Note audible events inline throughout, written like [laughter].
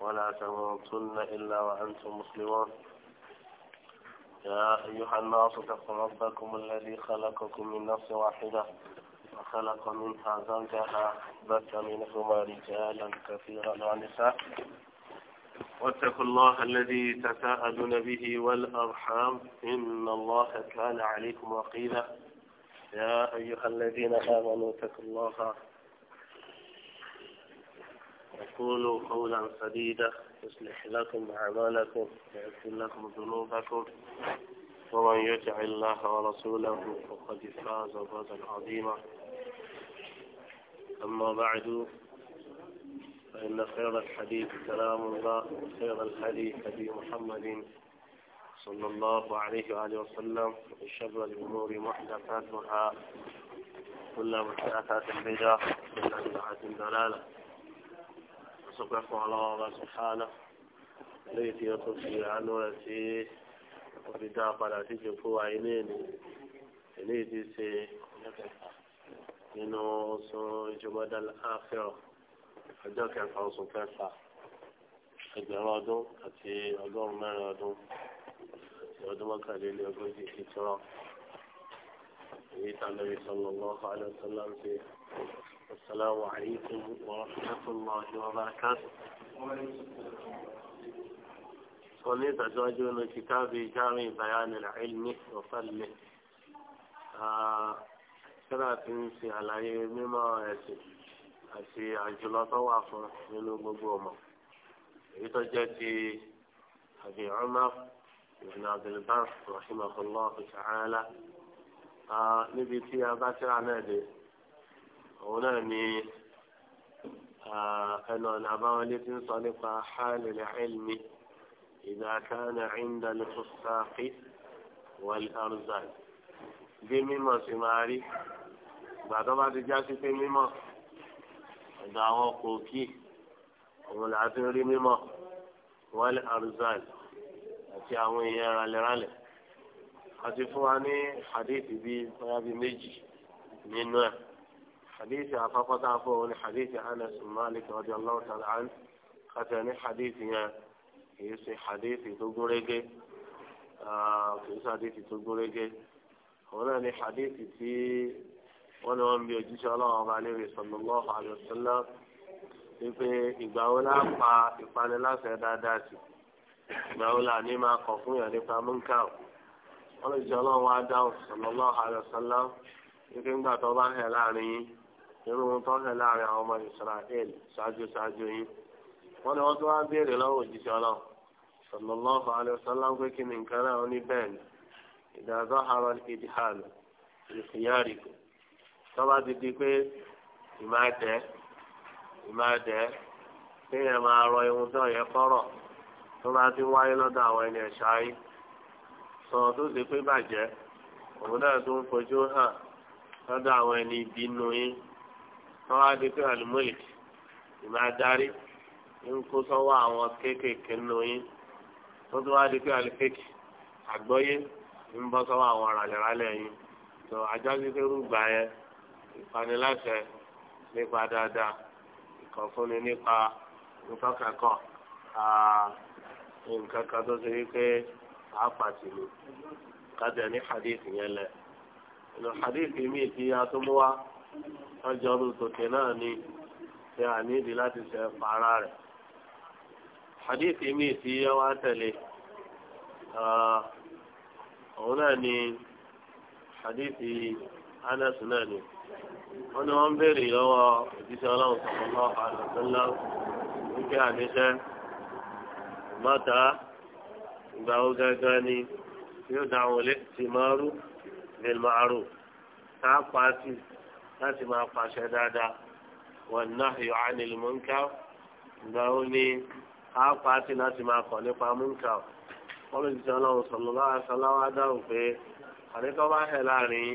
ولا تموتن إلا وأنتم مسلمون يا أيها الناس اتقوا ربكم الذي خلقكم من نفس واحدة وخلق منها زوجها بث منهما رجالا كثيرا ونساء واتقوا الله الذي تساءلون به والأرحام إن الله كان عليكم وقيلا يا أيها الذين آمنوا اتقوا الله وقولوا قولا سديدا يصلح لكم أعمالكم ويغفر لكم ذنوبكم ومن يطع الله ورسوله فقد فاز فوزا عظيما أما بعد فإن خير الحديث كلام الله وخير الحديث أبي محمد صلى الله عليه وآله وسلم وشر الأمور محدثاتها كل محدثات البدع كل بدعة ضلالة àtúpẹ́ fún ọlọ́wọ́ bá sùhánà lóye tí ó tún fi àánú rẹ̀ sí òfin dá padà sí ìjókòó ayé ní èlé eléyìí ti ṣe nínú oṣù ìjọba àfẹ́rọ̀ ọjọ́ kẹfà oṣù kẹfà ẹgbẹ̀rún ọdún àti ọgọ́rùn-ún mẹ́rin ọdún àti ọdún mọ́kànlélógójì ìtura èyí tá a lè sọ lọ́wọ́ àlọ́ sọ́lá ń ṣe. السلام عليكم ورحمة الله وبركاته صليت أزواجه من كتاب جامع بيان العلم وفلم كنا آه، تنسي على مما يسير أسي أجل طواف من المبومة يتجدي أبي عمر ابن عبد البر رحمه الله تعالى آه، نبي فيها باكر عنادي òun náà ni ẹnu ọ̀nà àbáwọlé ti ń sọ nípa hálìlẹ̀ ẹ̀lmi ìdákànnà ìndàlẹ̀ fúsàkì wàlẹ̀ àrùzà bí mímọ̀ sí máa rí ìgbà tó bá ti já sí pé mímọ̀ ọ̀dọ̀ àwọn kòkí òun là á ti rí mímọ̀ wàlẹ̀ àti àwọn èèyàn ralẹ̀ralẹ̀ àti fún wa ní àdéhìí bíi báyà bíi méjì nínú ẹ̀. حديث فقط عفوا حديث أنس بن مالك رضي الله تعالى عنه ختاني حديث يا يسي حديث تقولك آه يسي حديث تقولك هنا لي حديث في وانا وان بيجيش الله عليه صلى الله عليه وسلم wípé ìgbà wo la pa ìpaniláṣẹ dáadáa sí ìgbà wo la ní máa kọ fún yàn nípa múnkà wọn lè jẹ ọlọ́run wa dáhùn sallallahu alaihi wípé ńgbà tó bá hẹ láàrin yín irú ohun tó hàn láàrin àwọn ọmọ Israẹli ṣáájú ṣáájú yín wọn ni wọn tún wá béèrè lọ́wọ́ òjíṣẹ́ Ọlọ́run sallallahu pé ni nǹkan náà ní ni ìfìyàrí ti di pé ìmáàtẹ́ ìmáàtẹ́ kéèyàn máa rọ ihun tó yẹ kọ́rọ̀ tó bá ti wáyé lọ́dọ̀ àwọn ẹni ẹ̀ṣá yìí sọ tó ti pé bàjẹ́ òun náà tó ń fojú hàn lọ́dọ̀ àwọn ẹni ìbínú wọn á di pé àlùmọ́lìkì ìmọ̀ adarí ń kó sọ́wọ́ àwọn kéékèèké nínú yín wọ́n tún wá di pé àlùfẹ́kì àgbọ́yé ń bọ́ sọ́wọ́ àwọn ràlẹ̀ràlẹ̀ yín tó ajásí pé rúgbà yẹn ìpaniláṣẹ nípa dáadáa ìkànfúnni nípa ìtọ́kẹ́kọ̀ọ́ nǹkan kan tó ṣe wípé àpàtì ni kájẹ ní hadith yẹn lẹ hadith mi ti a ọjọ́ ọdún tòkè náà ni ṣe àníìdí láti ṣe fara rẹ̀. hadith mi ti yẹ wá tẹ̀lé òun náà ni hadith anas náà ni wọ́n ní wọ́n béèrè lọ́wọ́ òjíṣẹ́ ọlọ́run sallallahu alaihi wasallam wípé àníṣẹ́ mọ́ta ìgbà wo gángan ni yóò dáhùn lé tìmọ́rú lil ma'ruf tá a pa sí i láti máa pàṣẹ dáadáa wan nahyu anil munkar ìgbà ó ní àápá àti láti máa kọ̀ nípa munkar wọ́n lè ti ọlọ́run sọ̀rọ̀ lọ́wọ́ aṣáláwá dáhùn pé àdékọ́ bá hẹ̀ láàrin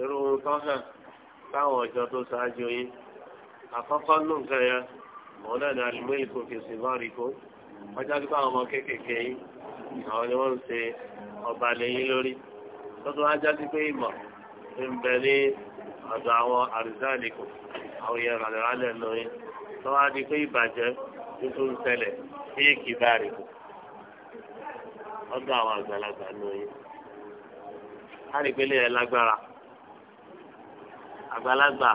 irú ohun tó hàn táwọn ọjọ́ tó ṣáájú yín àkọ́kọ́ nù nǹkan yẹn mọ̀ọ́ náà ní alimọ́ èkó fèsì bọ́ọ̀rì kó wọ́n jáde bá ọmọ kéékèèké yín àwọn ni wọ́n ń ṣe ọba lẹ́yìn lórí tó tún wá jáde pé ìmọ̀ ń bẹ ní ọ̀dọ̀ àwọn àrùsáàlìkù àwọn èèyàn ràlẹ̀ràlẹ̀ lóyún tó wá di pé ìbàjẹ́ tuntun ń ṣẹlẹ̀ sí ìkìbárì kù ọ̀dọ̀ àwọn àgbàlagbà lóyún. kárípélé ẹ lágbára àgbàlagbà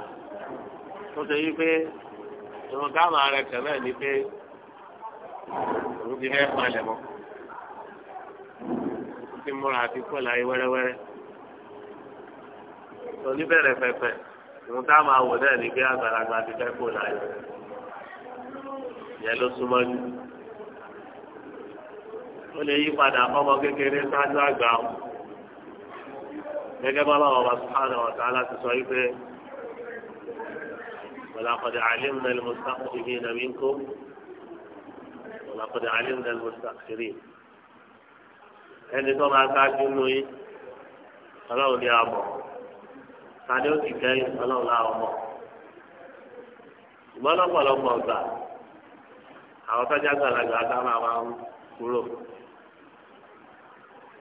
tó ṣe yí pé ìwọ̀n káàmà rẹ̀ kẹ̀mẹ́ ni pé òun ti fẹ́ palẹ̀ mọ́ ti múra àti pọ̀ láyé wẹ́rẹ́wẹ́rẹ́. oníbẹ̀rẹ̀ pẹ̀pẹ̀ òun tá a máa wò náà ní pé àgbàlagbà ti fẹ́ kó láyé yẹn ló súnmọ́ jù ó lè yí padà fọmọ kékeré sáájú àgbà o gẹ́gẹ́ bá báwọn ọba sùpáàdà ọ̀tá láti sọ yí pé ولقد علمنا المستقدمين ẹni tó máa nù ọlọ́run ní tani ó ti kẹ́yìn ọlọ́run ọmọ ṣùgbọ́n lọ́pọ̀lọpọ̀ gbà àwọn tọ́jà gbàlagbà sábà máa ń kúrò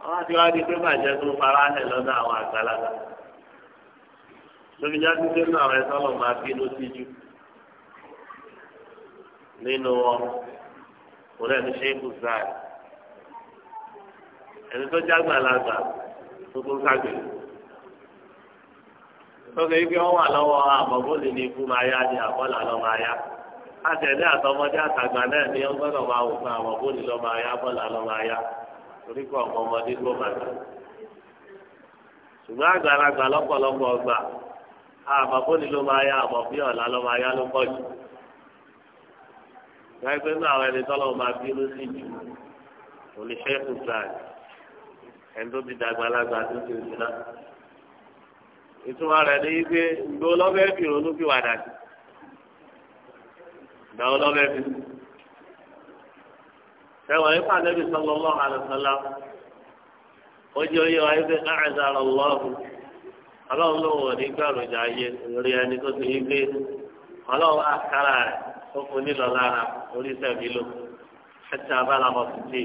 àwọn àti wá di pé bàjẹ́ tó fara hẹ̀ lọ́dọ̀ àwọn àgbàlagbà lórí jáde pé nínú àwọn ẹ̀sán máa bínú síjú nínú wọn kò sáà ẹni tó tó tọ́sẹ̀ yìí pé wọ́n wà lọ́wọ́ àbọ̀bó lè ní ikú máa yá ni àbọ̀là lọ́ máa yá àtẹ̀lé àtọmọdé àtàgbà náà ni wọ́n gbọ́dọ̀ máa wò fún àbọ̀bó lè lọ́ máa yá bọ́là lọ́ máa yá torí pé ọ̀pọ̀ ọmọdé ló máa gbà ṣùgbọ́n àgbàlagbà lọ́pọ̀lọpọ̀ ọgbà àbọ̀bó lè ló máa yá àbọ̀ ọ̀la lọ́ máa yá ló pọ̀ jù gbàgbé náà. ìtumọ̀ rẹ̀ ní pé ìgbà ọlọ́fẹ́ fi ronú fi wàdà fi. ipa nẹ́bí sallallahu alaihi ala ó jẹ́ oyè wa ẹgbẹ́ káàzàrọ̀ lọ́ọ̀hún ọlọ́run ló wọ̀ ní gbàrúdà ayé rí ẹni tó ti gbé ọlọ́run àkàrà rẹ̀ tó fún nílò lára orí sẹ́mi lò abala mọ̀ sí tí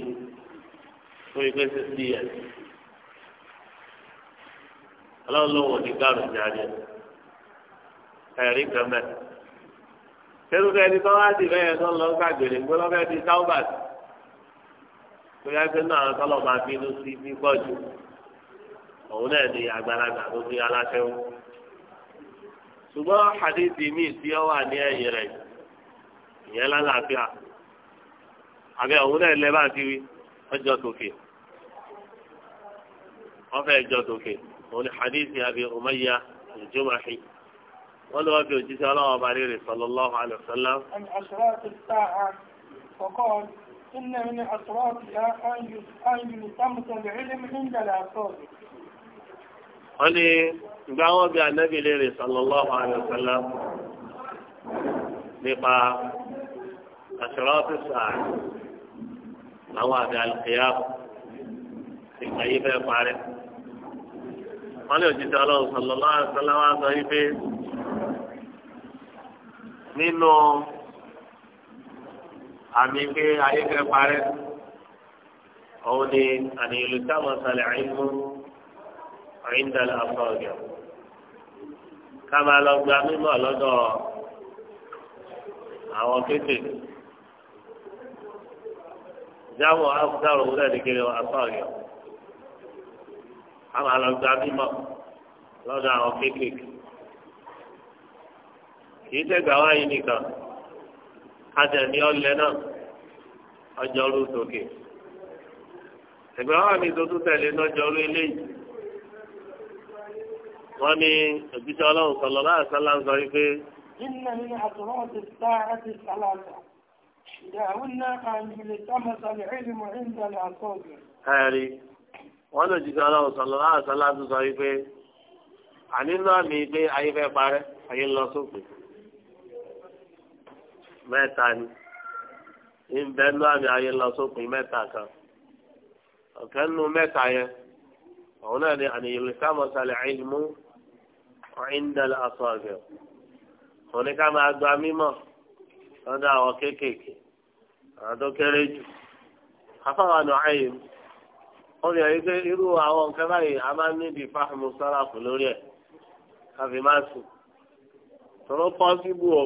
ó sí ẹ̀. ọlọ́run ló wọ̀ ní gàrún ní ayé ẹ̀rí kan mẹ́. kẹ́lùkẹ́ ẹni tó wá sí bẹ́ẹ̀ tó ń lọ gbàgbèrè ńgbó lọ́fẹ́ di sáúbàt bóyá pé náà tọ́lọ̀ máa bínú sí bí pọ̀ jù òun náà ní àgbàlagbà tó fi aláṣẹ́wó. ṣùgbọ́n hadithi míì tí ó wà ní ẹ̀yìn rẹ̀ ìyẹn lálàáfíà àbẹ òun náà lẹ́ bá ti wí ọjọ́ tòkè wọ́n fẹ́ jọ tòkè òun ni hadithi abi umayya al-jumahi wọ́n lọ́wọ́ bí òjíṣẹ́ ọlọ́wọ́ bá rírì sallallahu alaihi wasallam. إن من أسرارها أن يسمت العلم عند الأفراد wọ́n ní ìgbà wọn bí anabi léèrè sallallahu alayhi wa sallam nípa àṣọrọ́tì sáà àwọn àbí alìkèyà ìgbà yìí fẹ́ parẹ́ wọ́n lè òjijì ọlọ́run sọ̀lọ́lá àṣọláwá sọ wípé nínú àmì pé ayé fẹ́ parẹ́ òun ni àníyànjú táwọn sàlẹ̀ àìmú àìndàlẹ̀ àfọ̀ọ̀gẹ̀ ká máa lọ gba mímọ̀ lọ́dọ̀ àwọn kéékèèké jáwọ́ afúdáwọ̀ a máa lọ gba mímọ́ lọ́dọ̀ àwọn kéékèèké kì í tẹ̀gbà wáyé nìkan àtẹ̀mí ọlẹ́ náà ọjọ́ orú sókè ẹgbẹ́ wa mi tuntun tẹ̀lé lọ́jọ́ orú eléyìí wọ́n ní òjíṣẹ́ ọlọ́run sọ̀lọ́ láti sọ́lá ń sọ wípé. إن من أضرار الساعة ثلاثة دعونا أن يلتمس العلم عند الأصابع. هاري wọ́n lò jíjẹ́ ọlọ́run sọ̀lọ́ ayé fẹ́ parẹ́ ayé ń lọ sókè mẹ́ta ni ìbẹ́ náà ayé ń lọ sókè mẹ́ta kan ọ̀kẹ́ nínú mẹ́ta yẹn òun náà ni àníyàn ìkámọ̀sálẹ̀ ìlmú ọ̀ìndàlẹ̀ àtọ̀gẹ̀ òun ni ká máa gba mímọ̀ lọ́dọ̀ àwọn kéékèèké àwọn afáwọn àná wọ́n yọ yí pé irú àwọn nǹkan báyìí a máa ń níbi fáhùmù sáràfù lórí ẹ̀ káfí máa sùn tọ́lọ́ pọ́sibú o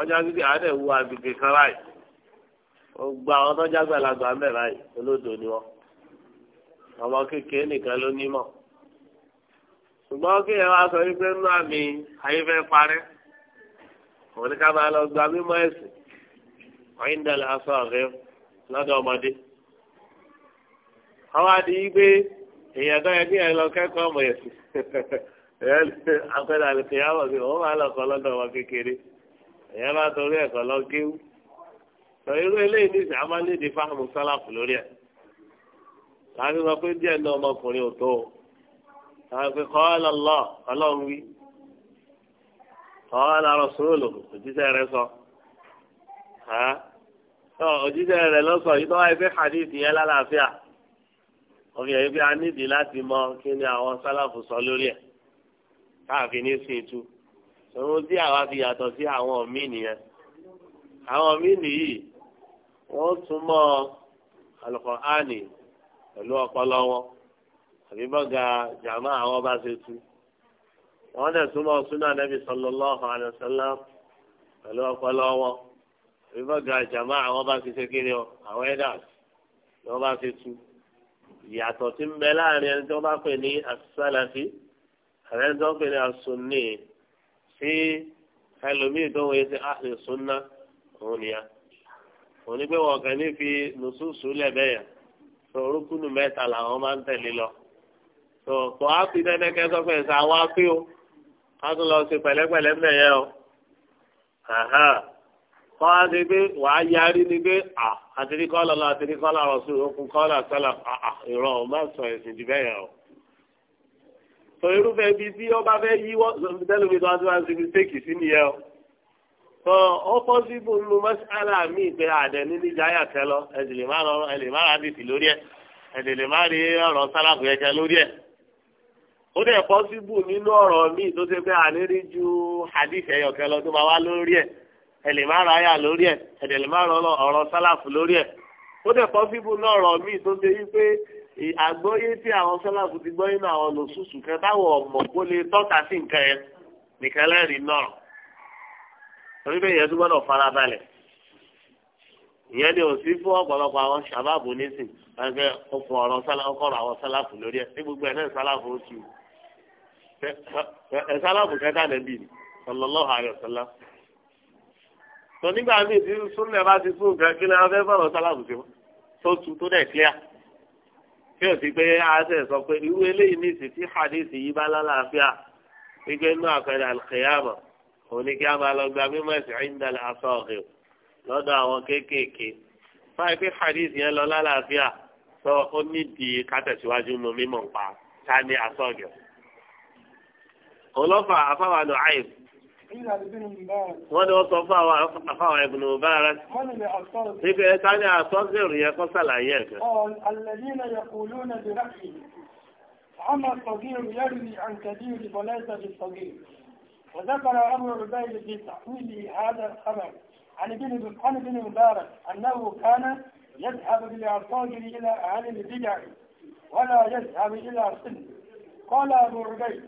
ọjà gidi wu agbègbè kan báyìí ó gba àwọn tọ́jà gbàlagbà mẹ́ báyìí olódò ni wọn ọmọ kékeré nìkan ló wá sọ wípé nínú àmì ayé ká máa lọ gba aṣọ àwọn adìyí gbé èèyàn tó yẹ ẹ lọ kẹ́kọ̀ọ́ ọmọ yẹn sí [laughs] àpẹẹrẹ àlùkò yà wọ̀ sí òun máa lọ kọ́ lọ́dọ̀ wọn kékeré èèyàn bá torí ẹ̀kọ́ lọ géwú sọ irú eléyìí ní ìsìn amálédè fáhùn sálàfù lórí ẹ̀ láti sọ pé díẹ̀ ní ọmọkùnrin ò tó láti pé kọ́ lọ́lọ́ ọlọ́run wí kọ́ lọ́rọ̀ sóòlù òjíṣẹ́ rẹ sọ òjíṣẹ́ rẹ lọ́sọ̀ yìí tó wáyé pé hadith òfin ẹ̀yìn pé a nídìí láti mọ kí ni àwọn sálàfù sọ lórí ẹ̀ káàfin ní sìn tú òun tí àwa fi yàtọ̀ sí àwọn míì nìyẹn àwọn míì nìyí wọ́n túmọ̀ alukọ̀ánì pẹ̀lú ọpọlọ wọn àbí bọ́gà jàmá àwọn bá ṣe tú wọ́n dẹ̀ túmọ̀ súnà nẹ́bí sallallahu alaihi wasallam pẹ̀lú ọpọlọ wọn àbí bọ́gà àwọn bá ṣe ṣe kí ni àwọn ẹ̀dá ni wọ́n bá ṣe tú ìyàtọ̀ tí ń bẹ láàrin ẹni tó bá pè ní asálàfí àti ẹni tó pè ní asùnì sí ẹlòmíì tó ń wòye sí àhìn súnná òun nìyà òní pé wọn kàn ní fi nùsùsù lẹ́bẹ̀ yẹn tó orúkúnù mẹ́ta làwọn máa ń tẹ̀lé lọ tó tó á fi dẹ́dẹ́kẹ́ sọ pé ṣàwọn á o á tún lọ sí pẹ̀lẹ́pẹ̀lẹ́ mẹ́yẹ o kọ́ á ti pé wàá yarí ni pé à àti ní kọ́ lọ́la àti ní kọ́ lọ́la ọ̀sùn òkun kọ́ lọ́la sọ́la àà ìrọ̀ ọ̀ má sọ ẹ̀sìn jù bẹ́ẹ̀ o. sọ irúfẹ́ ibi tí ó bá fẹ́ yí tẹ́lifí tó wá sí wá sí mistake sí nìyẹn o. sọ ó fọ́ sí ibùdó mọ́ṣálà mi pé àdẹ ní níjà ayà kẹ lọ ẹ lè má lọ ẹ lè má ra bìtì lórí ẹ ẹ lè má rí ọ̀rọ̀ sálàkù ó dẹ̀ pọ́ nínú ọ̀rọ̀ mi tó ṣe pé àníríjú hadith ẹ̀yọ̀kẹ́ lọ tó máa wá lórí ẹ̀ ẹ̀lẹ̀ má ra ayà lórí ẹ̀ ẹ̀dẹ̀lẹ̀ má rọ ọ̀rọ̀ sálàfù lórí ẹ̀ ó dẹ̀ kọ́ fíbù náà rọ̀ míì tó ṣe wípé àgbọ́yé tí àwọn sálàfù ti gbọ́ nínú àwọn lòṣùṣù kan táwọn ọ̀mọ̀ kó lè tọ́ka sí nǹkan yẹn nìkan lẹ́rìí náà torí bẹ́ẹ̀ yẹn tó gbọ́dọ̀ farabalẹ̀ ìyẹn ni òsì fún ọ̀pọ̀lọpọ̀ àwọn sàbáàbù nísìn ẹgbẹ́ ọkọ̀ ọ̀rọ̀ ọkọ̀rọ̀ àwọn sálàfù lórí ẹ̀ ní gbogbo ẹ̀ náà sálàfù ó ti ẹ̀ sálàfù kẹta nẹ́bí ni sallallahu alaihi wasallam tó nígbà míì tí súnlẹ̀ bá ti sún nǹkan kí ni a fẹ́ bọ̀rọ̀ sálàmù sí wọn tó tu tó dẹ̀ clear kí o sì pé àṣẹ sọ pé irú eléyìí ní ìsìtí hadith yìí bá lálàáfíà wípé inú àpẹẹrẹ àlùkìyàmọ̀ òun ni kí a máa lọ gba mímọ́ ẹ̀sìn ìndàlẹ̀ asọ́ọ̀hìn lọ́dọ̀ àwọn kéékèèké fáwọn pé hadith yẹn lọ lálàáfíà sọ ó ní kátẹ̀síwájú mímọ̀ pa ta ni asọ́ọ̀hìn. òun lọ́fà afáwà àìsàn wọ́n ní wọ́n sọ fún àwọn afáwọn ẹ̀bùn òbára nípa ẹ̀ka ní àtọ́sẹ̀rù yẹn kọ́ sàlàyé ẹ̀kẹ́. أما الصغير يروي عن كبير وليس بالصغير وذكر أبو عبيد في تحويل هذا الخبر عن ابن عن ابن مبارك أنه كان يذهب بالعصاجر إلى أهل البدع ولا يذهب إلى سن قال أبو عبيد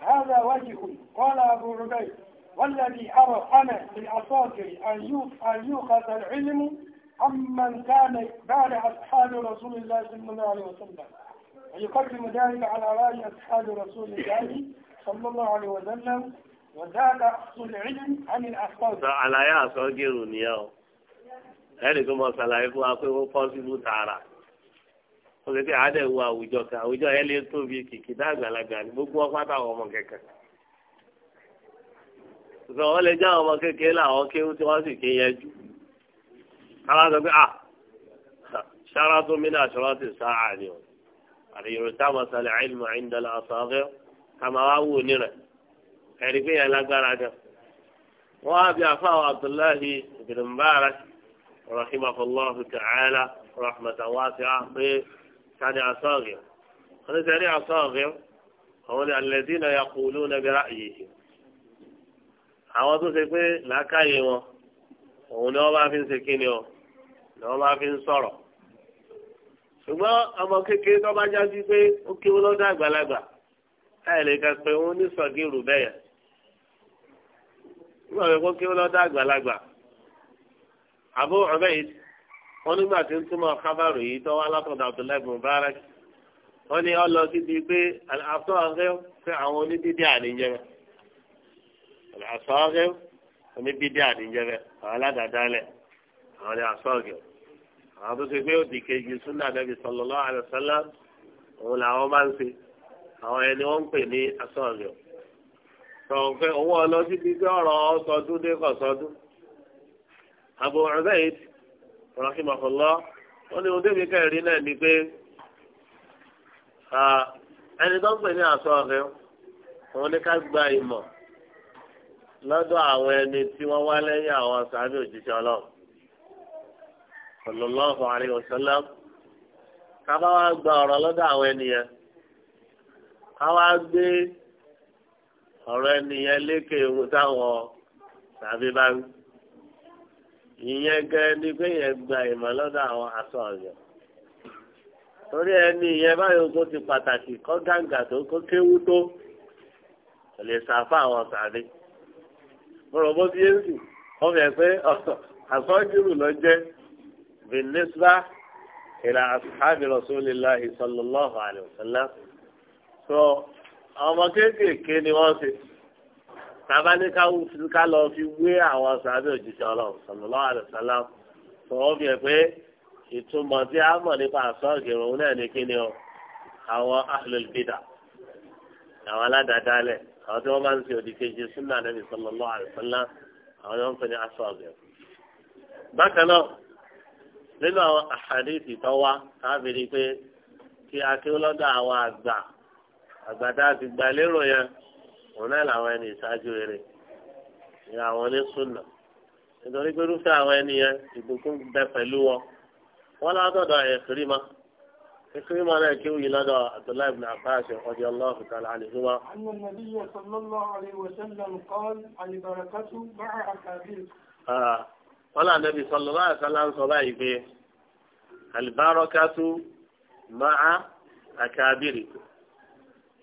هذا وجه قال أبو عبيد والذي أرى أنا للأساطير أن يؤخذ العلم عمن كان بعد أصحاب رسول الله صلى الله عليه وسلم ويقدم ذلك على رأي أصحاب رسول الله صلى الله عليه وسلم وذاك أخذ العلم عن الأساطير على يا أساطير نياو ẹnì tó mọ ṣàlàyé fún wa pé ó pọ́sibú tààrà ó sì pé àádẹ́wò àwùjọ kan àwùjọ yẹn lè tóbi kìkì dá àgbàlagbà ní gbogbo wọn ọmọ kẹkẹ ṣùgbọ́n wọ́n lè já ọmọ kékeré làwọn kéwú tí wọ́n sì ké yẹjú. káwọn sọ pé à ah, ṣára tó mí náà ṣọlá ti sá àní o àdìyẹ̀rọ táwọn sàlẹ̀ àìlùmọ̀ àìndàlẹ̀ àṣàfẹ́ kàmá wá wò ní rẹ̀ ẹ̀rí pé yẹn lágbára gan. wọ́n á bí afáwọ̀ abdullahi ibn mubarak rahimahullahu ta'ala rahmatan wasi'a pé sani asọ́ọ̀gẹ̀ wọ́n ti sẹ́ni asọ́ọ̀gẹ̀ àwọn ni alẹ́dínà yaquluna àwọn tó ṣe pé làákàyè wọn òun ni fi ń ṣe kíni o ni fi ń sọ̀rọ̀ ṣùgbọ́n ọmọ kékeré tó bá já sí pé ó àgbàlagbà lè ka pé òun ní sọ̀gírù bẹ́yà nígbà pé kó kéwọ́ lọ́dọ̀ àgbàlagbà àbó ọ̀bẹ yìí wọ́n nígbà tí ń túmọ̀ kábàrò yìí tó wá látọ̀dọ̀ Abdullahi Mubarak wọ́n ní ọ lọ síbi pé àtọ́ àwọn àsọ́ọ̀gẹ́ oníbídé bi àwọn aládàádálẹ̀ àwọn ni àsọ́ọ̀gẹ́ dada tó ṣe pé òdì kejì súnà nàbì sallallahu alaihi wasallam òun làwọn máa ń ṣe àwọn ẹni wọ́n pe ni ní àsọ́ọ̀gẹ́ sọ̀rọ̀ pé owó ọlọ́sí bíi bí ọ̀rọ̀ sọdún dé kọ̀ sọdún Abu Ubayd rahimahullah wọ́n ní ọdún mi kẹrin náà ni pé ẹni tó ń pe ní àsọ́ọ̀gẹ́ òun ni ká gba lọ́dọ̀ àwọn ẹni tí wọ́n wá lẹ́yìn àwọn sàbí òjíṣẹ́ ọlọ́run sallallahu alaihi wasallam kábà wá gba ọ̀rọ̀ lọ́dọ̀ àwọn ènìyàn káwá gbé ọ̀rọ̀ ènìyàn lékè ewu táwọn bá ń ìyẹn ni gba ìmọ̀ lọ́dọ̀ àwọn aṣọ ọ̀yọ́ torí ẹni ìyẹn báyọ̀ kó ti pàtàkì kọ́ gàǹgà tó kó kéwú tó lè sàfà ọ̀rọ̀ bó ti yé ń sìn ọmọ ẹ̀ pé àsọ́júrù lọ jẹ́ bìnísbà ìlà àṣàbí rasulillahi sallallahu alayhi wa sallam so ọmọ kéékèèké ni wọ́n ṣe tàbá ní ká lọ fi wé àwọn sàbẹ̀ òjíṣẹ́ ọlọ́run sallallahu alayhi wa sallam so ọmọ ẹ̀ pé ìtumọ̀ tí a mọ̀ nípa àsọ́júrù náà ní kíni o àwọn ahlul àwọn aládàáda lẹ̀ àwọn tí wọ́n bá ń ṣe òdì kejì súnà nàbì sallallahu alaihi wasallam àwọn yóò ń pè ní aṣọ àbẹ̀. bákan náà nínú àwọn àhàdìsì tó wá káàbìrì pé kí akéwọ́ lọ́dọ̀ àwọn àgbà àgbàdá ti gbà lérò yẹn òun náà làwọn ẹni ìṣáájú rere ní àwọn onísùnà nítorí pé irúfẹ́ àwọn ẹni yẹn ìbùkún bẹ pẹ̀lú wọn wọn látọ̀dọ̀ ẹ̀kírí máa. إكرم على كوي لدى عبد الله بن عباس رضي الله تعالى عنهما أن النبي صلى الله عليه وسلم قال البركة مع أكابركم آه ولا النبي صلى الله عليه وسلم صلى البركة مع أكابركم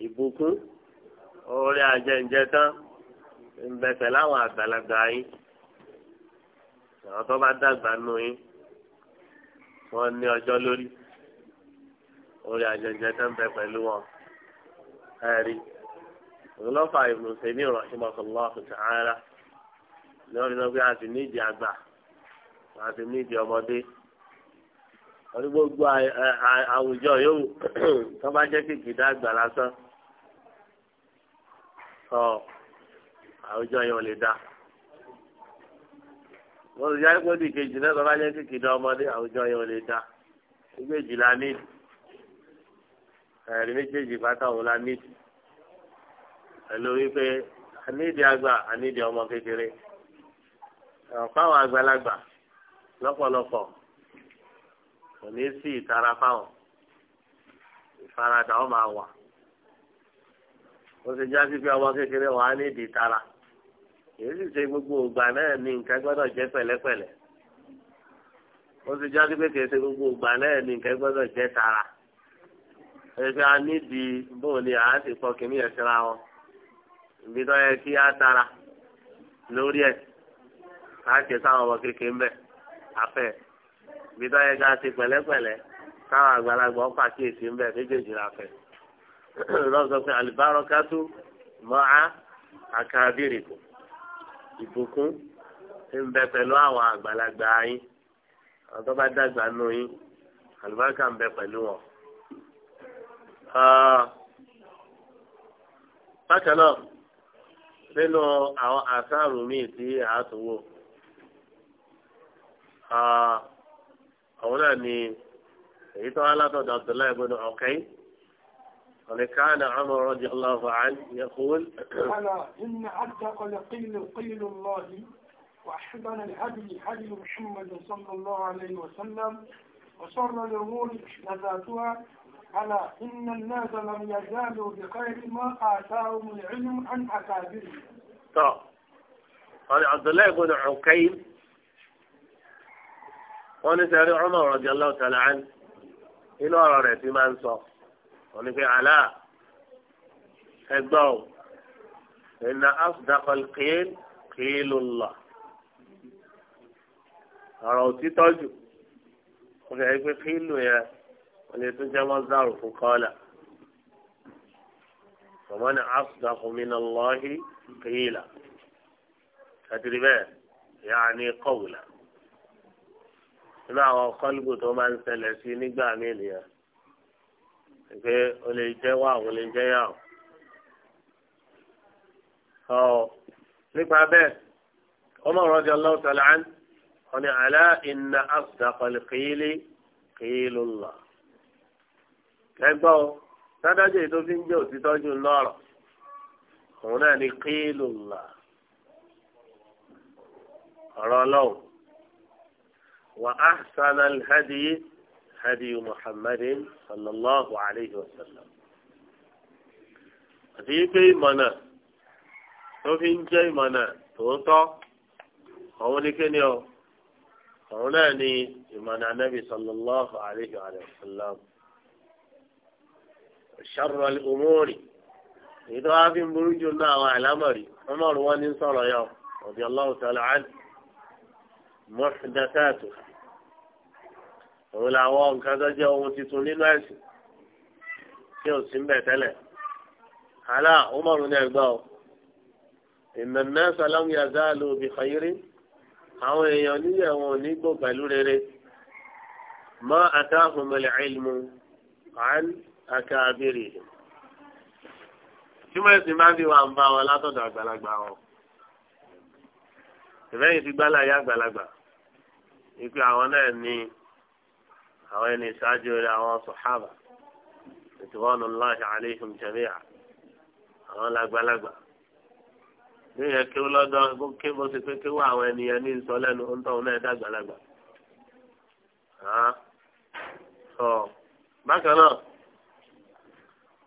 ìbùkún orí ajẹ́njẹ́ tán ń bẹ̀fẹ̀ láwọn àgbàlagbà yín àwọn tó bá dàgbà nù yín orí àjẹjẹ tó ń bẹ pẹ̀lú wọn ẹ̀rí ọlọ́fà ìmùsẹ̀ ní ọ̀rọ̀ ìmọ̀sọ̀lọ́ọ̀sì tààrà ní wọ́n pé a ti nídìí àgbà a ti nídìí ọmọdé wọ́n gbogbo àwùjọ yóò [clears throat] tó bá jẹ́ kìkìdá àgbà lásán sọ àwùjọ yẹn lè dá ya ti jáde pé kejì náà tó bá jẹ́ kìkìdá ọmọdé àwùjọ lè dá nídìí. ẹ̀rí méjèèjì pátá òun nídìí pẹ̀lú wípé anídìí àgbà anídìí ọmọ kékeré fáwọn àgbàlagbà lọ́pọ̀lọpọ̀ kò ní sí ìtara fáwọn ìfaradà ọmọ àwà ó ti já sí pé ọmọ kékeré wà á nídìí tara. kì sì ṣe gbogbo ògbà náà ní nǹkan gbọ́dọ̀ jẹ́ pẹ̀lẹ́pẹ̀lẹ́ ó ti já sí pé kì í ṣe gbogbo ògbà náà ní nǹkan gbọ́dọ̀ jẹ́ tara. ẹ̀fẹ́ a bóun ni àá ti fọ kìnìún yẹn síra wọn ibi yẹ kí á tara lórí ẹ̀ ká ṣe sáwọn ọmọ kékeré ń bẹ̀ afẹ́ ibi tó yẹ ká ṣe pẹ̀lẹ́pẹ̀lẹ́ káwọn àgbàlagbà ó pàkíyèsí ń bẹ̀ méjèèjì la fẹ́ lọ́wọ́ sọ pé àlùbáràkátù mọ́á àkàbírìkù ìbùkún ń bẹ pẹ̀lú àwọn àgbàlagbà yín àwọn tó bá dàgbà nù yín àlùbáríkà ń bẹ pẹ̀lú wọn bákan náà nínú àwọn àṣàrò míì tí a tún wò àwọn náà ni èyí tó wá látọ̀dọ̀ Abdullahi ibn Ukay قال عمر رضي الله عنه يقول ألا إن أصدق لقيل قيل الله وأحسن الهدي هدي محمد صلى الله عليه وسلم وصر الأمور محدثاتها على إن الناس لم يزالوا بخير ما آتاهم العلم عن أكابرهم طيب قال عبد الله بن عكيم وانا سألي عمر رضي الله تعالى عنه إلى أرى في منصة وانا في علاء الضوء إن أصدق القيل قيل الله أرى أوتي تاجو وفي عيب قيل له يا wọ́n lè tún jẹ́ mọ́sálù fún kọ́là sọmọ́nì asdaqu minallahi qila kàtìrì bẹ́ẹ̀ yaani qawla nínú àwọn kọ́lùbù tó máa ń ṣẹlẹ̀ sí nígbà míì nìyẹn pé o lè jẹ́ wá o lè jẹ́ yà o. nípa bẹ́ẹ̀ Umar radiyallahu ta'ala anhu wọ́n ní ala inna asdaqal qili qilullah. ẹgbọ́ o sádájọ́ èyí fi ń jẹ́ òtítọ́ lọ́rọ̀ òun náà ni kílù ńlá ọ̀rọ̀ ọlọ́run wà á sanà hadi hadiyu muhammadin sallallahu alayhi wa sallam àti yí pé ìmọ̀nà tó fi ń jẹ́ ìmọ̀nà tòótọ́ òun ni kíni o òun náà ni ìmọ̀nà anábì sallallahu alayhi wa sallam. ṣàrọ̀ òmùrì èyí tó wá fi ń burú jù náà àwọn àlámọ̀rí ọmọrù wọn ní sọ̀rọ̀ yọ ọ̀bí ọlọ́run sọ̀rọ̀ àdì mọ́ṣúndàtàtù òun làwọn nǹkan tó jẹ́ ohun tuntun nínú ẹ̀sìn tí ò sí ń bẹ̀ tẹ́lẹ̀ àlà ọmọrù náà gbọ́ ọ ìmọ̀nà sàlámù yàtọ̀ àlòbí kọ́yírí àwọn èèyàn níyẹ̀ wọn ò ní gbò pẹ̀lú rere mọ́ àtàkùn mọ̀lẹ́ àìlmù aka tí wọ́n sì máa ń bí ń bá wọn látọ̀dọ̀ àgbàlagbà wọn ìfẹ́yìn ti gbálà yá àgbàlagbà ipe àwọn náà ní àwọn ẹni ìṣáájú rẹ àwọn sọ̀hábà láàṣà àléhùn jẹ̀míà àwọn ní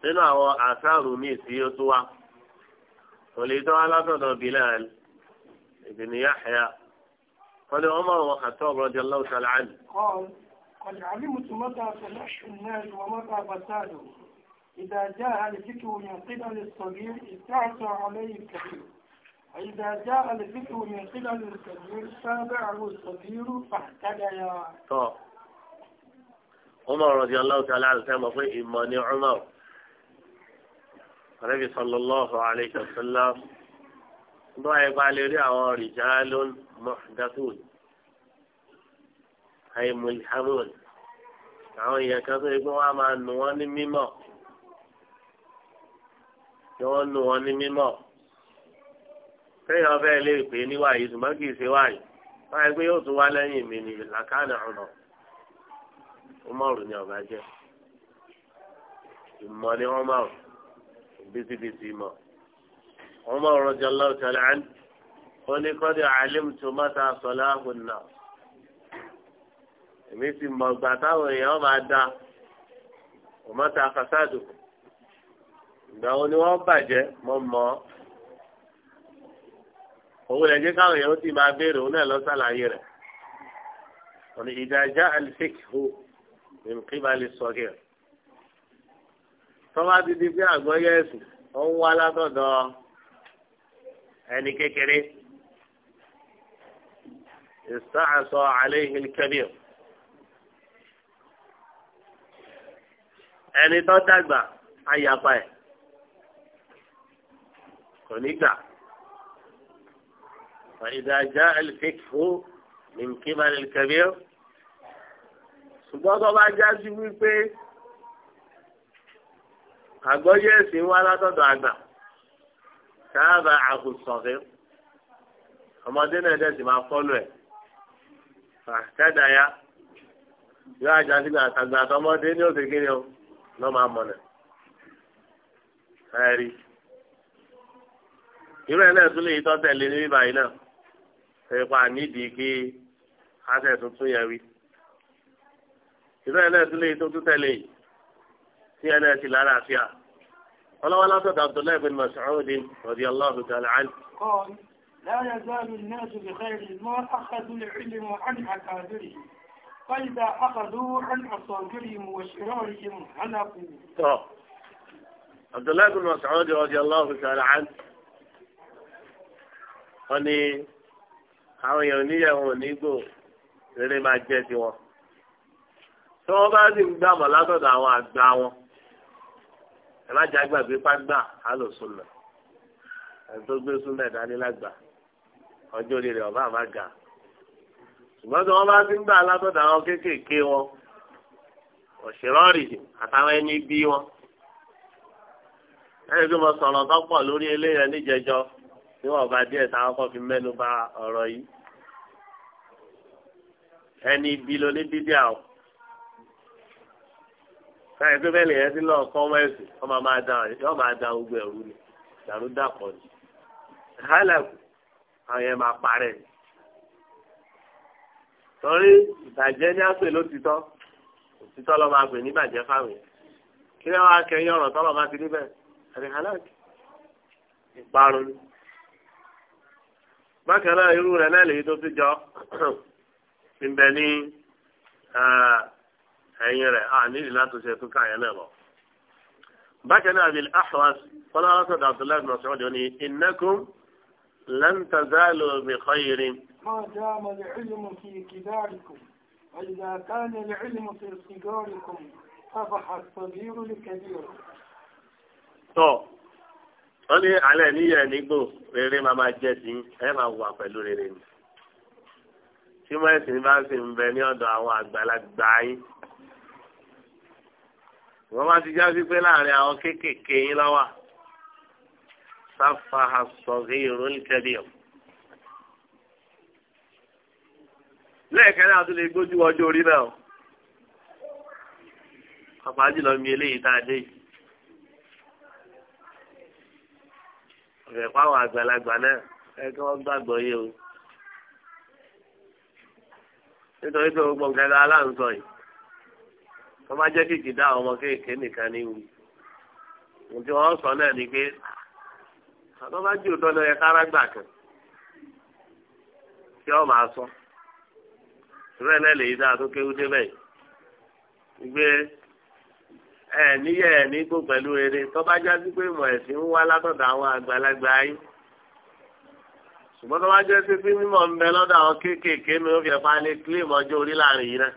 nínú àwọn àṣàrù míì tí ó tó wá òlè tó wá látọ̀dọ̀ Bilal ibn Yahya wọ́n ní Umar wa Khattab radiyallahu ta'ala anhu. قد علمت متى فلاح الناس ومتى فساده إذا جاء الفكر من قبل الصغير استعصى عليه الكبير إذا جاء الفكر من قبل الكبير تابعه الصغير فاهتدى طب عمر رضي الله تعالى عنه كما في إيمان عمر ànábì sallallahu alayhi wa sallam bá ẹ bá lè rí àwọn rijalun muhdathun ay mulhamun àwọn èèyàn kan tó yẹ kí wọ́n á máa nù wọ́n ní mímọ́ kí wọ́n nù wọ́n ní mímọ́ kéèyàn fẹ́ lè pè é níwáyé ṣùgbọ́n kì í ṣe wáyé báyìí pé yóò tún wá lẹ́yìn mi ní làkàna ọ̀nà ó mọ̀rù ni ọ̀gá ìmọ̀ ni wọ́n mọ̀rù bisibisi mọ́ Umar radiyallahu ta'ala anhu wọ́n ní kọ́dí alimtu mata salahun náà èmi ti mọ̀ gbà táwọn èèyàn máa da mata fasadu ìgbà wo ni wọ́n bàjẹ́ mọ́ mọ́ owó lẹ́jẹ́ káwọn èèyàn ti máa béèrè òun náà lọ́sàlàyé rẹ̀ wọ́n ní ìdájá alifik hu min qibali sagir tọ́wá ti di pé àgbọ́yé ẹ̀sùn ó ń wá látọ̀dọ̀ ẹni kékeré ìsáàsọ àléhìn kẹ́bíọ̀ ẹni tó dàgbà ayapa ẹ̀ kò ní gbà ìdájá ẹlẹ́fẹ́kìfó ní kíbalẹ̀ kẹ́bíọ̀ ṣùgbọ́n tó bá já wípé àgbọ́yé ẹ̀sìn wá látọ̀dọ̀ àgbà káàbà àkùsọ̀fẹ́ ọmọdé náà dẹ̀ sì máa fọ́lù ẹ̀ kẹ́dà ya yóò ajá sígbà àtàgbà àtọmọdé ní òsè kiri o lọ́ máa mọ̀nà ẹ̀rí irú ẹ̀ náà tún lè tọ́ tẹ̀lé ní bíbáyìí náà ẹ̀fà nídìí kí asẹ̀ tuntun yẹn wí irú ẹ̀ náà tún lè tó tún tẹ̀lé yìí tí ẹ̀ náà ti lára àfíà ọlọ́wọ́ látọ̀dọ̀ abdullahi bin mas'ud radiyallahu ta'ala anhu. قال لا يزال الناس بخير ما أخذوا العلم عن أكابرهم فإذا أخذوا عن أصابرهم وشرارهم هلكوا. عبد الله بن مسعود رضي الله تعالى عنه wọ́n ní àwọn èèyàn oníyàwó onígbò rere máa jẹ́ tiwọn tí wọ́n bá sì ń gbàmọ̀ látọ̀dọ̀ àwọn àgbà wọn ẹ má jẹ́ àgbàgbé pàgbà hálò súnà ẹni tó gbé súnà ìdání lágbà ọjọ́ orí rẹ̀ ọba àmà ga ṣùgbọ́n tí wọ́n bá ti ń gbà látọ̀dọ̀ àwọn kéékèèké wọn òṣèrọ́ọ̀rì àtàwọn ẹni bí wọn ẹni tí mo sọ̀rọ̀ tó pọ̀ lórí eléyẹ níjẹjọ tí wọ́n bá díẹ̀ táwọn kan fi mẹ́nu bà ọ̀rọ̀ yìí ẹni bí lóní dídí àwọn káyọ̀ pé bẹ́ẹ̀ lèyẹn ti lọ kọ́mẹ́sì ọmọ máa da yọ máa da ogun ẹ̀rú ni dàrú dàpọ̀ ni hálàkù àwọn yẹn máa parẹ́ ni. torí ìbàjẹ́ ní àpè ló ti tọ́ òtítọ́ lọ́ máa pè ní ìbàjẹ́ fáwọn yẹn kí ni wọ́n á kẹ́yìn ọ̀rọ̀ tọ́lọ̀ máa ti níbẹ̀ àti hálàkù ìparun ni. bákan náà irú rẹ̀ náà lèyí tó ti jọ [clears throat] ń bẹ ní ẹ̀yìn rẹ̀ a nílì láti ṣe tún káyẹn náà lọ. bákan náà abil ahwas fọlá wọn sọdọ abdullahi bin ọsọ ọdún ní innakum lan tazalu bi khayrin. ma dama al-ilmu fi kidarikum wa idha kana al fi sigarikum fabaha sabiru al-kabir. tọ́ wọ́n ní alẹ́ níyẹn nígbò rere máa máa jẹ́ sí ẹ máa wà pẹ̀lú rere tí mọ́ ẹ̀sìn bá sì ń bẹ ní ọ̀dọ̀ àwọn àgbàlagbà yín wọ́n bá ti jáde pé láàrin àwọn kéékèèké yín lọ́wọ́ sáfà àsọ̀rí ìrólítẹ́lẹ̀ ọ̀. lẹ́ẹ̀kẹ́rẹ́ àti lè gbójú ọjọ́ orí náà pàpà jùlọ mi eléyìí tá a dé yìí. ọ̀rẹ́ pàwọn àgbàlagbà náà ẹgbẹ́ wọn gbàgbọ́ yé o nítorí pé gbọ̀ngàn aláǹsọ yìí. tó bá jẹ́ dá àwọn ọmọ nìkan ní wù wọ́n sọ náà ni pé àtọ́ ah, bá jù kára gbà kan kí ọ máa sọ ìrẹ́ náà lèyí dáa tó kéwú débẹ̀ yìí gbé ẹ níyẹ ẹ pẹ̀lú eré tó bá já sí pé ẹ̀sìn ń wá látọ̀dọ̀ àwọn àgbàlagbà ṣùgbọ́n tó bá jẹ́ sí pé mímọ̀ ń bẹ lọ́dọ̀ àwọn kéékèèké mi ó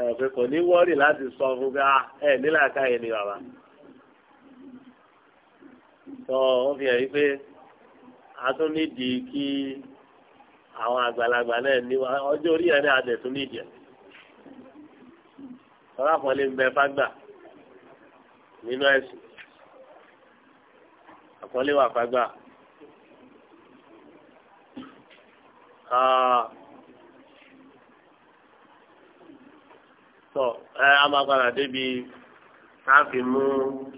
ẹ̀fẹ́ kò ní wọ́ọ̀rì láti sọ fún bí ah, ẹ nílà káyé ni bàbá. tó ó fi hàn yí a tún nídìí kí àwọn àgbàlagbà náà ní ọjọ́ orí yẹn ní adẹ̀tún nídìí ẹ̀. ọlọ́pàá ń bẹ fágbà nínú ẹ̀sìn àkọlé wà fágbà. Ah. tọ ẹ amagbara débi káfí mú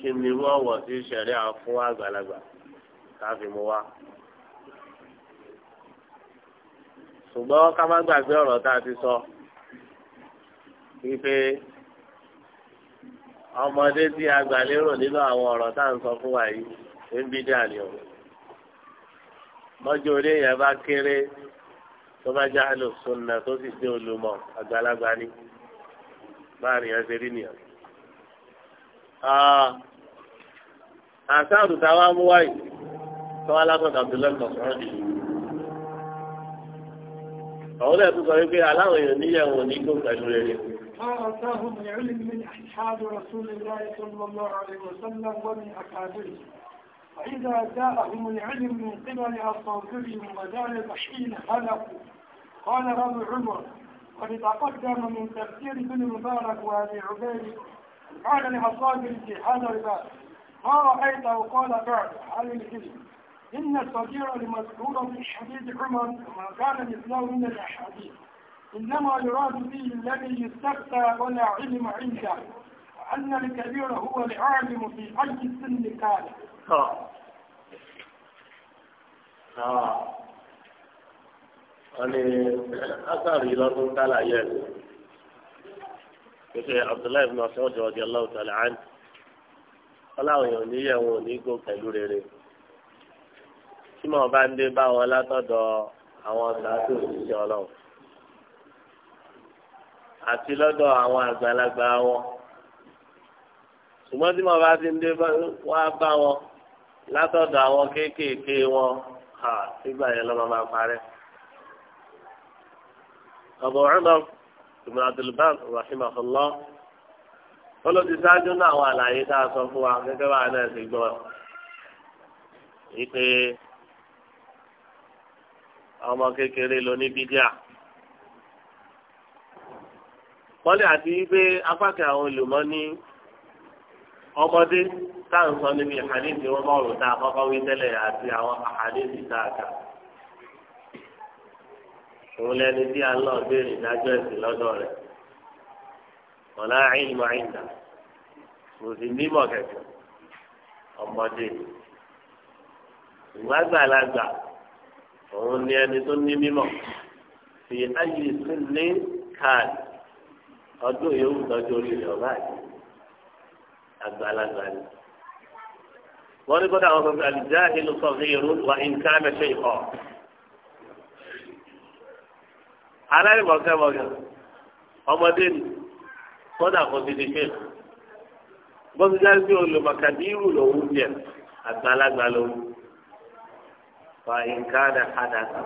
kí wọ́n wọ̀ sí sẹ̀ríà fún àgbàlagbà káfí mú wá. ṣùgbọ́n ká ọ̀rọ̀ tá a ti sọ wípé ọmọdé tí a gbà lérò nínú àwọn ọ̀rọ̀ tá à ń sọ fún wa yìí ń bí dà ní o mọ́jú orí yẹn bá kéré tó bá jẹ́ àlùsùn náà tó sì dé olùmọ̀ àgbàlagbà ni. báàrin yẹn ṣe rí nìyẹn. àtàrù táwa mú wáyé tọ́wọ́ alákọ̀ọ́dà abdullahi kọ̀ọ̀kan dì í. àwọn olóòtú sọ wípé aláwọ̀ èèyàn níyàwó ní kó pẹ̀lú rere. أعطاهم العلم من أصحاب رسول الله صلى الله عليه وسلم ومن أكابره فإذا جاءهم العلم من قبل أصابرهم وذلك حين خلقوا قال رب عمر قد تقدم من تفسير ابن مبارك وابي عبيد قال لاصحابه في هذا الباب ما رايته قال بعد عن العلم ان الصغير المذكور في حديث عمر ما كان مثله من الاحاديث انما يراد به الذي يستفتى ولا علم عنده ان الكبير هو العالم في اي سن كان. آه. آه. wọ́n ní asàrì tala tálà yẹ ẹ̀ pèsè abdullahi ibn Mas'ud radiyallahu ta'ala anhu ọláwọn èèyàn níyẹ̀wò onígò pẹ̀lú rere tí mo bá ń dé bá wọn látọ̀dọ̀ àwọn sàátù òṣìṣẹ́ ọlọ́run àti lọ́dọ̀ àwọn àgbàlagbà wọn ṣùgbọ́n tí mo bá ti ń dé wá bá wọn látọ̀dọ̀ àwọn kéékèèké wọn nígbà yẹn lọ́mọ máa parẹ́. Abu Umar ibn Abdul Bar rahimahullah wọ́n ló ti ṣáájú náà àwọn àlàyé tá a sọ fún wa gẹ́gẹ́ bá a náà ti gbọ́ wípé ọmọ kékeré lóní bídíà kọ́lé àti wípé apákẹ́ àwọn olùmọ́ ní ọmọdé táwọn sọ níbi àdéhùn tí wọ́n bá ọ̀rọ̀ tá a kọ́kọ́ wí tẹ́lẹ̀ àti àwọn àdéhùn tá a kà òun lẹni tí a ń lọ béèrè ìdájọ́ ẹ̀sìn lọ́dọ̀ rẹ̀ ọ̀la ìlú àìdá mùsùlùmí mọ̀kẹ́kẹ́ ọmọdé ìwágbàlagbà òun ni ẹni tó ní mímọ̀ fi ayé sí ní káàdì ọdún yòówù tọ́jú orí rẹ̀ ọ̀bá àgbàlagbà ni. wọ́n ní kódà wọn sọ pé àlùjá ìlú sọ̀rọ̀ yìí rú wa ìǹkà mẹ́fẹ́ ìkọ́ alárìmọ̀kẹ́mọ̀kẹ́ ọmọdé ni kọ́dà kò ti di fẹ́ẹ̀. bọ́síjà ń gbé olùmọ̀kàdírù lòún jẹ àgbàlagbà lòún. fa nǹkan àdàkà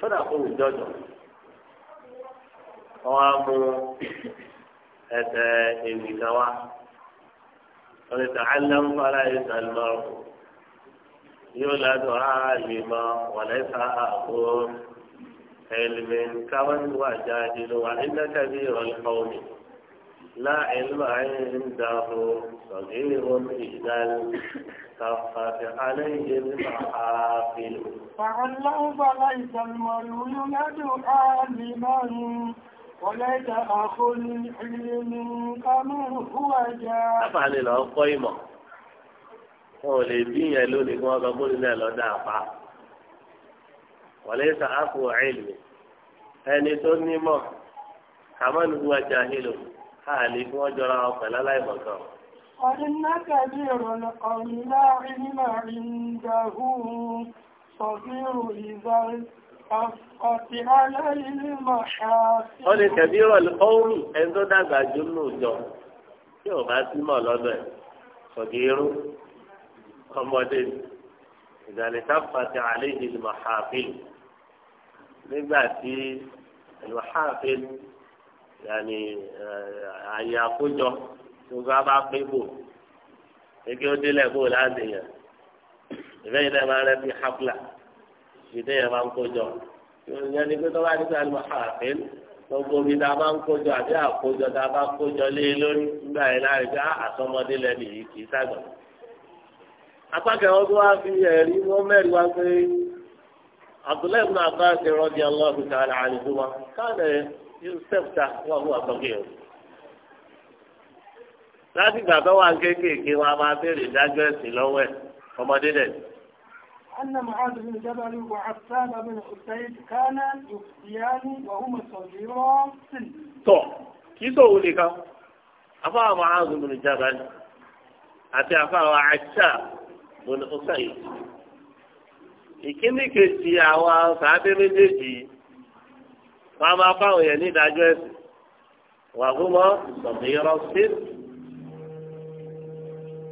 kọ́dà kò wù jọjọ. wọ́n á mú ẹsẹ̀ èwì kan wá. wọ́n ti tàn án lẹ́nu fara ẹ̀sẹ̀ lọ́rùn. yóò lọ́dọ̀ àlè mọ́ wọ̀lẹ́sà àkóò. علم كمن وجادل وإن كبير القوم لا علم عنده صغير إذا كفت عليه المحافل فعله فليس المرء يلد عالما وليس أخ العلم كمن هو جاهل أفعل الأقوى wọn ò lè bí yẹn lónìí kí wọn sọ bóyá lọ dáa pa wàlẹ́ sà ápò àìlè ẹni tó nímọ̀ kàmá nìkú ọjà hílò káàlì fún ọjọ́ra wọn pẹ̀lú aláìmọ̀kan. وإنك لرلقى لا علم عنده صغير إذا wọ́n lè tẹ̀bí ìrọ̀lẹ́ kọ́ọ̀rù ẹni tó dàgbà jù nù jọ tí ò bá sí mọ̀ lọ́dọ̀ ẹ̀ sọ̀gẹ́rù ọmọdé ni ìdánilẹ́sàpàtì àlejò ìmọ̀hàfin nígbà tí ìmọ̀hàfin yàní àyè àkójọ tó bá bá pé bò gẹ́gẹ́ ó délẹ̀ bò láti yàn ìfẹ́ yìí náà máa rẹ́ bí hafla ìdí yẹn máa ń kójọ ìyẹn ni pé tó bá nígbà ìmọ̀hàfin gbogbo omi tá a bá ń kójọ àbí àkójọ tá a bá kójọ lé lórí nígbà yẹn láàrin pé àsọmọdé lẹ́nu yìí kì í sàgbọ̀n. apákẹ́ wọn tó wá fi ẹ̀rí wọn mẹ́rin wá pé abdullahi ibn abbas radiyallahu ta'ala na wa káàdà yusuf ta wà wù àtọ́kẹ́ o. láti gbà tó kéékèèké wọn a máa béèrè dájọ́ ẹ̀sìn lọ́wọ́ ẹ̀ ọmọdé dẹ̀. أن معاذ بن جبل وعفان بن حسين كانا يفتيان وهما صغيرا سن. معاذ بن جبل lónìí ó sẹ́yìn. ìkíní kejì àwọn sàábé méjèèjì wọn a máa fáwọn yẹn ní ìdájọ́ ẹ̀sìn wà gbọ́mọ sọ̀tìyọ́rọ́ sí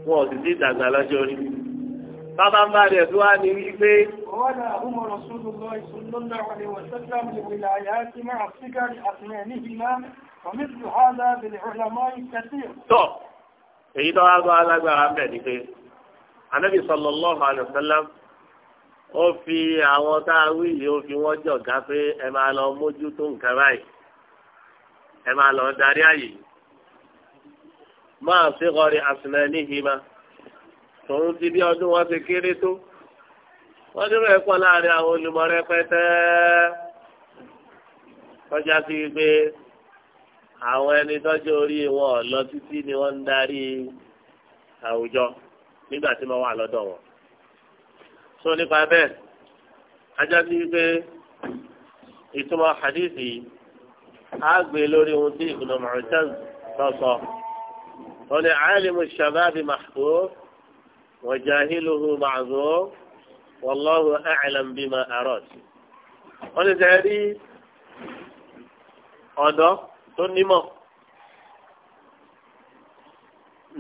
wọn ò sì ti dàgbà lọ́jọ́ orí. bàbá ń bá rẹ̀ tó wá ní wípé. ولا هم رسول الله صلى الله عليه وسلم للولايات مع الصغر أثنانهما ومثل هذا بالعلماء كثير. tó èyí tó wá gbọ́ alágbára ń bẹ̀ ni pé anabi sallallahu alayhi wa sallam ó fi àwọn tá a wí yìí ó fi wọ́n jọ̀gá pé ẹ máa lọ mójútó nǹkan báyìí ẹ máa lọ darí àyè máa fi rọrí àsìnà níhìmá tòun ti bí ọdún wọn ti kéré tó wọn dúró ẹ̀kọ́ láàrin àwọn olùmọ̀ rẹpẹtẹ kọjá sí wípé àwọn ẹni tọ́jú orí wọn lọ títí ni wọ́n ń darí àwùjọ nígbà tí mo wà lọ́dọ̀ wọn. sọ nípa bẹ́ẹ̀ ajá sí wípé ìtumọ̀ hadithi á gbé lórí ohun tí Ibn Mu'taz sọ̀sọ̀. wọ́n ní alimu shababi mahbub wa jahiluhu ma'zum wallahu a'lam bima arad. wọ́n ní sẹ́yìn ọ̀dọ́ tó nímọ̀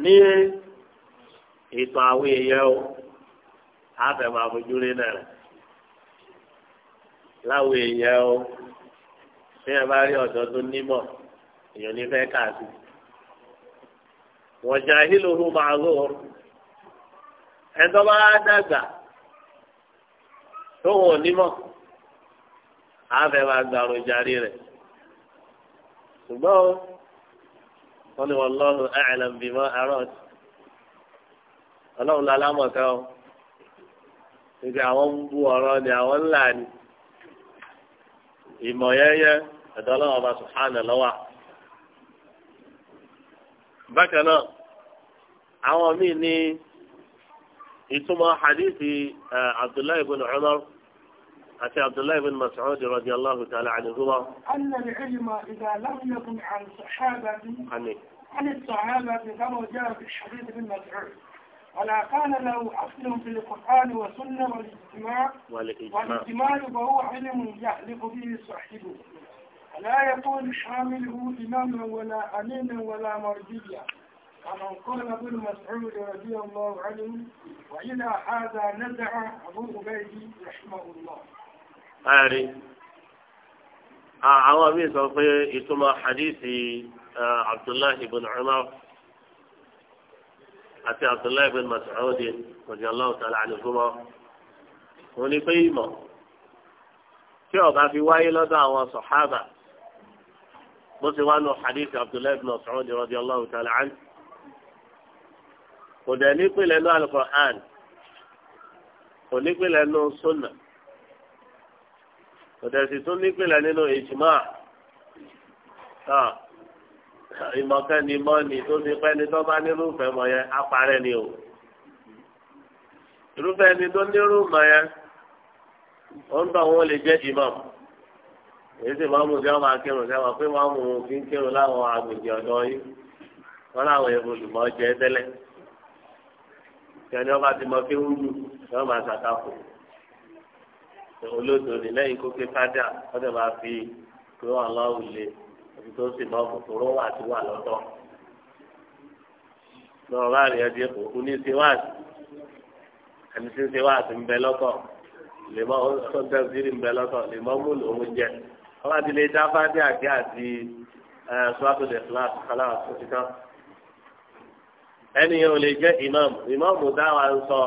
ní ìtàn àwọn èèyàn o àfẹ máa fojú rí náà láwọn èèyàn o bí ẹ bá rí ọ̀dọ́ tó nímọ̀ èèyàn ní fẹ́ káàdì wọ́n jà hílòhùn máa lò ó ẹ̀dọ́ bá dàgbà tó wọn ò àfẹ máa gbàrún jarí rẹ̀ ṣùgbọ́n wọ́n ní wallahu a'lam bima arad ọlọ́run lọ alámọ̀ká o nígbà àwọn ń bu ọ̀rọ̀ ni àwọn ńlá ni ìmọ̀ yẹ́yẹ́ ẹ̀dọ́ ọlọ́run ọba sùhánà lọ́wọ́ bákan náà àwọn míì ní ìtumọ̀ hadithi eh, abdullahi ibn umar àti abdullahi ibn mas'ud radiyallahu ta'ala anhuma. anna al-ilma idha lam yakun an sahabati. ani. ani sahaba bi kama jaa fi hadith ibn mas'ud. ولا كان له أصل في القرآن والسنة والاجتماع والاجتماع فهو علم يحلق به صاحبه لا يكون حامله إماما ولا أمينا ولا مرجيا ومن قال ابن مسعود رضي الله عنه وإلى هذا نزع أبو عبيد رحمه الله أعرف àwọn míì sọ حديث عبد الله بن عمر àti abdullahi bin masoud radiyallahu ta'ala anhuma wọ́n ní pé ìmọ̀ tí ọba fi wáyé lọ́dọ̀ àwọn sọ̀hábà bó ti wá nù hadith abdullahi bin masoud radiyallahu ta'ala anhu kò dẹ̀ nípìnlẹ̀ ní alukur'an kò nípìnlẹ̀ ní sunna kò dẹ̀ sì tún nípìnlẹ̀ nínú ìjìmá ìmọ̀kẹ́ni mọ́ni tó ti pẹ́ ni tó bá nírúfẹ́ mọ̀ yẹn apárẹ́ ni o irúfẹ́ ni tó nírú mọ̀ yẹn ó ń bá wọn lè jẹ́ imam èyí sì máa mú sí àwọn akérò sí àwọn pé máa mú un kí ń kérò láwọn agbègbè ọ̀dọ́ yìí wọn láwọn èèyàn olùmọ̀ jẹ tẹ́lẹ̀ kẹ́ni ọba ti mọ kí ń lù yọ máa ṣàtàkùn olódò ní lẹ́yìn kókè fádà wọ́n ti máa fi kúrò aláwùlé ibi tó sì máa kòkò rọ wà tí wà lọ́tọ̀ lọ́wọ́ bá rí ẹdí ẹ̀kọ́ kú ní ṣe wáàsì ẹni tí ń ṣe wáàsì ń bẹ lọ́tọ̀ lè mọ ọ̀sán tẹ́sírì ń bẹ lọ́tọ̀ lè mọ múlò oúnjẹ wọ́n bá ẹni yẹn ò lè jẹ́ imam imam dáwà ń sọ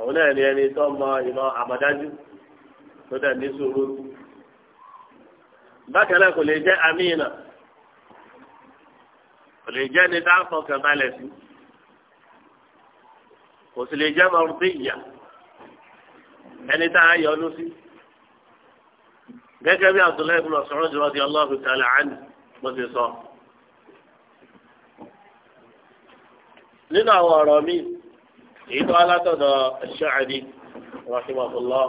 òun náà ni ẹni tó mọ ìmọ̀ àmọ̀dájú tó dẹ̀ ní sùúrù bákan náà kò lè jẹ́ amínà kò lè jẹ́ ní dáàfọ̀ kẹbalẹ̀ sí kò sì lè jẹ́ mọ̀rùbíyà ẹni tá a yọ ọdún sí gẹ́gẹ́ bí abdullahi ibn Mas'ud radiyallahu ta'ala anhu bó ti sọ. nínú àwọn ọ̀rọ̀ mi èyí alátọ̀dọ̀ Sha'bi rahimahullah.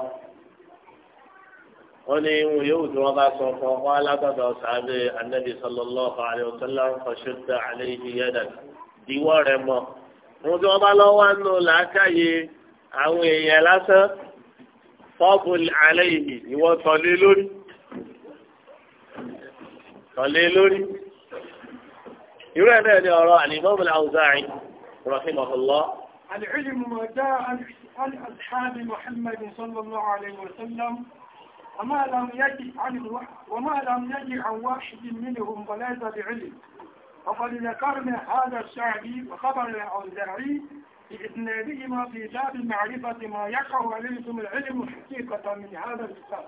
wọ́n ní ìwọ̀n yóò tí wọ́n bá sọ fún ọkọ alágbàdo sàbẹ̀ anabi sallallahu alayhi wa sallam fashudda alayhi yadak diwọ́ rẹ̀ mọ́ wọ́n tí wọ́n bá lọ́wọ́ nù làákàyè àwọn èèyàn lásán fọ́ọ̀bùl alayhi ìwọ́n tọ̀lé lórí tọ̀lé lórí irú ẹ̀ náà ni ọ̀rọ̀ al-imam al-awza'i rahimahullah. العلم ما جاء عن أصحاب محمد صلى الله عليه وسلم وما لم يجد عن وما لم يجد عن واحد منهم وليس بعلم وقد ذكرنا هذا الشعبي وخبر الأوزاعي بإسنادهما في باب معرفة ما يقع عليكم العلم حقيقة من هذا الكتاب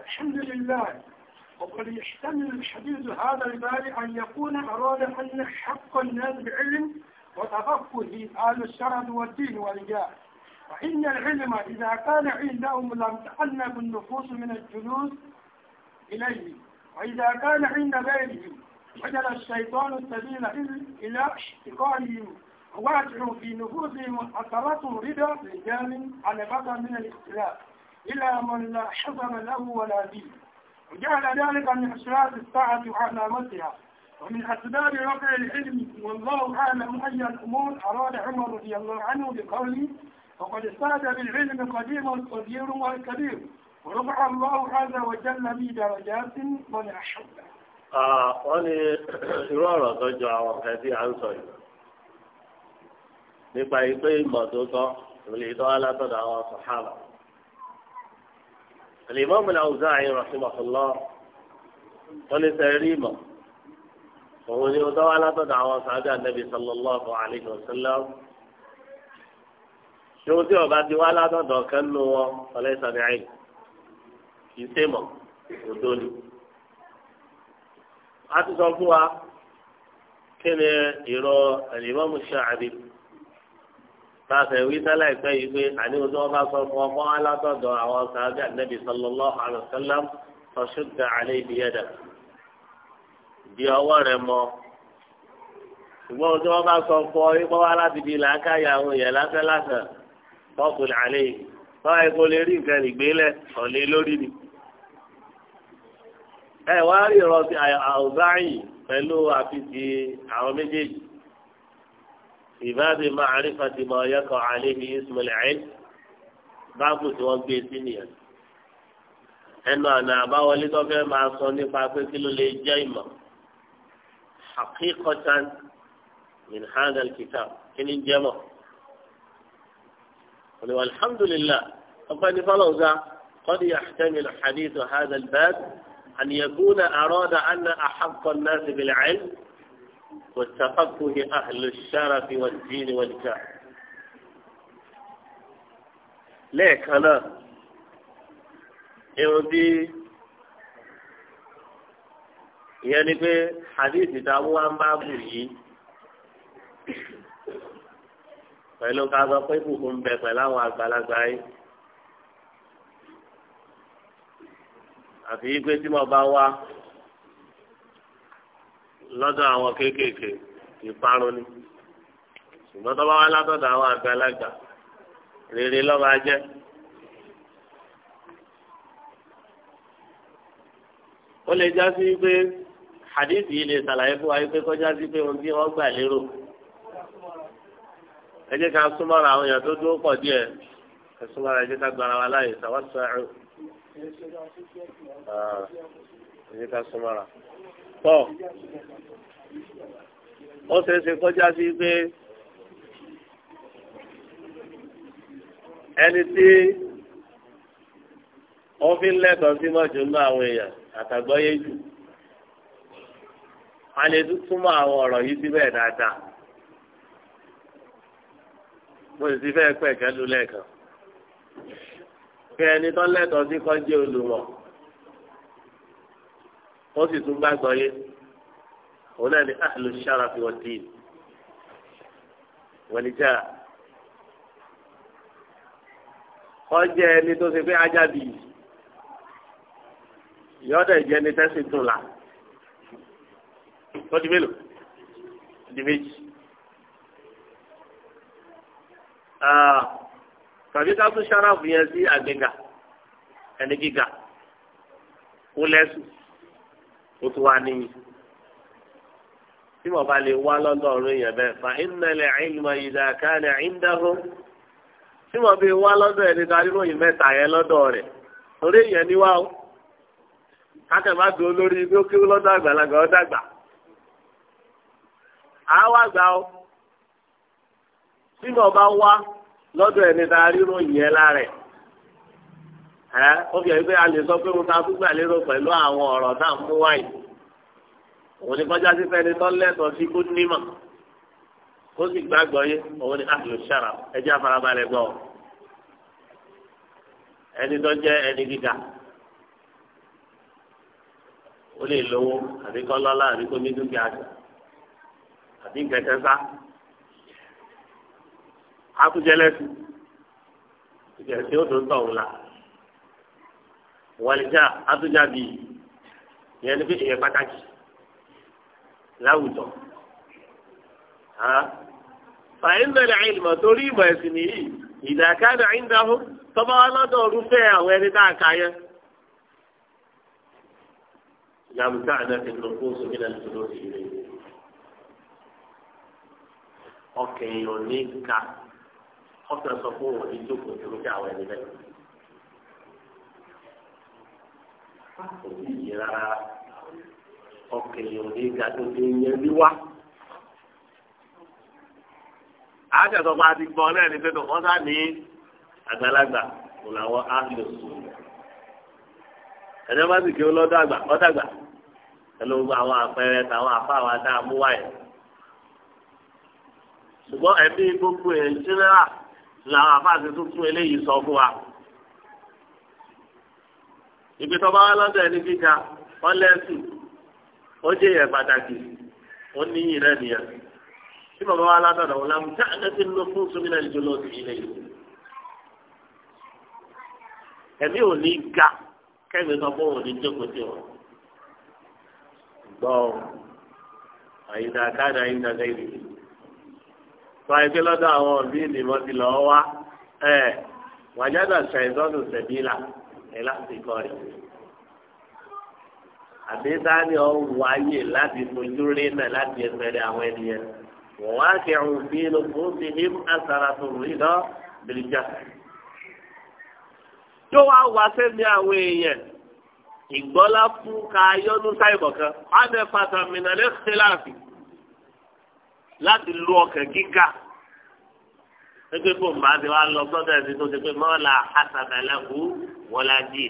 الحمد لله وقد يحتمل الحديث هذا البال أن يكون أراد أن حق الناس بعلم وتفقه أهل الشرع والدين والجاه فإن العلم إذا كان عندهم لم تحنب النفوس من الجلوس إليه وإذا كان عند غيرهم وجد الشيطان السبيل إلى احتقانهم وواتعوا في نفوسهم أثرات رضا لجام على بطن من الاختلاف إلى من لا حضر له ولا دين وجعل ذلك من أسرار الساعة وعلامتها ومن أسباب رفع العلم والله أعلم أي الأمور أراد عمر رضي الله عنه بقوله وقد استعد بالعلم القديم القدير والكبير ورفع الله عز وجل بي درجات من أحبه وأني آه، شرارة رجع وحيثي عن صحيح نبعي طيب مدوطة وليدو على تدعى صحابة الإمام الأوزاعي رحمه الله قال تريما وليدو على تدعى صحابة النبي صلى الله عليه وسلم yóò tí ọba ti wá látọ̀dọ̀ kan nù wọn ọlẹ́ sàbẹ̀rẹ̀ kì í sèmọ̀ òdo ni. a ti sọ fún wa kí ni ìrọ Al-Imam Sha'bi tààfẹ̀ wí sálẹ̀ ìpẹ́ yìí pé àníwòsí wọn bá sọ fún ọmọ alátọ̀dọ̀ àwọn sàbẹ̀ ànábì sallallahu alaihi ọ̀ṣùgbà alẹ́ ibi yẹ̀dà di ọwọ́ rẹ̀ mọ́ ṣùgbọ́n tí wọ́n sọ fún ọ yìí pọ́wá láti di làákàyà àwọn èèyàn lásán lásán fọ́ọ̀kùn àlẹ́ yìí wọ́n á kó lè rí nǹkan ìgbélẹ̀ ọ̀lẹ́ lórí ni. ẹ wá rí ìrọsí àwùzáyì pẹ̀lú àfihì àwọn méjèèjì ìbáàbí máa rí fatima ọ̀yẹ́kọ̀ àlẹ́ yìí ismail ayé báàbù tí wọ́n gbé sí nìyẹn ẹnu àná àbáwọlé tó fẹ́ máa sọ nípa pé kí ló lè jẹ́ ìmọ̀ haqiqatan min hadal kitab kí ni jẹ́ mọ̀ والحمد لله فقد فلوزا قد يحتمل حديث هذا الباب أن يكون أراد أن أحق الناس بالعلم والتفقه أهل الشرف والدين والجاه ليك أنا يودي إيه يعني في حديث دعوة بابه pẹ̀lú ká sọ pé ìbùkún bẹ pẹ̀lú àwọn àgbàlagbà yìí. àfi yí pé tí mo bá wá lọ́dọ̀ àwọn kéékèèké ìparun ni ṣùgbọ́n tó bá wá látọ̀dọ̀ àwọn àgbàlagbà rere ló máa jẹ́. ó lè já sí pé hadith yìí lè ṣàlàyé fún wa pé kọjá sí pé ohun tí wọ́n gbà lérò. ẹ jẹ́ ká súnmọ́ra àwọn èèyàn tó dúró pọ̀ díẹ̀ ẹ súnmọ́ra ẹ jẹ́ ká gbára wa láàyè ah, ẹ jẹ́ ká kọjá sí pé ẹni tí wọ́n fi ń lẹ́tọ̀ọ́ sí mọ́jú àwọn èèyàn àtàgbọ́yé jù a lè túmọ̀ àwọn mo sì fẹ́ pẹ̀ kẹ́lu lẹ́ẹ̀kan kí ẹni tó lẹ́tọ̀ọ́ sí kọ́ olùmọ̀ ó sì tún gbàgbọ́ yé òun náà ni ahlu sharafi wa din wọ̀nìjà kọ́ jẹ́ ẹni tó ṣe pé ajá bìí yọ̀ọ́dẹ̀ jẹ́ ẹni tẹ́sí tún la tọ́jú mélòó di méjì. tàbí ká tún ṣáráàfù yẹn sí àgbéga ẹni gíga ó lẹ́sùn wá níyì tí mo bá lè wá lọ́dọ̀ ọ̀rọ̀ yẹn bẹ́ẹ̀ fa innal ilma idha kana indahu tí mo bí wá lọ́dọ̀ ẹni darí mẹ́ta yẹn lọ́dọ̀ rẹ̀ orí yẹn ni wá o má bí ó lọ́dọ̀ àgbàlagbà dàgbà tí mo wá lọ́dọ̀ ẹni tá a ríro yẹn lára ẹ̀ ẹ́ ó fi ẹ̀ pé a lè sọ pé mo ta gbígbà lérò pẹ̀lú àwọn ọ̀rọ̀ tá mú wáyé òun ni kọjá sí fẹ́ni tó lẹ́tọ̀ọ́ sí kó nímọ̀ kó sì gbàgbọ́ yé òun ni àlò ṣàrà ẹjẹ́ àfarabalẹ̀ gbọ́ ẹni tó jẹ́ ẹni gíga ó lè lówó àbí kọ́ lọ́lá àbí kó àbí kẹ̀kẹ́ sá. akújẹlẹsì bi ó dùn tọ̀hún la wàlíjà atújàbí yẹn ní fi èyẹ pàtàkì láwùjọ fàyín bẹ̀rẹ̀ àìlùmọ̀ torí ìmọ̀ ẹ̀sìn nìyí ìdàkadà ìdáhùn tọ́ba wa lọ́dọ̀ orúfẹ́ àwọn ẹni tá a kà yẹn. يمتعنا في النفوس من الجلوس إليه. أوكي يونيكا ọ̀sẹ̀ sọ pé òun ní jókòó tó ń dáwọ́ ẹni bẹ́ẹ̀. kò ní yìí rárá ọkàn èèyàn ní ìgbà tó ti yẹn bí wá. àjọsọpọ̀ àti gbọ́n náà ní pẹ́tọ̀ wọ́n sá ní àgbàlagbà kò làwọn á lè sùn. ẹ̀jẹ̀ bá sì kí ó lọ́dọ̀ àgbà ọ̀dàgbà pẹ̀lú àwọn àpẹẹrẹ tàwọn àfa àwọn adá amúwáyé. ṣùgbọ́n ẹ̀mí gbogbo ẹ̀ ń ṣẹlẹ̀ rà làwọn àfáàsì tó tún eléyìí sọ fún wa. ìgbé tó bá wá lọ́dọ̀ ẹni gíga wọ́n lẹ́sìn ó jẹ́ yẹn pàtàkì ó ní yìí rẹ̀ nìyẹn. tí bàbá wa lọ́dọ̀ ọ̀hún làwọn tí àná ti ń lọ fún sómìnà ìjọ lọ sí ilé yìí. ẹ̀mí ò ní ga kẹ́mi sọ fún òun jókòó tí wọn. gbọ́ àyíká káàdà àyíká gẹ́gẹ́ sọ àìpé lọ́dọ̀ àwọn òbí ìdìbọn ti lọ́ wá ẹ̀ wàjádà ṣàìsọ́nù sẹ̀bílà ẹ̀ láti kọ́ rẹ̀. àbí sáni ọ̀ wáyé láti fojú rí náà láti ẹsẹ̀rẹ̀ àwọn ènìyàn. wọ́n wá kí ọ̀hún bí ló fún ti hím àsàrà tó rí lọ bìlìjà. wá sẹ́ni àwọn èèyàn ìgbọ́lá fún ka yọ́nú sáìbọ̀ kan. wọ́n á fẹ́ fàtàmìnà lẹ́sẹ̀ láàfin láti lu ọkàn gíga pépé kò má ti wá lọ sọ́dọ̀ ẹni tó ti pé mọ́lá àtàbẹ̀lẹ́kù wọlá jì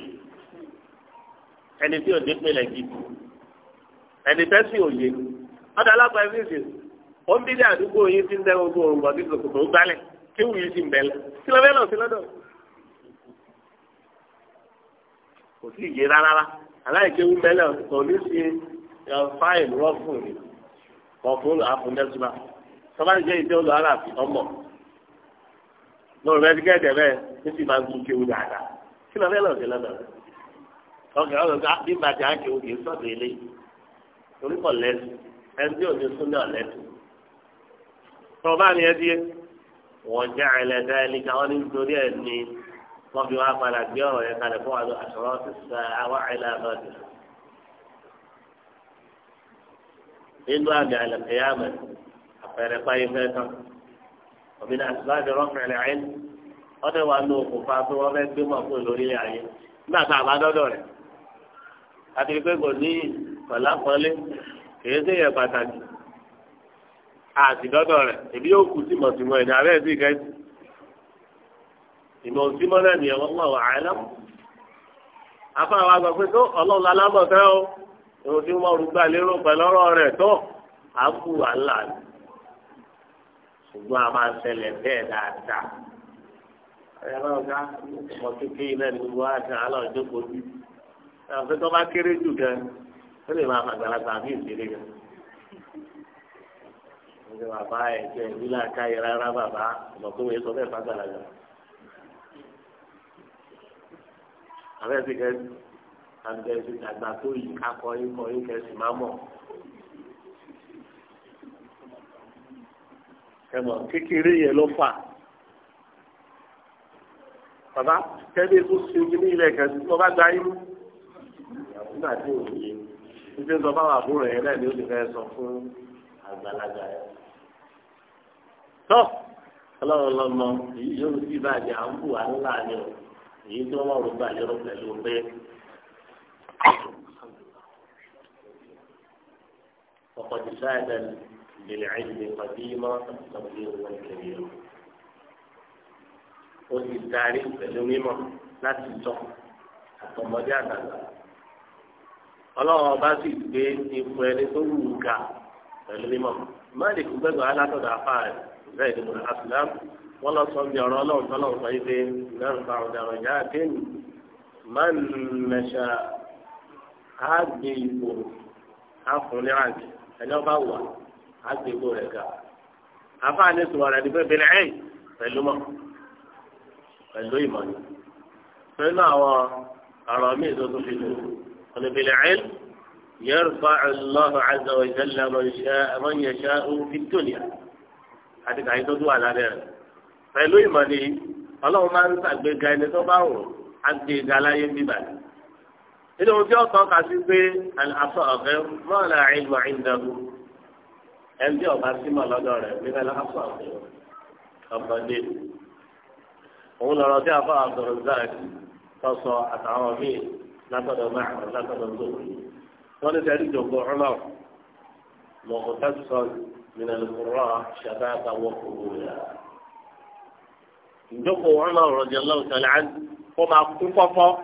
ẹni tí òde pèlè gidi ẹni tẹ́sí òye ọ̀dà alágbà ẹ̀mí ìsìn ó ń dídí àdúgbò yín tí ń dẹ́ gbogbo òǹgbà tí kòkòrò gbálẹ̀ kí wùyí sì ń bẹ̀lẹ̀ kí lọ́bẹ̀ lọ sí lọ́dọ̀ kò sí ìyè rárá aláìkéwu bẹ́lẹ̀ kò ní sí fáìlì wọ́n fún mi mọ̀fóònù àfúnẹ́sùmá tọ́mọ́tì jẹ́ ìdí olú aláàfin ọmọ lórí bẹ́ẹ̀ gẹ́gẹ́ bẹ́ẹ̀ tó sì máa ń tún kéwù dáadáa kí lọ́ọ́ fẹ́ lọ́ọ́ sí lọ́dọ̀ rẹ̀ ọkẹ́ ọ̀rọ̀ ká nígbà tí a kéwù kì í sọ̀tọ̀ ilé torí kọ̀ lẹ́sù ẹni tí ò sún náà lẹ́sù tọ́ bá ní ẹdí wọ́n jẹ́ àìlẹ́dá ẹni káwọn ní nítorí ẹ̀ wọ́n fi wá padà gbé ọ̀rọ̀ yẹn kalẹ̀ fún wa lọ àṣọrọ̀ nínú àmì àlàkìyàmẹ àpẹẹrẹ páyẹfẹ tán òmìnira àtìláàbí rọpẹlẹ àyẹn ọdẹ wà ní òkùnfà pé wọn fẹẹ gbé mọ fún lórí ayé nígbà tá a bá dọdọ rẹ àti pé kò ní pẹlápọlé kìí ṣe yẹn pàtàkì àti dọdọ rẹ èmi yóò ìmọ̀ náà nìyẹn wọ́n wà wà àgbà pé tó ọlọ́run o. ìwọ tí wọn rúgbà lérò pẹ̀lú ọ̀rọ̀ rẹ̀ tó àbú wàhálà ṣùgbọ́n a máa ṣẹlẹ̀ bẹ́ẹ̀ dáadáa ẹ̀rọ ọ̀gá ọmọ kékeré náà ni wọ́n á ṣe àlọ́ ìjókòó bí àfi tó bá kéré jù gan ó lè máa fàgbàlagbà bí ìṣeré gan. Ṣé bàbá ẹ̀ jẹ́ ìwúlẹ̀ àkáyé rárá bàbá ọ̀dọ̀kúnrin sọ bẹ́ẹ̀ fàgbàlagbà. Àbẹ́sí kẹ́sì àgbẹ̀sì dàgbà tó yìí kakọ ikọ̀ ìkẹsì máa mọ̀. ẹ̀mọ̀ kékeré yẹn ló fà. bàbá kẹ́lẹ́ tó ṣe ojú ní ilẹ̀ kẹsì tó bá gba inú. nígbà tí ò yé títí sọ fáwọn àbúrò yẹn náà ni ó ti fẹ́ sọ fún àgbàlagbà yẹn. tọ́ ọlọ́run lọ́mọ èyí yóò sì bàjẹ́ à ń ni o èyí tó wọ́n rò gbà lérò pẹ̀lú bẹ́ẹ̀. فقد فاد للعلم قديما التقدير والكبير قلت التعريف بالنميمة لا تنسى حتى ما جاءت ọlọ́run ọba sì gbé ipò ẹni tó wù ú ga pẹ̀lú mímọ́ malik gbẹ́gbẹ́ alátọ̀dọ̀ afá rẹ̀ bẹ́ẹ̀ ni mọ̀lá asilam wọ́n lọ sọ bí ọ̀rọ̀ ọlọ́run tọ́lọ́run sọ yìí pé náà ń fa ọ̀daràn jáde máa ń mẹ́ṣáà á gbé ipò á fún ní àjẹ ẹni ọba wà á gbé ipò rẹ̀ ga àfáàní sọ̀rọ̀ rẹ̀ ní pé bẹ̀rẹ̀ ẹ̀yìn pẹ̀lú mọ̀ pẹ̀lú ìmọ̀ ni pẹ̀lú àwọn ọ̀rọ̀ míì tó tún fi lò ọ̀nà bẹ̀rẹ̀ ẹ̀yìn yẹ́rùfà ọlọ́run àzọ ìṣẹ̀lẹ̀ ọmọnyẹ̀ṣẹ́ òfin tóníà àti kàyí tó tún wà lábẹ́ rẹ̀ pẹ̀lú ìmọ̀ ni ọlọ́run máa ń ṣàgbéga ẹni tó bá wù á gbé ga bíbà ni nínú ojú ọ̀tọ̀ kà sí pé àlàfo ọ̀fẹ́ mọ́ọ̀lá ìlú ìdàgbò ẹbí ọba símọ̀ lọ́dọ̀ rẹ̀ nígbà láàfọ̀ ọ̀fẹ́ ọ̀pọ̀dé òun lọ́rọ̀ tí a fọ́ àtọ̀rọ̀ záàkì tọ́sọ àtàwọn míì látọ̀dọ̀ máa látọ̀dọ̀ tó wọ́n ní sẹ́rí ìjọba ọ̀rọ̀ mọ̀kútàṣọ́ mìnàlùkùrọ̀ ṣàdáàtà wọ́pọ̀ ìjọba ọ̀rọ̀ rọ̀jẹ̀ lọ́wọ́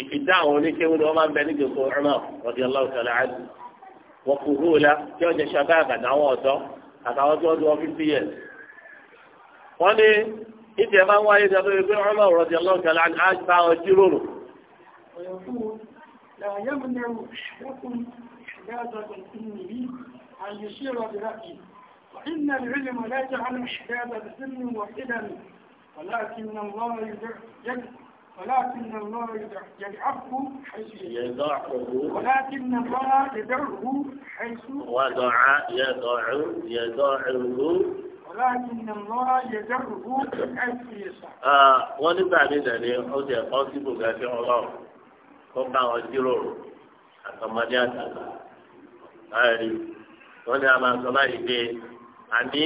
ìfìdá àwọn oníkéwú ni wọ́n máa ń bẹ níjòkó Umar radiyallahu ta'ala anhu wọ́n kú hóòlá tí wọ́n jẹ ṣàbá àgbàdáwọ̀ ọ̀dọ́ àtàwọn tí wọ́n ju fifty years. wọ́n ní ìtẹ̀ máa ń wáyé sọ́dọ̀ ìgbé Umar radiyallahu ta'ala anhu á bá wọn jíròrò. وإن العلم لا يجعل الحجاب بسن واحدا ولكن الله يجعل ولكن الله يدعه حيث يدعه ولكن الله يدعه حيث وضع يضع ولكن الله يدعه حيث يشاء. wọ́n nígbà nílẹ̀ ni ó ti ẹ̀kọ́ sí gbogbo ẹ̀fẹ́ ọlọ́run tó bá wọn jíròrò àtọmọdé àtàlà láàrin wọ́n ní a máa sọ láyé pé àní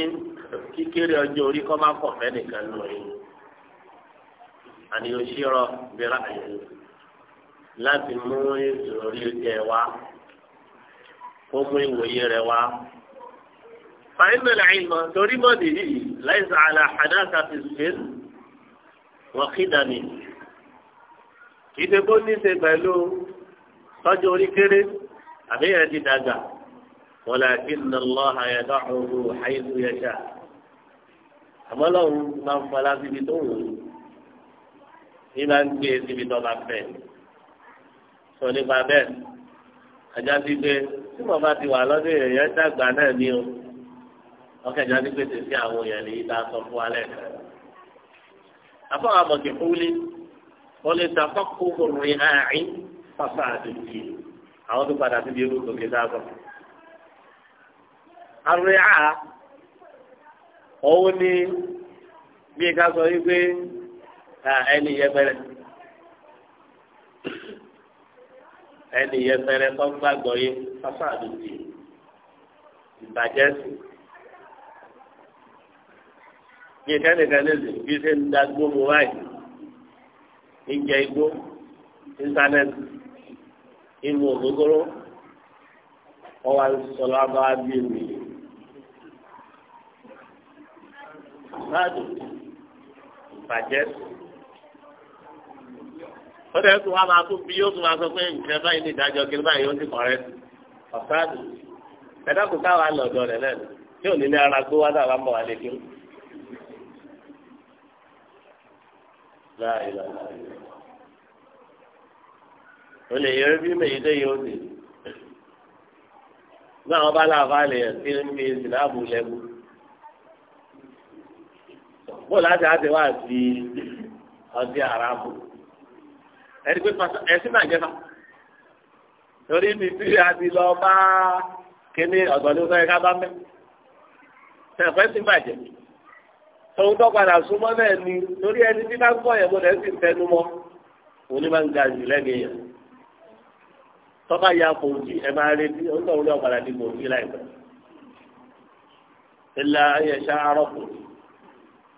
kíkéré ọjọ́ orí kọ́ máa kọ̀ fẹ́ nìkan lóyún àníyànṣírọ bíra àyẹ̀wò láti mú ìròrí ẹ wá kó mú ìwòye rẹ wá. فإن العلم تريد به ليس على حداثة السر وخدمه ìdè bó ní ṣe pẹ̀lú tọ́jú orí kéré àbí ẹ̀ ti dàgbà walakinna Allaha yada'uhu haythu yasha àmọ́ lọ́run máa ń fọlá síbi tó wù ú ní máa ń gbé e síbi tó bá fẹ́ sọ nípa bẹ́ẹ̀ ajá ti gbé tí mo bá ti wà lọ́dún èèyàn dàgbà náà ni o ọkẹ́ ajá ti pèsè sí àwọn èèyàn lè dá sọ fún alẹ́ kan afọ àmọ̀kì fúlé wọ́n lè ta fọ́kù rìn àárín fàfà àdùnkì àwọn tó padà síbi irú tòkè dáàbò àrùn àá òun ni bí ká sọ yí pé ẹni yẹpẹrẹ ẹni yẹpẹrẹ tó gbàgbọ́ yé pápá àdúgbò ìbàjẹ́ sí bí kẹ́nìkan lè lè bí ṣe ń da gbóòmù wáyé ń jẹ igbó íńtánẹ́ẹ̀tì ìmú ògógóró ọwọ́ àlùsọ̀lá bá bí mi. Báàdù ìbàjẹ́ sí ó dẹ̀ tún wá máa tún bí yóò tún máa sọ pé nǹkan báyìí ní ìdájọ́ kí báyìí ó ti kọ̀ rẹ́ ọ̀sáàdù ẹ̀dá kò káwa lọ́dọ̀ rẹ̀ lẹ́nu tí ò ní ní ara gbó wá dàbá ń bọ̀ wá lékún. o lè yẹ bí mi yìí dé yóò dé ní àwọn bá láàbá lè yẹ kí n bí sinabu bó láti á wá sí ọdí àràbù ẹni pé ẹsìn náà jẹba torí ní tí a ti lọ bá kíní ọ̀gbọ̀nì sọ ẹ̀ka bá mẹ́ ṣẹ̀fẹ́ sì bàjẹ́ tòun tó padà súnmọ́ bẹ́ẹ̀ ni torí ẹni tí bá ń bọ̀ yẹn mo lẹ́ sì ń tẹnu mọ́ òní máa ń ga jù lẹ́nu yẹn tọ́ba ya kò jí ẹ máa retí ó ń tọ̀ wọlé ọ̀padà di kò jí láìpẹ́ ilà ayẹ̀ṣẹ́ arọ́pù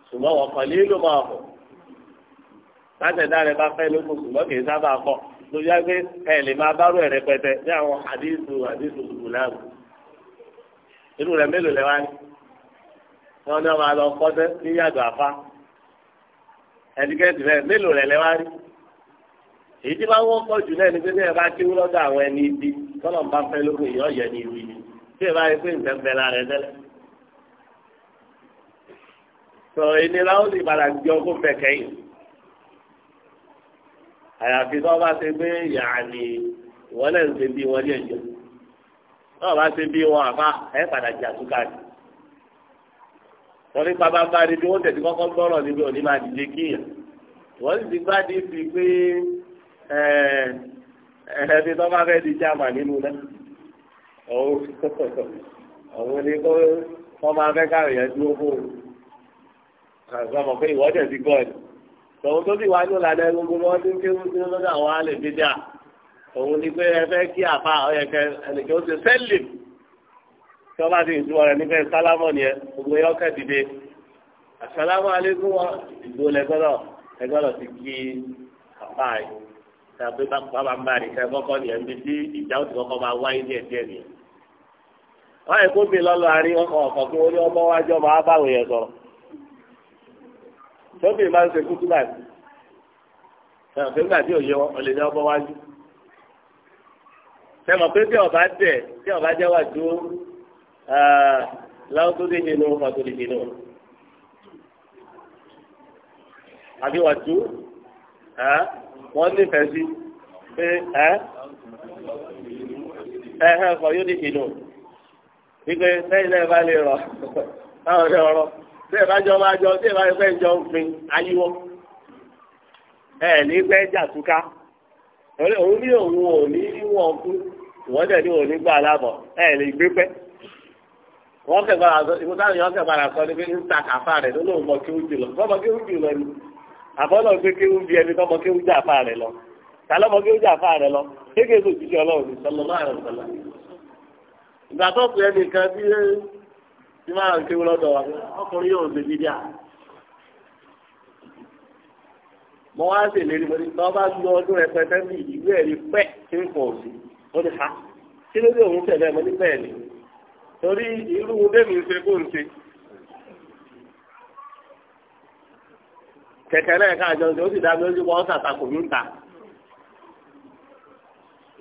ṣùgbọ́n wọ́n kàn ní ìlú máa kọ̀ látẹ̀dá rẹ̀ bá fẹ́ lókun ṣùgbọ́n kì í sábà kọ̀ lórí agbé ẹ̀ lè máa bá rẹ̀ rẹpẹtẹ ní àwọn àdéhùn àdéhùn gùláàmù inú rẹ̀ mélòó lẹ́wà ni wọ́n ní ọmọ àlọ́ kọ́tẹ́ ní yàgò àfa ẹ̀dígẹ́tì rẹ̀ mélòó rẹ̀ lẹ́wà ni èyí tí wọ́n wọ́pọ̀ jù náà ni pé bí ẹ bá kéwú lọ́dọ̀ àwọn ẹni ibi tọ́lọ̀ ń bá fẹ́ lókun ìyọ́ yẹ ni ìwé ni bí ẹ bá rí pé nǹkan bẹ lára ẹ tẹ́lẹ̀ sọ ìnira ó sì padà jọ kó fẹ́ kẹ́yìn àyàfi tó bá ṣe pé yàní wọn náà ṣe bí wọn ní ẹjọ́ tó bá ṣe bí wọn àfa ẹ padà jà tó káàdì torí pàbàbà ni bí wọn tẹ̀sí kọ́kọ́ gbọ́rọ̀ níbi òní máa dìde kíyàn wọ́n sì ti bá dé fi pé ẹni tó bá fẹ́ di jáàmà nínú náà òun ni kó wọ́n máa fẹ́ káàrin yẹn dúró fóònù àgbà mọ̀ pé ìwọ́dẹ̀ ti gọ́ọ̀dì. tòun tó sì wá ní ìlànà gbogbo wọn ti ń ké wọn sínú lọ́dọ̀ àwọn alẹ́ dídá òun ni pé ẹ fẹ́ kí àfa ọ̀yẹ̀kẹ ẹnìkan ó tí wọ́n bá ti rẹ̀ sálámọ̀ gbogbo dìde alẹ́kùn wọn lẹ́gbọ́dọ̀ ẹgbọ́dọ̀ ti kí àfa tàbí bàbá ń bá nìkan kọ́kọ́ bí ìjà ó ti kọ́kọ́ tóbi máa ń ṣe kúkú báyìí sọ̀rọ̀ pé nígbà tí òye wọn ọ̀lẹ́ ní ọbọ̀ wájú sẹ́mọ̀ pé bí ọba tẹ̀ bí ọba jẹ́ wà tó láwọn tó díje nù wọn tó díje nù àbí wà tó wọ́n nífẹ̀ẹ́ sí pé ẹ́ ẹ̀hẹ́ kọ̀ yóò díje nù wípé sẹ́yìn náà bá lè rọ̀ táwọn [laughs] ọ̀rẹ́ ọ̀rọ̀. bí bá jọ máa jọ bí bá fẹ́ jọ òfin ayíwọ́ ní fẹ́ jàtúká òun ní òun ò ní wọ́n kú ìwọ́n dẹ̀ ní òun ní gbà lábọ̀ lè gbé pẹ́ wọ́n kẹ̀ sọ lọ bọ́mọ kí ó lọ ni gbé kí ó bí ẹni tọ́mọ kí ó jà rẹ̀ lọ bí máa ń ụlọ lọ́dọ̀ wa ọkùnrin yóò ṣe a. à. mo wá ṣèlérí mo ní tí wọ́n bá gbé ọdún rẹpẹtẹ bí ìwé iwu pẹ́ tí ń pọ̀ sí ní ha kí ló dé òun tẹ̀lé mo ní bẹ́ẹ̀ ni torí irú ṣe kó ń ṣe. kẹ̀kẹ́ náà ká àjọ ṣe ó sì dá mi lójú ní ta.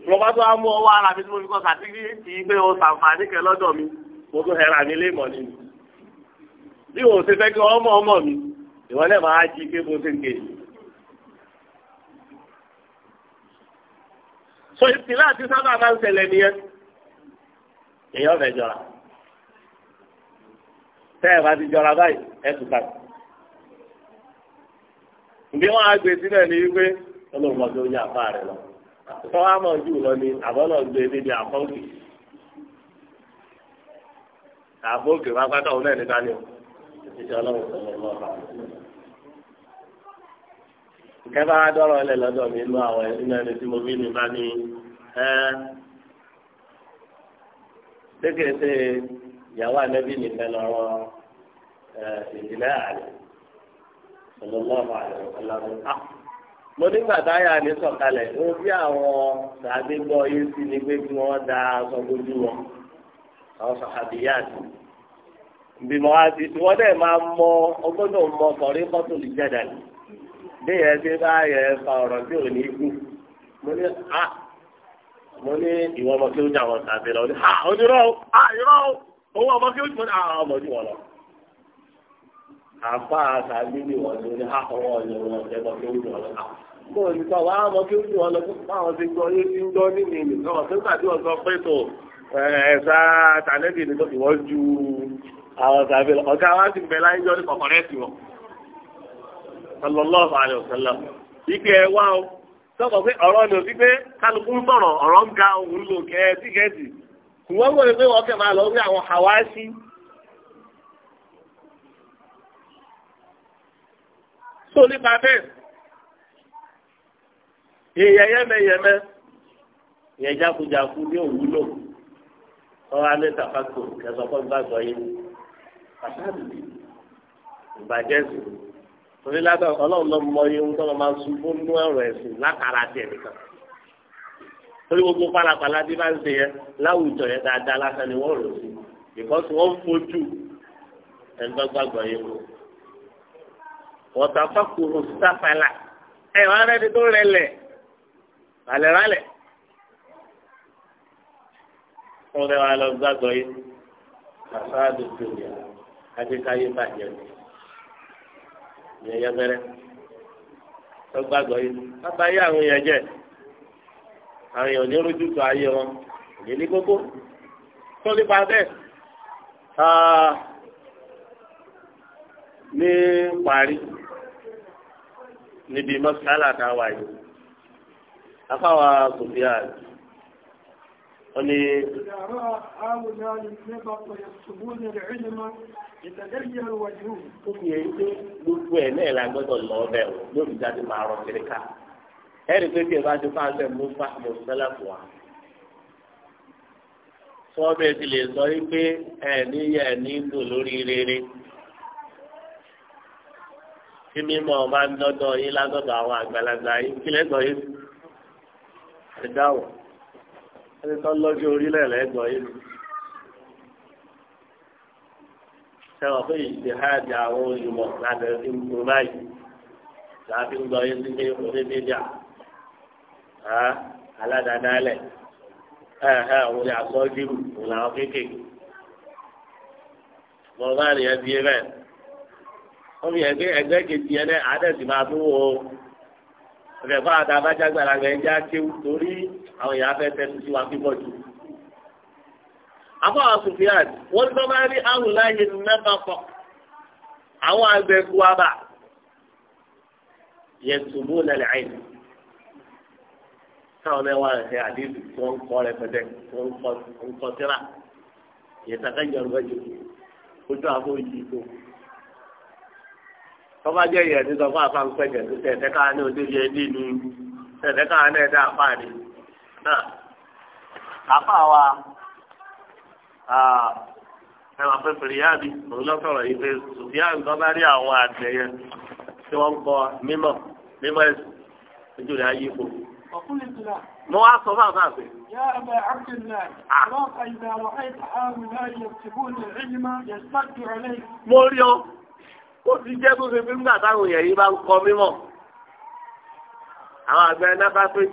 lọ́pàá tó wá mú ọwọ́ ara mi tí mo tún hẹra mi lé mọ̀ ni bí wọ́n ṣe fẹ́ kí wọ́n ọmọ mi ìwọ náà máa jí pé mo ti ń ké. so ìsìlá àti sábà máa ń ṣẹlẹ̀ nìyẹn èèyàn fẹ́ jọra tẹ́ ẹ̀ bá ti jọra báyìí ẹ̀ tún báyìí. bí wọ́n á gbé sílẹ̀ ní wípé ọlọ́run ọdún yà bá rẹ̀ lọ. sọ́wọ́n á mọ̀ jù lọ ní àbọ̀lọ́ gbé níbi àkọ́ǹtì àbó òkè wá pátá òun náà níta ni o ìṣe ọlọ́run sọ̀rọ̀ lọ́ba. ìkẹ́ bá dọ́rọ̀ ẹlẹ́ lọ́dọ̀ mi inú àwọn inú ẹni tí mo bí mi bá ní ẹ́ lékèké ìyàwó ànẹ́bí nìkan lọ́rọ̀ ìdílé àlè sọ̀rọ̀ lọ́ba àlè ọ̀làbọ̀ á mo nígbà táyà ní sọ̀kalẹ̀ ó bí àwọn tàbí gbọ́ yé sí ni pé kí wọ́n da aṣọ gbójú wọn. àwọn sàhàbíyàn bímọ àti ìwọ náà máa mọ ọgbọ́n mọ kọ̀rí kọ́tò lè jẹ́dà ní bí yẹn ti bá yẹn fa ọ̀rọ̀ tí ò ní kú mo ní a ah! mo ní ìwọ ọmọ kí ó jà wọn tàbí lọ ní a o a o owó ọmọ kí ó ní a ah! ah! ọmọ jù wọn lọ. àtàbí ni wọn ló ní wọn kí ó jù wọn lọ. kó o ní sọ wàá kí ó jù wọn lọ fún àwọn ti Eh, ẹ̀sà tàlẹ́bì ni ìwọ́ ju àwọn tàbí ọ̀gá wa sì bẹ̀ láyé jọ́ ní kọ̀kọ̀rẹ́ sí wọn. sallallahu alaihi wasallam ike ẹ wá o sọ̀kọ̀ pé ọ̀rọ̀ ni òbí pé kálukú ń sọ̀rọ̀ ọ̀rọ̀ ń ga òun lò kẹ́ẹ̀tì kẹ́ẹ̀tì wọ́n wọ́n pé wọ́n fẹ́ máa lọ rí àwọn hawaasi. tó nípa bẹ́ẹ̀ èèyàn yẹ́mẹyẹ́mẹ ní òwúlò tọ́wọ́ alẹ́ tàfàkùn kẹsàn fún gbàgbọ́ yìí àtàlù ìbàjẹ́ sí torí látọ̀ ọlọ́run lọ mọ iye ohun tó lọ máa ń sun fún nú ọ̀rọ̀ ẹ̀sìn látara tiẹ̀ nìkan torí gbogbo pálapàla tí bá ń ṣe yẹn láwùjọ yẹn dáadáa lásán ni wọ́n rò sí because wọ́n ń fojú ẹ̀ńdọ́ gbàgbọ́ yìí wò wọ́n tàfàkùn sáfàlà ẹ̀ wọ́n rẹ́ni tó rẹlẹ̀ rálẹ̀ rálẹ̀ wọn fẹ́ wá lọ gbàgbọ́ yìí àfáàdù tòlíà àtikáyé bàjẹ́ ni ìyẹn yẹgbẹrẹ lọ gbàgbọ́ yìí bàbá yé àwọn èèyàn jẹ àwọn èèyàn ní rojú tó ayé wọn èyí ní kókó tó nípa bẹ́ẹ̀ ní parí níbi mọ́sálà tá a wà yìí afáwa kò fi àná. ولي إذا رأى هؤلاء النبط يكتبون العلم يتغير وجهه gbogbo ẹ náà la gbọ́dọ̀ lọ ọbẹ o lórí jáde máa rọ kiri ká ẹrí pé bí ẹ bá ti fà ń bẹ mú fà mú sẹlẹ fún wa. sọ bẹ́ẹ̀ ti lè sọ yìí pé ẹ níyà ẹ ní lò lórí rere tí mímọ́ ọba ń dọdọ yín lágbọdọ àwọn àgbàlagbà yín kílẹ̀ sọ yìí ẹ dáwọ̀ ẹni tó lọ́jọ́ orílẹ̀ lẹ́gbọ̀ọ́ yìí ni. sẹ́wọ̀n pé ìṣèháàdì àwọn olùmọ̀ láti fi ń gbọ́ báyìí láti ń gbọ́ yìí sí pé onídéjà aládàádálẹ̀ òun ni àsọ́jírù òun làwọn kéékèèké. bọ́ọ̀ bá nìyẹn di ẹ wọ́n fi ẹgbẹ́ kejì ẹ náà àádẹ́sì máa tún wò ó ọ̀sẹ̀ fún àwọn abájá gbàlagbà ẹ̀ ń já kéwù torí àwọn èèyàn afẹ́ tẹ́tù sí wa bíbọ̀ jù. àbọ̀ àsùnfìyàn wọ́n tó bá rí àrùn láàyè mẹ́fà pọ̀ àwọn àgbẹ̀ kú wa bà tùbú lẹ́lẹ̀ àìní. táwọn mẹ́wàá rẹ̀ ṣe àdéhùn tí wọ́n ń kọ́ rẹpẹtẹ tí wọ́n ń kọ́ síra yẹn tàkàjọ́ rẹ̀ jù ojú àbó yìí tó tọ́ba jẹ́ ìyẹn ti sọ fún àfa tó tẹ̀ ẹ̀tẹ́ká ní òdìdí ẹni ní ẹ̀tẹ́ká ní ẹ̀dá àfa ni. àfa wa ẹ̀rọ afẹ́fẹ́rẹ́ yá mi òun lọ sọ̀rọ̀ yìí pé sùfíàn tó bá rí àwọn àtẹ̀yẹ tí wọ́n ń kọ mímọ̀ mímọ̀ ẹ̀sìn ojú rẹ̀ ayé kò. mo wá sọ fún àfa àfẹ́. يا أبا عبد الله ó ti jẹ́ tó ṣe fi ńgbà táwọn èèyàn yìí bá ń kọ mímọ̀ àwọn àgbẹ̀ náà bá pé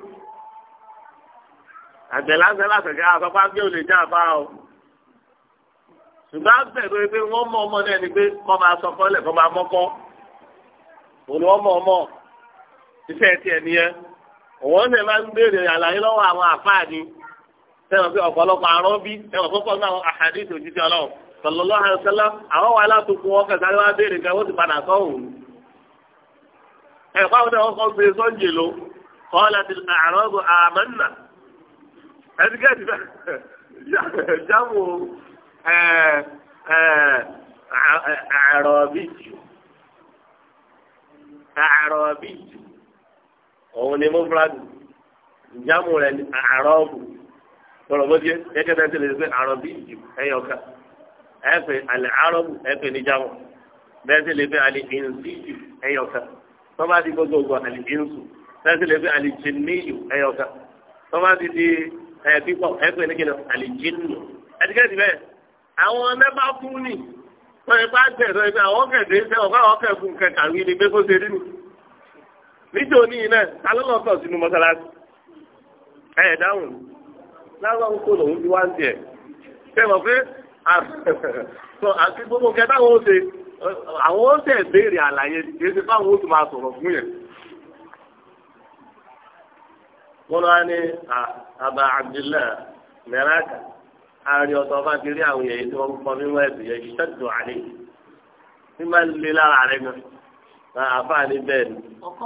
àgbẹ̀ lásán lásán kí àtọ́pá gbé ò lè bá o ṣùgbọ́n àgbẹ̀ pé wọ́n mọ ọmọ náà ni pé kọ́ máa sọ kọ́lẹ̀ kọ́ máa mọ́kọ́ òun wọ́n mọ ọmọ iṣẹ́ tiẹ̀ nìyẹn òun ṣe máa ń béèrè àlàyé lọ́wọ́ àwọn àfáà ni sẹ́wọ̀n pé ọ̀pọ̀lọpọ̀ àrọ́ bí ẹ̀wọ̀n púpọ̀ náà àhàdí ìṣòjì ti ọlọ́run. sọlọlọ àlùsọlọ àwọn wà látòkun wọn kẹsàn wá béèrè e wọ́n ti padà sọ́hùn. ẹ̀kọ́ àwọn ọkọ̀ gbé sọ́njì ló kọ́lá ti àrọ́bù àmàna ẹ̀dígẹ́dì jáwó àrọ̀bí àrọ̀bí òun ni mo fura jáwó rẹ̀ àrọ̀bù ti lè ẹ̀yọ̀kan. ẹ pè àlẹ arọbù ẹ pè níjàmọ bẹ́ẹ̀ sì lè pè àlẹ ìnsíyù ẹyọkan tọ́ba di gbogbogbò àlẹ ìnsù bẹ́ẹ̀ sì lè pè àlẹ jìnnìyù ẹyọkan tọ́ba di di ẹ pípọ̀ ẹ pè nígbìnà àlẹ jìnnù ẹdíkẹ́tì bẹ́ẹ̀ àwọn mẹ́fà fún ni wọ́n yẹn bá gbẹ̀rọ ẹgbẹ́ àwọn kẹ̀dé ṣe ọ̀gá àwọn kẹ̀kún kẹ̀kà wí ni bẹ́ẹ̀ kó ṣe ni níjó ní iná ta ló lọ́ọ̀ tọ̀ sínú mọ́sálásí ẹ̀ dáhùn láwọn kó [laughs] àti gbogbo kẹta àwọn ó ṣe àwọn ó ṣe béèrè àlàyé kìí ṣe fáwọn ó tún máa sọ̀rọ̀ fún yẹn. wọ́n lọ́wọ́ ní àbá Abdullahi mẹ́ráàkà àárín ọ̀tọ̀ bá ti rí àwọn èèyàn tí wọ́n ń kọ́ nínú ẹ̀sìn yẹn ṣẹ́tù àlè ní máa ń le lára rẹ̀ gan àfáà ní bẹ́ẹ̀ ni. ọkọ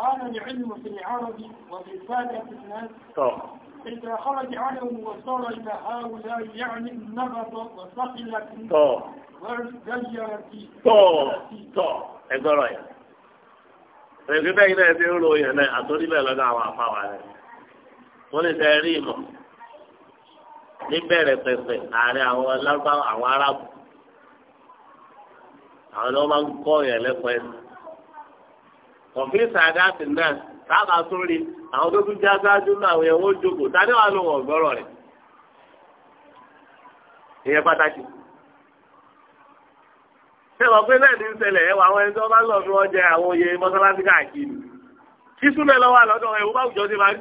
ọ̀rọ̀ ni ìlú mùsùlùmí ọ̀rọ̀ bí wọ́n fi إذا خرج عنهم وصار إلى هؤلاء يعني النبض وثقلت وغيرت ẹgbọ́rọ̀ yẹn yẹn náà àwọn lè rí àwọn àwọn arábù àwọn ń yẹn náà táàbà tó rí àwọn tó tún já sáájú náà àwọn ẹ̀wọ̀n wọ́n tani wà ló wọ̀n gbọ́rọ̀ rẹ̀ ìyẹn pàtàkì. ṣé wọ́n pé bẹ́ẹ̀ ní ń ṣẹlẹ̀ ẹ̀wọ̀ àwọn ẹni tó bá lọ fún ọjà àwọn oyè mọ́sálásí káàkiri lọ́wọ́ àlọ́dọ̀ ẹ̀wọ̀ máa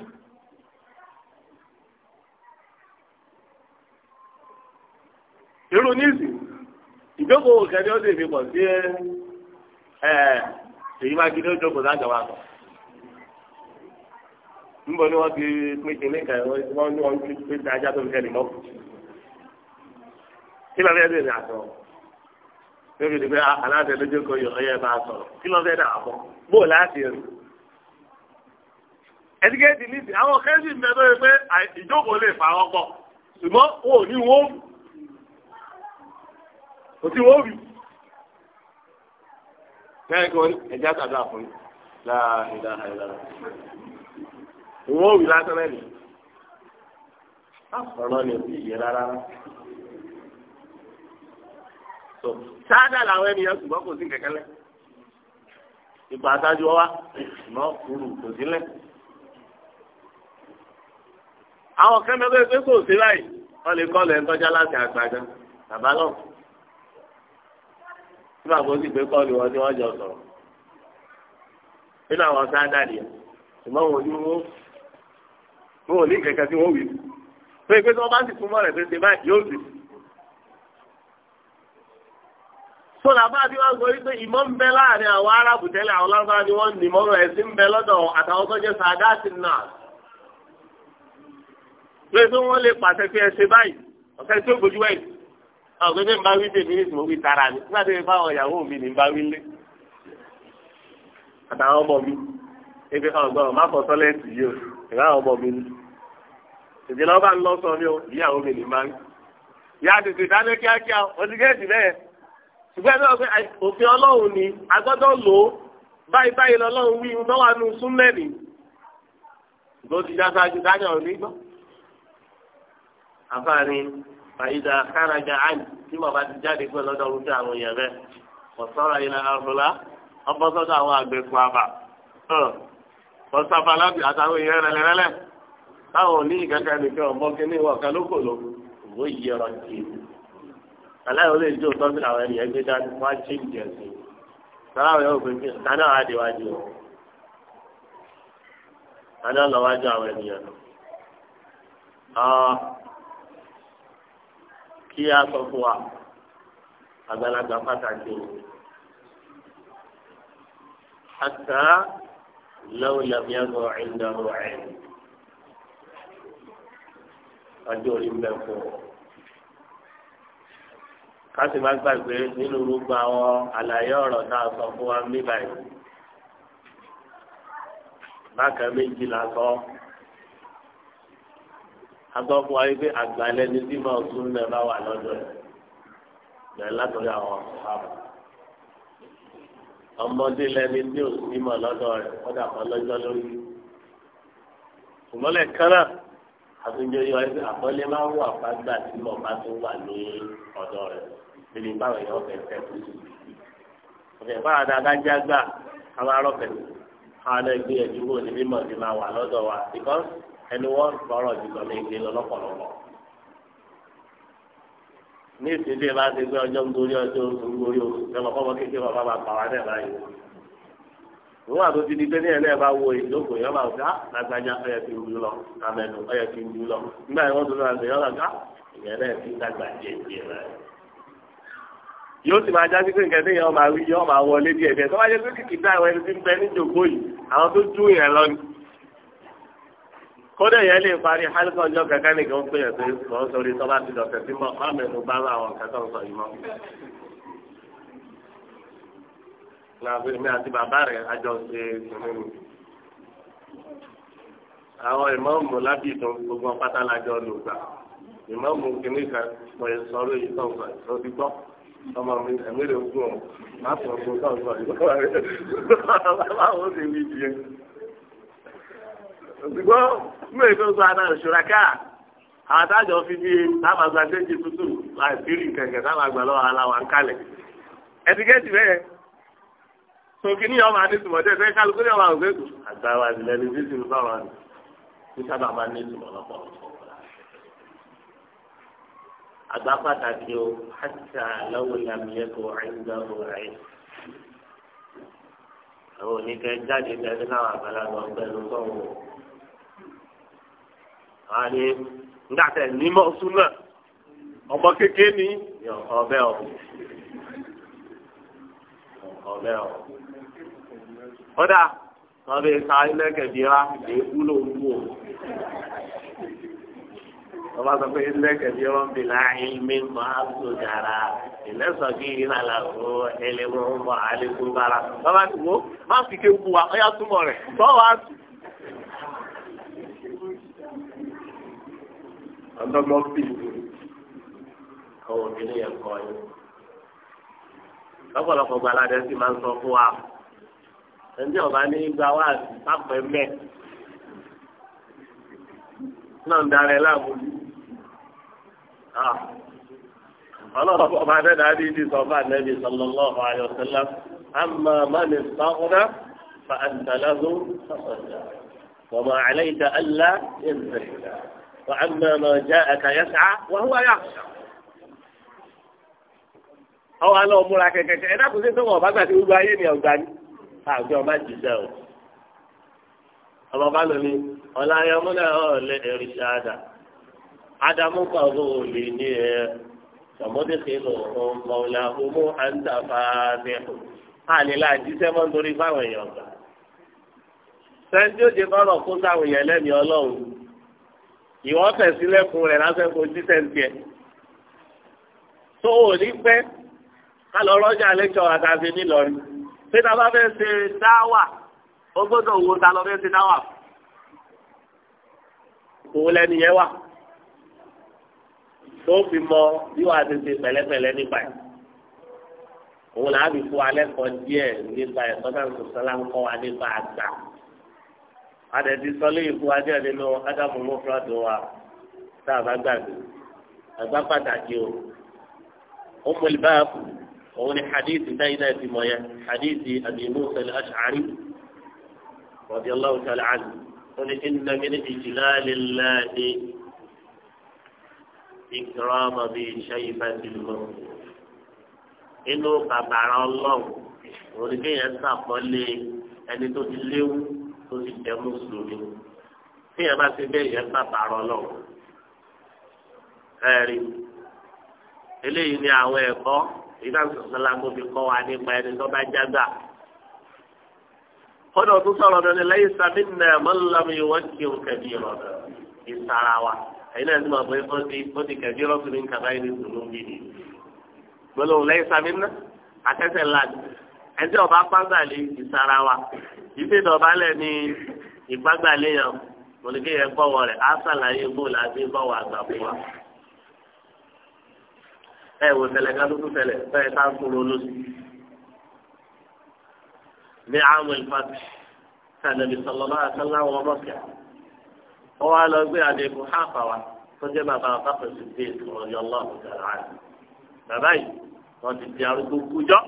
irú níìsì ìjókòó kẹ́ni ó fi pọ̀ sí ẹ̀ èyí máa ó jókòó níbo ni wọ́n ti pín kínní kan wọ́n ní wọ́n ti pín sí ajá tó fi kẹ́lì mọ́kù. kí ló fẹ́ dè ní àtọ̀ lórí ìdí pé ah, aláṣẹ lójú kan yọ ọyẹ bá a sọ̀rọ̀ kí ló fẹ́ bó láti rìn. ẹ̀dígẹ́tì ní ti àwọn kẹ́sì ń bẹ tó yẹ pé ìjókòó lè fà wọ́n pọ̀ ṣùgbọ́n wọn ò ní wọ́n kò sí wọ́n rí. lẹ́yìn kan ẹja tàbí àfọ̀yín láàrin láàrin láàrin ìwọ́n òwì lásán náà nì. ni òbí yẹ rárá. so sáádà làwọn ènìyàn ṣùgbọ́n kò sí kẹ̀kẹ́lẹ́. ìgbà àtàjù wa ìmọ̀ kúrú kò sílẹ̀. àwọn kẹ́mẹ́gbẹ́ pé kò sí báyìí wọ́n lè kọ́ lẹ́yìn tọ́já láti àgbàjá bàbá náà. tí bàbá ó sì gbé kọ́ọ̀lù wọn tí wọ́n jọ sọ̀rọ̀ nínú àwọn sáádà nìyẹn ṣùgbọ́n wọn ò ní wọ́n wọn ò ní kẹ̀kẹ́ tí wọ́n wí pé pé tí wọ́n bá sì túmọ̀ rẹ̀ pé ṣe báyìí yóò sì. sọlá bá ti wọ́n sọ wípé ìmọ̀ ń bẹ láàrin àwọn arábù tẹ́lẹ̀ àwọn lárúbáwá ni wọ́n ní mọ́rọ̀ ẹ̀sìn ń bẹ lọ́dọ̀ àtàwọn tó jẹ́ sàdáàtì náà pé pé wọ́n lè pàṣẹ pé ẹ ṣe báyìí ọ̀sẹ̀ tí ó gbójú wẹ̀yìn ọ̀gbẹ́ni ń bá wí dé mi ní ìsìnkú tara ni nígbà tí mo bá àwọn ìyàwó mi ní bá wí lé àtàwọn ọmọ mi ebi ọgbọ́n má fọ tọ́lẹ́ẹ̀tì yìí o ìgbà ọmọ mi ní ìdílé ọba ń lọ sọ ní o ìyàwó mi ní máa ń yà á tètè dáná kíákíá onígẹ́ẹ̀dì bẹ́ẹ̀ ṣùgbọ́n ẹgbẹ́ ọgbẹ́ òfin ọlọ́run ni agbọ́dọ̀ lò ó báyìí báyìí lọ́lọ́run wí ń bá wà nù súnmẹ́ nì ló ti dáta ju dáná òní gbọ́. àfààní fàyídà kárajà àní tí bàbá ti jáde pé lọ́dọ̀ ọ̀run tí àwọn èèyàn rẹ̀ ọ̀sọ́ra ilẹ̀ àrùlá ọbọ̀sọ́dọ̀ àwọn àgbẹ̀kùn àbà hm. ọ̀sàfàlábì àtàwọn èèyàn rẹ̀ rẹ̀lẹ̀ táwọn òní ìkẹ́kẹ́ nìkan ọmọ kíní wọ kálókò ló wò yí ọ̀rọ̀ tì í aláìwọ lè jó tọ́sí àwọn ènìyàn gbé dání wá jí ń jẹ sí i sọ́lá àwọn yóò gbé kí dáná wá di wájú o dáná lọ wájú àwọn ènìyàn kí a sọ fún wa àgbàlagbà pàtàkì o àtà lọ́wọ́ yàgbé àgọ́ ẹ̀ńdà ọ̀rọ̀ ẹ̀ńdà ọjọ́ orí mbẹ́ fún ọ. káṣí má gbàgbé nínú gbogbo àwọn àlàyé ọ̀rọ̀ náà sọ fún wa ní báyìí. bákan méjì la sọ. a sọ fún wa wípé àgbàlẹ́ ní bí máa tún lẹ̀ bá wà lọ́dọ̀ ẹ̀ bẹ̀rẹ̀ látọ̀rí àwọn ọ̀sán ọmọdé lẹni ní òsínmọ̀ lọ́dọ̀ rẹ̀ kọ́dà kan lọ́jọ́ lórí. ìmọ̀lẹ̀ kan náà àtúnjọ yọ ẹgbẹ àkọlé máa ń wà tí mo bá tó wà ní ọ̀dọ̀ rẹ̀ lórí báwọn èèyàn ọbẹ fẹ kú sí ọbẹ báwa dáadáa já gbà káwá rọpẹ káwá náà gbé ẹjú wò ti máa wà lọ́dọ̀ wa because ẹni wọn sọ̀rọ̀ jùlọ ní ìgbé lọ lọ́pọ̀lọpọ̀ ní ìsìndé bá ti gbé ọjọ́ ń ọjọ́ ń oṣù tẹ́lọ̀ kọ́mọ kékeré bàbá bá pa wá báyìí ìwọ àtúntí di pé ní ẹlẹ́ẹ̀ bá wo ìjókòó yọ máa gbá ah, lágbájá ọyẹ ti wù lọ amẹnu ọyẹ ti wù lọ nígbà yẹn wọ́n tún náà lèyọ́ lọ́gá ìyẹn náà ti dàgbà díẹ̀ díẹ̀ yóò sì máa jásí pé nǹkan téèyàn máa wí yọ máa wọlé díẹ̀ díẹ̀ tó bá yẹ pé kìkì dá àwọn ẹni tí ń bẹ níjòkó yìí àwọn tó dún yẹn lọ ni. kódà yẹn lè parí hálíkọ̀ ọjọ́ kankan nìkan pé ẹ̀ làbí mi àti bàbá rẹ̀ àjọ ṣe ìṣòro mi. àwọn ìmọ̀ọ́mù lábì tó gbogbo pátá lájọ lò gbà ìmọ̀ọ́mù kìíní kan mọ̀ ẹ̀ sọ̀rọ̀ èyí tó ń sọ ìṣòro ti gbọ́ ọmọ mi ẹ̀mí rẹ̀ gùn ọ́ má sọ ọgbọ́n tó ń sọ ìṣòro rẹ̀ báwo ṣe wí di ẹ. ṣùgbọ́n mú èkó sọ àná ìṣúra káà àwọn àtàjọ fi bí táwọn déjì tútù àìsírí kẹ̀kẹ́ táwọn lọ́wọ́ aláwa ń kalẹ̀ ẹ̀dígẹ́tì sókè ní ọmọ anítùmọ̀ tẹ́ fẹ́ kálukú ní ọmọ àwọn òkè àgbà nílẹ̀ ní bí sinmi báwa ni kí sábà máa ní ìtumọ̀ lọ́pọ̀lọpọ̀. àgbà pàtàkì o àṣà lọ́wọ́ ìlàmìyẹ́kọ̀ àìgbàgbọ́ rẹ̀. àwọn oníkẹ́ jáde tẹ́lẹ̀ náà àgbàlagbà pẹ̀lú sọ́wọ́. wọ́n á ní nímọ̀ súnà ọmọ kékeré ni ọ̀ kódà wọn bẹ ka ilé kẹbíra lè wúlò wú o wọn bá sọ pé ilé kẹbíra ń bẹ láàyè mi máa tó dára ilé sọgí ìlànà ó ẹlẹmọ ọmọ alẹkùn bára wọn bá wọ má fi ké bu wa ọyà túmọ̀ rẹ̀ tọwọ àtù. ọdọgbọ bí àwọn obìnrin yẹn kọ yín lọ́pọ̀lọpọ̀ gbalada sí máa ń sọ fún wa ẹni tí ọba ní gba wá sápẹ́ mẹ́ náà ń darẹ̀ láàbò ọlọ́run ọba dẹ́dá ní ìdí sọ́fà nẹ́bí sallallahu alaihi wasallam amma man istaghna fa anta lahu fasọ̀jà wàmọ̀ àlẹ́yìntà allah yẹn zẹ̀yìntà wà á mọ̀ mọ̀ jẹ́ ẹ̀ka yẹ́sà wà hùwà yà ọwọ́ alọ́ múra kẹ̀kẹ́ ẹ̀dá kò sí tó wọ̀ gbà sí gbogbo ayé ni ọ̀gbà ni àgbẹ̀ ah, ọba jìṣẹ́ o ọmọ bá lómi ọ̀làyọmúnà ọ̀lẹ́ ẹ̀rìṣà àdà ádámù kan ló lè ní ẹ sọmọdékèlò ọmọlá ọmọ àǹtàfà bẹ́ẹ̀ àlèlà àjíṣẹ́ mọ́ nítorí fáwọn èèyàn gbà sẹ́ńtì òde kọ́rọ̀ kó sáwọn èèyàn lẹ́mìí ọlọ́run ìwọ́n tẹ̀sílẹ̀kùn rẹ̀ lásán kó jíṣẹ́ ń tiẹ̀ tó o ní pẹ́ ká lọ rọ́jà lẹ́kọ̀ọ́ àtàfin nílọrin pé tá a bá fẹ́ ṣe dáwà ó gbọ́dọ̀ wo ta lọ fẹ́ ṣe dáwà òun lẹ́nu yẹn wà tó fi mọ bí wàá ti ṣe pẹ̀lẹ́pẹ̀lẹ́ nípa ẹ̀ òun là á fi fún alẹ́ kan díẹ̀ nípa ẹ̀ tọ́ka ní sọ́lá ń kọ́ wa nípa àgbà adẹ̀dí sọ́lé ìfún wa díẹ̀ nínú ádámù mọ́fúrádù wa tá a bá gbàgbé àgbà pàtàkì o ó mú ibà kù òun ni hadith dáiná ti mọ̀ yẹn hadith Abi Musa al-Ash'ari radiyallahu ta'ala anhu òun ni inna min ijlalillahi ikrama bi shaybatil muslim inú bàbàrà ọlọ́run òun ni kéèyàn sàpọ́lé ẹni tó ti léwu tó ti jẹ́ mùsùlùmí kéèyàn bá ti bẹ́ẹ̀ yẹn bàbàrà ọlọ́run ẹ̀rí eléyìí ni àwọn ẹ̀kọ́ ìdá sọ̀sọ́lá kó fi kọ́ wa nípa ẹni tó bá jágbà. kọ́dọ̀ tó sọ̀rọ̀ dání lẹ́yìn sàmì nà mọ́lámi wọ́n ti ń kẹ̀bí rọ̀ ìsara wa ẹ̀yin náà ti máa bọ́ ẹ̀fọ́ ti ó ti kẹ̀bí rọ̀ sí ní kàbá yìí ní sùnú bí ni. gbọ́dọ̀ lẹ́yìn sàmì nà akẹ́sẹ̀ láti ẹ̀jẹ̀ ọba pàgbàlẹ̀ ìsara wa ìfẹ́ ìdọ̀bálẹ̀ ní ìpàgbàlẹ̀ ẹ wò ṣẹlẹ̀ ká lóko ṣẹlẹ̀ bẹ́ẹ̀ ká kúrò lóṣù. ní àwọn ìfàtí sànàbì sọlọ́lá àtàlà wọn mọ̀kẹ́ wọ́n wá lọ gbé àdéhùn háàpà wa tó jẹ́ bàbá àpapọ̀ sí dé ìtòròyìn ọlọ́run tẹ̀lé àná. bàbá yìí wọ́n ti di arúgbó kújọ́.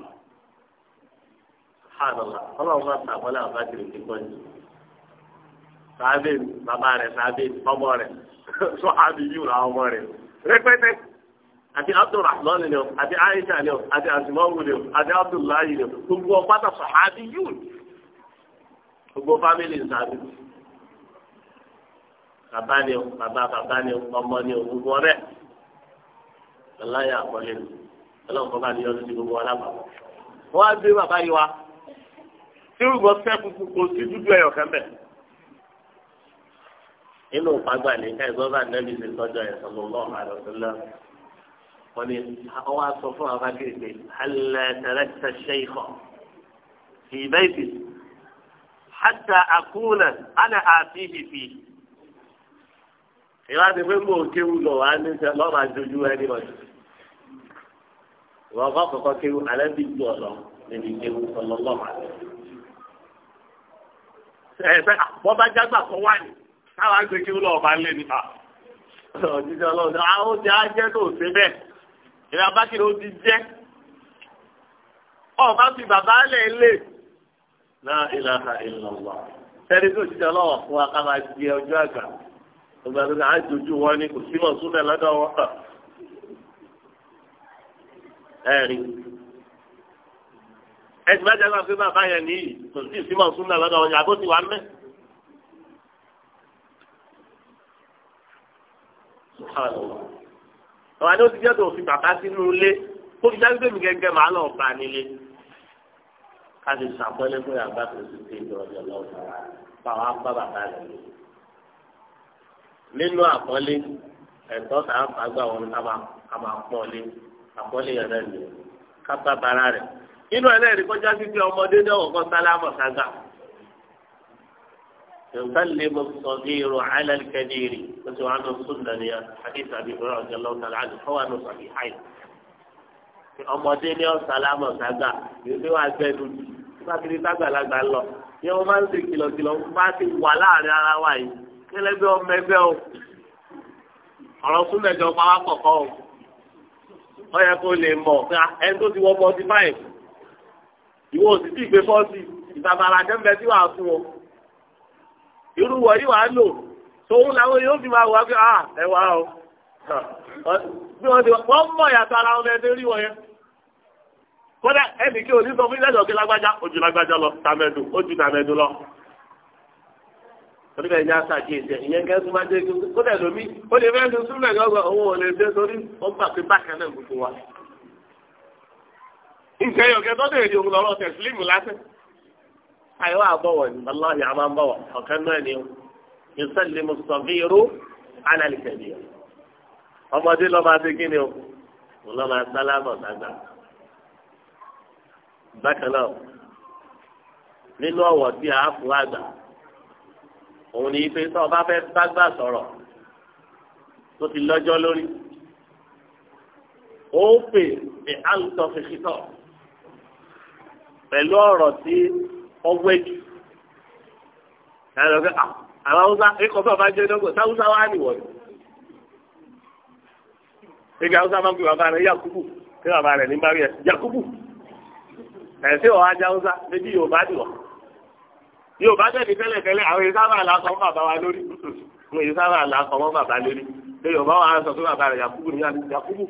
ọlọ́run máa tàbọ́lá àbájáde kíkọ́ ni sábẹ́ bàbá rẹ̀ sábẹ́ ọmọ rẹ̀ [laughs] sọ́hábì yìí rà ọmọ rẹ̀ rẹpẹtẹ àti abdulrahman ni o àti aisha ni o àti asimawu ni o àti abdullahi ni o gbogbo ọpátá sọ̀hábí yìí gbogbo fámìlì nsàbí bàbá ni o bàbá bàbá ni o ọmọ ni o gbogbo ọ̀rẹ́ ọláyà àkọlé mi ọlọ́run kọ́ bá ní ọdún sí gbogbo ọlá bàbá wọ́n á gbé bàbá yìí wá tí rúbọ̀ sẹ́kù kò sí dúdú ẹ̀yọ̀ kẹ́mẹ́ inú ìfagbà ní ká ẹ̀gbọ́n bá nẹ́bí ṣe tọ́jú ẹ̀sán lọ́wọ́ àdọ̀tún náà wọ́n ní ọwọ́ aṣọ fún àwọn akéèrè pé alẹ́ tẹ̀lẹ́tẹ̀ ṣe ikọ̀ fi bẹ́ẹ̀bì hàtà àkúnà ánà àti ìfì. ìwádìí pé mo kéwù lọ wá ní sẹ lọ́ọ́ máa dojú ẹni wọ̀nyí. ìwọ ọkọ kọkọ kéwù alẹ́ bí ju ọ̀lọ́ níbi kéwù ọlọ́lọ́ máa ẹ̀fẹ́ wọ́n bá jágbà kọ́ wá ní káwọn àgbẹ̀ kéwù lọ́ọ́ máa lé nípa. Ah. ọ̀jíjọ́ ọlọ́run àwọn oúnjẹ á tó ṣe bẹ́ẹ̀ ìrìn abákìrì ó ti jẹ́ ọba fi bàbá lẹ̀ lè la ilaha illallah sẹ́ni tó ti jẹ́ lọ́wọ́ fún wa ká máa di ọjọ́ àgbà gbogbo àti ká dojú wọn ni kò sí mọ̀ súnmẹ́ lọ́dọ̀ wọn. ẹ̀rí ẹ̀sìn bá jẹ́ pé bàbá yẹn nìyí kò sí ìsímọ̀ súnmẹ́ lọ́dọ̀ wọn yàgò ti wà mẹ́. subhanallah ọ̀rọ̀ ni ó ti jẹ́ tó fi bàbá sínú ilé kó fi jáde mi gẹ́gẹ́ màá lọ bá nílé. ká lè sàpọ́lé fún yàrá tó ti dé ìjọba lọ́wọ́ báwa bá bàbá rẹ̀ lé. nínú àpọ́lé ẹ̀tọ́ tá a fà gbà wọn ká máa pọ́lé àpọ́lé yẹn náà nìyẹn bara rẹ̀. inú ẹlẹ́rìí kọjá sí pé ọmọdé náà wọ̀ يسلم الصغير على الكبير وسوى عنه السنة يا حديث أبي هريرة رضي الله تعالى عنه هو أنه صحيحين ọmọdé ní ọ̀sálámọ̀ sàgbà yóò fi wá gbẹ dùdú nígbà tí tágbàlagbà lọ yẹ wọn máa ń ṣe kìlọ̀kìlọ̀ bá ti wà láàrin ara wa yìí kẹlẹgbẹ ọmọ ẹgbẹ o ọ̀rọ̀ súnmẹjọ pàwá kọkọ o ó yẹ kó lè mọ̀ pé ẹni tó ti wọ ọmọ ọdún báyìí ìwọ òsì tí ìgbé fọ́ọ̀sì ìbàbàrà jẹ́ńbẹ́ tí wàá fún o. irú wọ̀nyí wàá lò tòun làwọn yóò fi máa wà pé ah ẹ o bí wọ́n ti wọ́n mọ̀ yàtọ̀ ara wọn ẹni rí wọ̀nyẹn kódà ẹnì kí òní sọ fún ilé ìdọ̀kí lágbájá ojú lágbájá lọ ojú lọ. torí bẹ́ẹ̀ ní ìyẹn máa jẹ́ kí lómi ó lè sun ò lè dé ó gbà pé bákan náà gbogbo wa. ìṣẹ́yọ̀kẹ́ àìwá àbọ̀wọ̀ ni aláàbí àmà ń bọ̀wọ̀ ọ̀kan náà ni ìsẹ́lẹ̀ mùsùlùmí irú alálìkẹ̀lì ọmọdé lọ́ máa ṣe kí ni o lọ́ máa sálámọ̀ dàgbà bákan náà nínú ọ̀wọ̀ tí a fún àgbà òun ni ife tó o bá fẹ́ bágbà sọ̀rọ̀ tó ti lọ́jọ́ lórí ó pè ní àlùtọ́ fi kítọ̀ pẹ̀lú ọ̀rọ̀ tí ọwẹ́jú ah, àwọn haúsá ikọ̀ bá bá jẹ́ dọ́gbọ̀n sáwúsá wá nìwọ̀ ni igi haúsá máa ń pè bàbá rẹ̀ yakubu pé bàbá rẹ̀ ní bárí ẹ̀ yakubu ẹ̀sìn ọ̀há jẹ́ haúsá níbi yorùbá nìwọ̀ yorùbá tẹ̀lé tẹ́lẹ̀ tẹ́lẹ̀ àwọn èyí sábà là kọ́ bàbá wa lórí àwọn èyí sábà là kọ́ bàbá lórí pé yorùbá wa sọ pé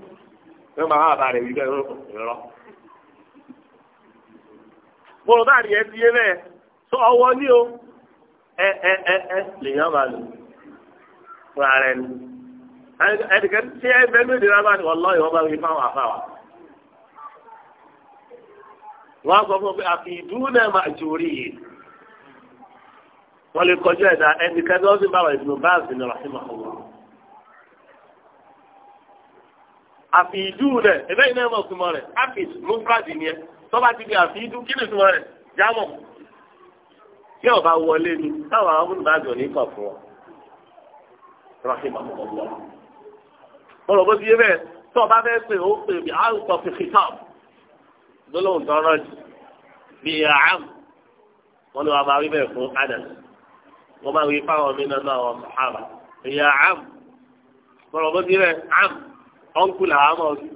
mo rò báàrí ẹ ti yé bẹ́ẹ̀ tó ọwọ́ ní o ẹ ẹ ẹ ẹ lèèyàn máa lò fún ara ẹni ẹnìkan tí ẹ bẹ ní ìdílé bá ní ọlọ́ ìwọ́n bá wí fáwọn àfáwà wọ́n á sọ fún mi àfi ìdúnà máa jòrí yìí wọ́n lè kọjú ẹ̀dá ẹnìkan tí wọ́n sì bá wà ìdùnnú báàsì ní rahimahullah. àfi ìdúnà ẹ̀bẹ́ ìnáwó ọ̀sùnmọ́ rẹ̀ àfi mufradi ni ẹ̀ tọ́ba ti di àfihàn kí ni ìtumọ̀ rẹ̀ jámọ̀ kí ọba wọlé ni táwọn àwọn olùbàdàn ò ní kọ̀ fún ọ rahima ọlọ mo rò bó ti yé bẹ́ẹ̀ tọ́ba fẹ́ pé ó pè mí á sọ fi kìtà gbólóhùn tọ́rọ̀ jù bí àám wọn ni wọn máa wí bẹ́ẹ̀ fún adam wọn máa wí fáwọn mi nínú àwọn sàhábà bí àám mo rò bó ti yé bẹ́ẹ̀ àm ọ̀nkú làwọn máa wí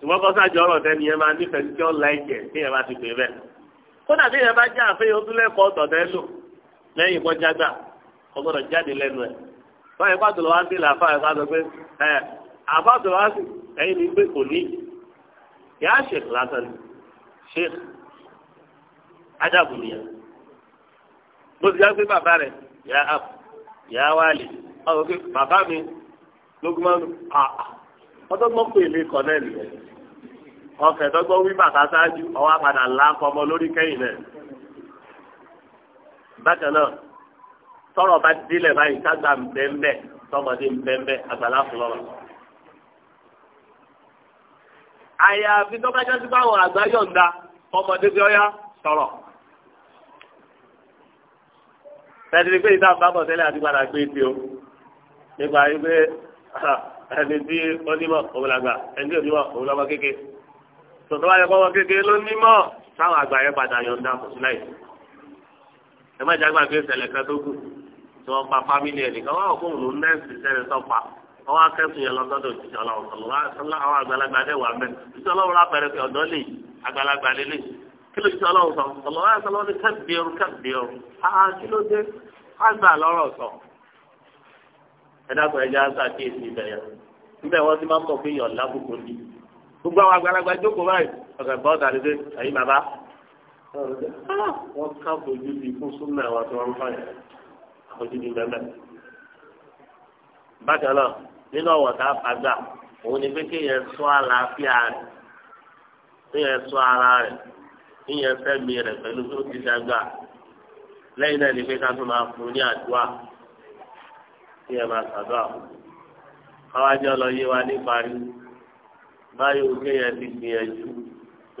ṣùgbọ́n kọ́sájọ ọ̀rọ̀ tẹ́ni yẹn máa nífẹ̀ẹ́ tí ó la ẹ̀jẹ̀ tí yẹn bá ti pè bẹ́ẹ̀. kódà bí yẹn bá já àfihàn tó lẹ́kọ̀ọ́ ọ̀tọ̀ tẹ́ lò lẹ́yìn ìbọn jágbà jáde lẹ́nu ẹ̀. báyìí pàtó lọ́wọ́ sí làáfà ẹ̀ pé ẹ̀ àpàtó lọ́wọ́ sí ẹ̀yìn ni pé kò ní. yà á ṣèkì lásán ni ṣèkì ádàbù bó ti já pé bàbá rẹ̀ yà á wálé ọ̀ ọdọ́gbọ́n pè mí kọ́ náà nìyẹn ọkẹ́ dọ́gbọ́n wí bàtà sáájú ọwọ́ àpàdà ńlá kọmọ lórí kẹ́yìn náà bákan náà tọrọ bá délẹ̀ báyìí kágbà ńbẹ́ńbẹ́ tọmọdé ńbẹ́ńbẹ́ àgbàlá fúlọ́rọ̀ àyàfi tó bá báwọn àgbà yọ̀ǹda ọmọdé bí ọyá sọ̀rọ̀ tẹ̀sí pé ìdá àbábọ̀ tẹ́lẹ̀ àti padà gbé tí o nípa wípé ẹni tí onímọ̀ òun làgbà ẹni tí onímọ̀ òun lọ́mọ kéke tòtò wáyé kọ́mọ kéke ló nímọ̀ táwọn àgbà yẹn padà yọ̀ǹda kò sí láì ẹ má jágbá pé ìṣẹ̀lẹ̀ kan tó kù tí wọ́n pa fámìlì ẹ̀ nìkan wọ́n kóhùn ló nẹ́ẹ̀sì sẹ́ni tó pa wọ́n á kẹ́sùn yẹn lọ́sọ́dọ̀ òṣìṣẹ́ ọlọ́run àwọn àgbàlagbà dẹ̀ wà mẹ́ òṣìṣẹ́ ọlọ́run apẹ̀rẹ̀ pé ọ̀dọ́ lè àgbàlagbà lè lè kí ló ṣiṣẹ́ ọlọ́run sọ ọlọ́run sọ lọ́dún kẹ́bìrún kẹ́bìrún kí ló dé àgbà lọ́rọ̀ sọ ẹ̀dàkùn ẹja ṣàkíyèsí ìbẹ̀yà níbẹ̀ wọ́n ti máa ń mọ̀ pé yọ̀ọ̀lá kúkú ni gbogbo àwọn àgbàlagbà jókòó báyìí ọ̀gá ìbá ọ̀tà lè dé ẹ̀yin bàbá ah, wọ́n ká fojú di fún súnmọ́ àwọn tí wọ́n ń fàyà fojú di bẹ́ẹ̀ bákan náà nínú ọ̀wọ̀ tá òun ni pé kéèyàn sọ àlàáfíà rẹ̀ kéèyàn sọ ara rẹ̀ kéèyàn fẹ́mi rẹ̀ pẹ̀lú ni pé ká tún máa kí ẹ máa sàdọ́ àwọn. káwájọ́ lọ yé wa níparí báyọ̀ kéèyàn ti gbìyànjú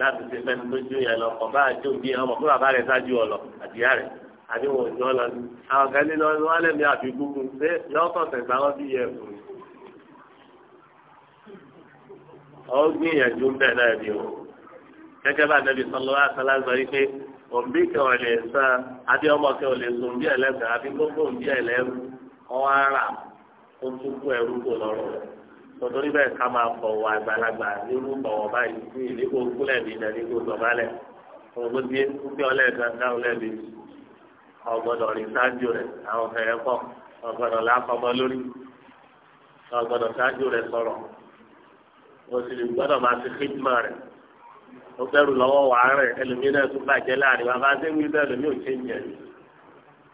láti ṣe fẹ́ni tó jó yẹn lọ kọ̀ bá àjò bí ọmọ fún bàbá rẹ̀ ṣáájú ọ lọ àdìyá rẹ̀ àbí wọn ò jọ lọ ní. àwọn kan nínú ọdún wọn lẹ́mìí àfi gúgùn ṣé yọ́kọ̀ọ̀sẹ̀ sáwọn bí yẹ kù. ọ gbìyànjú ń bẹ̀ náà ni o gẹ́gẹ́ bá nẹ́bí sọlọ́ àtàlà sọ yìí pé òǹbí kan ò lè san àbí ọmọ kan ò lè sùn bí ẹlẹ́sìn àbí gbogbo òǹbí ẹlẹ́rú ọwọ́ ara ó tún kó ẹrú kò lọ́rùn rẹ̀ tọ́tọ́rí bẹ́ẹ̀ ká máa fọwọ́ àgbàlagbà nínú bọ̀wọ̀ báyìí ní ìlú ogún lẹ́ẹ̀mí lẹ́ẹ̀mí kò sọ̀bálẹ̀ ọ̀gbọ́n bíi kúkẹ́ ọlẹ́ẹ̀kan dáhùn lẹ́ẹ̀mí ọ̀gbọ́dọ̀ rìn sáájú rẹ̀ àwọn fẹ̀rẹ̀ pọ̀ ọ̀gbọ́dọ̀ láfọmọ lórí ọ̀gbọ́dọ̀ sáájú rẹ̀ sọ̀rọ̀ òsìlè gbọ́dọ̀ máa fi fíjìmọ̀ rẹ̀ ó bẹ̀rù lọ́wọ́ wàá rẹ̀ ẹlòmíràn tún bàjẹ́ láàrin bàbá sẹ́wìn bẹ́ẹ̀ lómi ò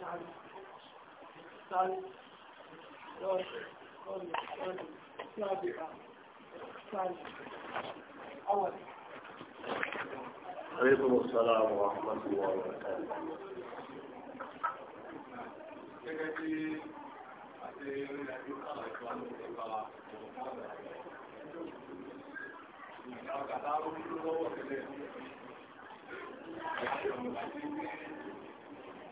عليكم السلام ورحمة الله وبركاته gẹ́gẹ́ bí àti orílẹ̀-èdè kọ́lá ìgbà ní ìgbà ìgbà ọ̀gá tá a rú lọ́wọ́ tẹ́lẹ̀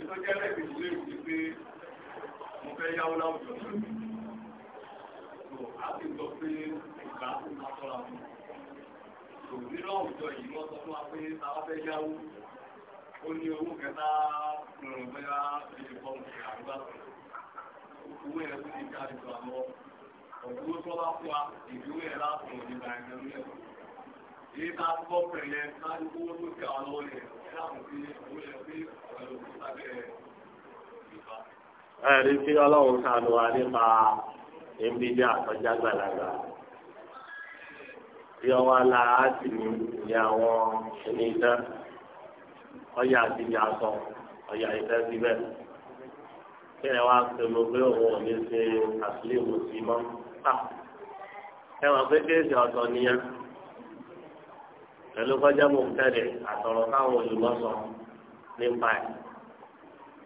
ìtọ́jẹ́ lẹ́gbẹ̀ẹ́ lè rí pé mo fẹ́ yáwó láwùjọ tó a ti sọ pé ìgbà tó máa tọ́ra fún tò nínú àwùjọ yìí wọ́n sọ fún wa pé ta wá fẹ́ yáwó ó ní owó kẹta rọrùn bẹ́yà lè kọ́ òkè àgbà owó yẹn tó ti jáde tó àmọ́ ọ̀dúró tó bá fún wa ìdúró yẹn láàfin òní bàyàn lẹ́nu lẹ́nu yìí bá gbọ́ pẹ̀lẹ́ bá ń kó ló kà ọ́ lọ́wọ́ lẹ̀ láàmú sí ìwúlẹ̀ pé pẹ̀lú sábẹ́ ìfà. ẹ̀rí tí ọlọ́run sànù wa nípa ìbílẹ̀ àtọ́jà gbàlagbà tí ọwọ́ la á sì ní ní àwọn ẹni iṣẹ́ ọyà àti ní aṣọ ọyà iṣẹ́ síbẹ̀ kí ẹ wá pinnu pé òun ò ní ṣe àtúlẹ̀ ìwòsí mọ́ ah! ẹ wọ́n pé kéèsì ọ̀tọ̀ nìyẹn pẹ̀lú kọjá mọ̀ tẹ́lẹ̀ àtọ̀rọ̀ káwọn olùmọ̀ sọ nípa ẹ̀.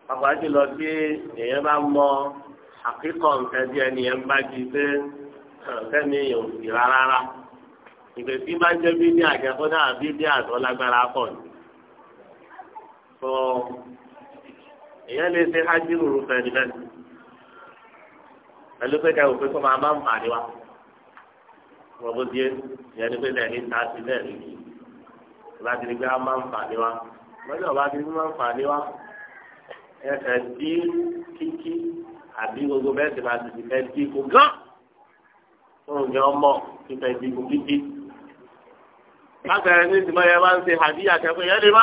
Pàpà jùlọ tí èèyàn bá mọ àkíkọ̀ nǹkan bí ẹni yẹn bá di pé sẹ́ni èèyàn ò sì rárá. Ìgbè tí bá jẹ́ bí ní àjẹkọ́dá àbí bí àtọ́ lágbára pọ̀ ni. Sọ èèyàn lè ṣe ájí rúru fẹ̀rí bẹ́ẹ̀. Pẹ̀lú pé kẹ́wò pé kó máa bá ń pàdé wa. Rọ̀bọ̀dé ìyẹn ni pé lẹ́yìn tá a ti bẹ́ẹ̀ láti rí pé a máa ń fà ní wa lọ́jọ́ ọba ti rí máa ń fà ní wa ẹsẹ̀ dí kíkí àbí gbogbo bẹ́ẹ̀ sì máa ti fi fẹ́ dí ipò gán fún ìgbẹ́ ọmọ ti fẹ́ dí ipò kíkí. lákàrẹ̀ ní ìsìnkú yẹn máa ń ṣe àdíyà kẹ́kọ̀ọ́ yẹn lè má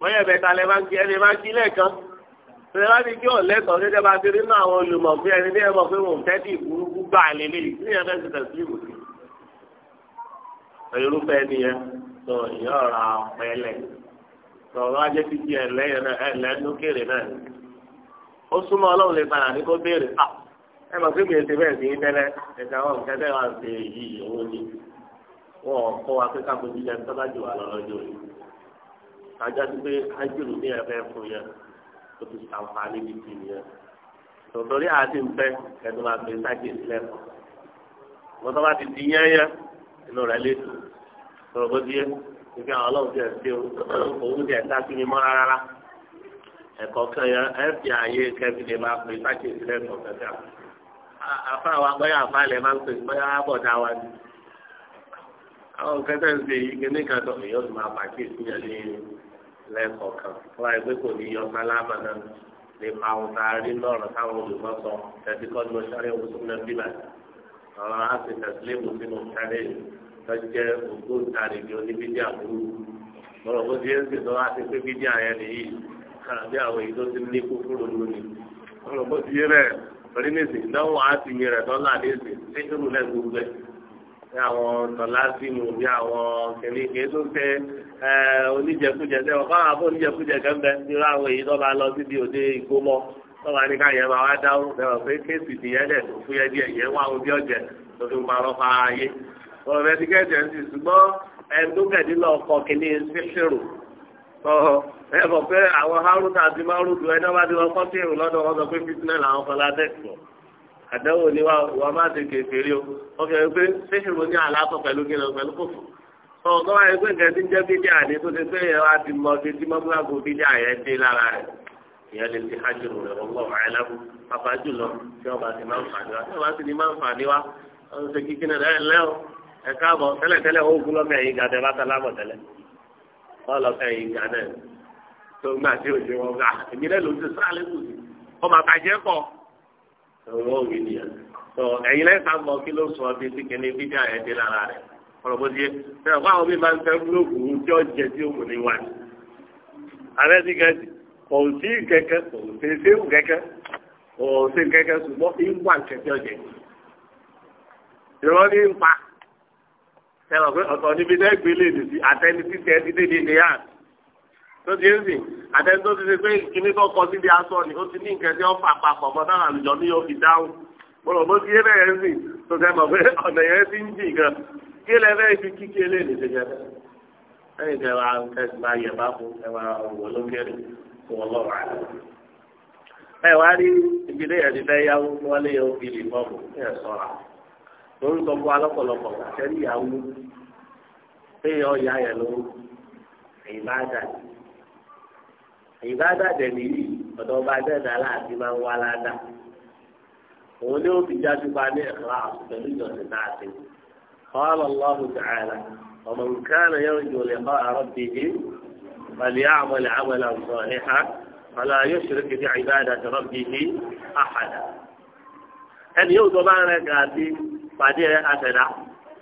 mọ́yẹ̀ bẹ́ẹ̀ ta lẹ́ máa ń kí ẹ lè má kí lẹ́ẹ̀kan ṣe láti kí ọ̀lẹ́tọ̀ gẹ́gẹ́ bá ti rí náà àwọn olùmọ̀ fún ẹni ní ẹ̀mọ́ pé wọ́n tẹ́tí ìburúkú gbà lélẹ́yìí ní ẹ̀fẹ́ ti tẹ̀sí ìbùsùn. ẹ̀yọ́rúfẹ́ ẹni yẹn tó yọ ra ọ̀pẹ́lẹ̀ tó wá jẹ́ títí kéré náà ó súnmọ́ ọlọ́run lè padà ní kó béèrè à ah, ẹ mọ̀ pé mi ò ti sí tẹ́lẹ̀ ẹ̀ka wọn kẹ́tẹ́ wà ṣe yìí owó ni wọn ò wa pé káko jíjẹ jù wà yìí pé ájúlù ní ẹ̀fẹ́ fún yẹn ti ṣàǹfààní bíi ti yẹn tòtòrí àti di yẹ́yẹ́ inú sọ̀rọ̀ bó díẹ̀ ìfi àwọn ọlọ́run ti ẹ̀sìn òun ti ẹ̀sìn àti mímọ́ rárá ẹ̀kọ́ kan yẹn ẹ̀ fi àyè kẹ́bi lè máa pè fáṣẹ̀ ìsílẹ̀ tó kẹ́kẹ́ àfa wa bóyá àfa lẹ̀ máa ń pè bóyá àbọ̀dá wa ni àwọn kẹ́kẹ́ ń ṣe yìí kíní kan tó èèyàn ti máa pàṣẹ ìsílẹ̀ ní lẹ́kọ̀ọ́ kan wọ́n á kò ní yọ sálámà náà lè pa àwọn taari lọ́rọ̀ táwọn olùkọ́ sọ tẹ̀síkọ́ ló ṣáré oṣù náà bíbà ọ̀rọ̀ á sì tẹ̀sílẹ̀ tọ́jẹ́ ògbóǹtarì ní oníbídí àbúrò lọ́rọ̀ bó ti ń sè tó wá sí pé bídí àyẹn nìyí àbí àwọn èyí tó ti ní kúkúrú lónìí lọ́rọ̀ bó ti rẹ̀ torí nìsín ìdánwò á ti yin rẹ̀ tọ́lá nìsín síkúrú lẹ́ gbogbo ẹ̀ bí àwọn tọ́lá sí mu bí àwọn kìnìún kìí tó ṣe oníjẹkújẹ sẹ́wọ̀ káwọn abó oníjẹkújẹ kẹ́ńbẹ́ irú àwọn èyí tó bá lọ síbi òde ìgbómọ tọ́lá ní káyẹ̀ máa wá dáwọ́ sẹ́wọ̀ pé kéèsì tìyẹ́ dẹ̀ wọn rẹ ti kẹsẹ ń sì ṣùgbọ́n ẹnudókẹdì lọ kọ kìíní ṣíṣirò ẹ mọ̀ pé àwọn haruta àti marudu ẹ náà bá ti wọn kọ sí ìrùn lọ́dọ̀ wọn sọ pé fitinẹ làwọn fọlá dẹkùn àdánwò ni wọn máa ti kèfèrí o wọn kẹrin pé ṣíṣirò ní àlàkọ pẹ̀lú kí lọ pẹ̀lú kòfò ọ̀hún tó wáyé pé nǹkan ti ń jẹ́ bídíà ni tó ti pé yẹn wá ti mọ ti tí mọ́gbàgbó bídíà yẹn dé lára rẹ̀ ìyẹn lè ti hajj rẹ̀ ọgbọ́n àìlẹ́bù pàpà jùlọ tí wọ́n bá ti máa ń fà ní wa tí wọ́n bá ti ní máa ń fà ní wa wọ́n ti kíkí lẹ́yìn ẹ káàbọ̀ tẹ́lẹ̀tẹ́lẹ̀ ó kú lọ́fẹ̀ẹ́ yìí gàdẹ́ bá sálámọ̀ tẹ́lẹ̀ wọ́n lọ́fẹ̀ẹ́ yìí gàdẹ́ tó gbà tí òjò wọn gbà èmi lẹ́nu ti sáré kù sí ọmọ àbàjẹ́ kọ. ọ̀rọ̀ òwe ni ọ ẹ̀yin lẹ́ka mọ̀ kí ló sọ ọdún sí kíní bídà ẹ̀ dé lára rẹ̀ ọ̀rọ̀ bó ti yẹ fẹ́ràn fún àwọn bí máa ń fẹ́ búlóògù tí ó jẹ tí ó wù ní wáyé. ààrẹ ti kẹ́ kò sí kẹ́kẹ́ kò sí séwù kẹ́kẹ́ kò sí kẹ́kẹ́ ṣùgbọ́n ìwà kẹ́kẹ́ ọ̀jẹ̀. ìrọ́ ní sẹ́wọ̀n pé ọ̀tọ̀ níbi tẹ́ gbélé nì sí àtẹni títí ẹ ti ní yá tó ti ń sìn àtẹni tó ti ṣe pé kíní tó kọ aṣọ ni ó ti ní nǹkan tí ó fà papọ̀ mọ́ náà àlùjọ ní dáhùn mo rò bó ti yé bẹ́ẹ̀ ń sìn tó pé ọ̀nà yẹn ti ń jìn gan kí lẹ fẹ́ fi kíkí ṣe tẹ́ wàá kẹ́sì máa bá fún ẹ máa lókèrè fún ọlọ́run ẹ wá rí ti lórúkọ fún alọ́pọ̀lọpọ̀ àtẹ́rí ìyàwó péyàn ọ̀yà yẹn ló ìbáàdà ìbáàdà dẹ̀ nìyí ọ̀dọ̀ ọba dẹ́ẹ̀dá láti máa ń wá ládà òun ni ó fi jáde pa ní ẹ̀kọ́ pẹ̀lú ìjọsìn náà ti قال الله تعالى ومن كان يرجو لقاء ربه فليعمل عملا صالحا فلا يشرك بعبادة ربه أحدا هل يوضع معنا قاتل pàdé rẹ àtẹ̀dá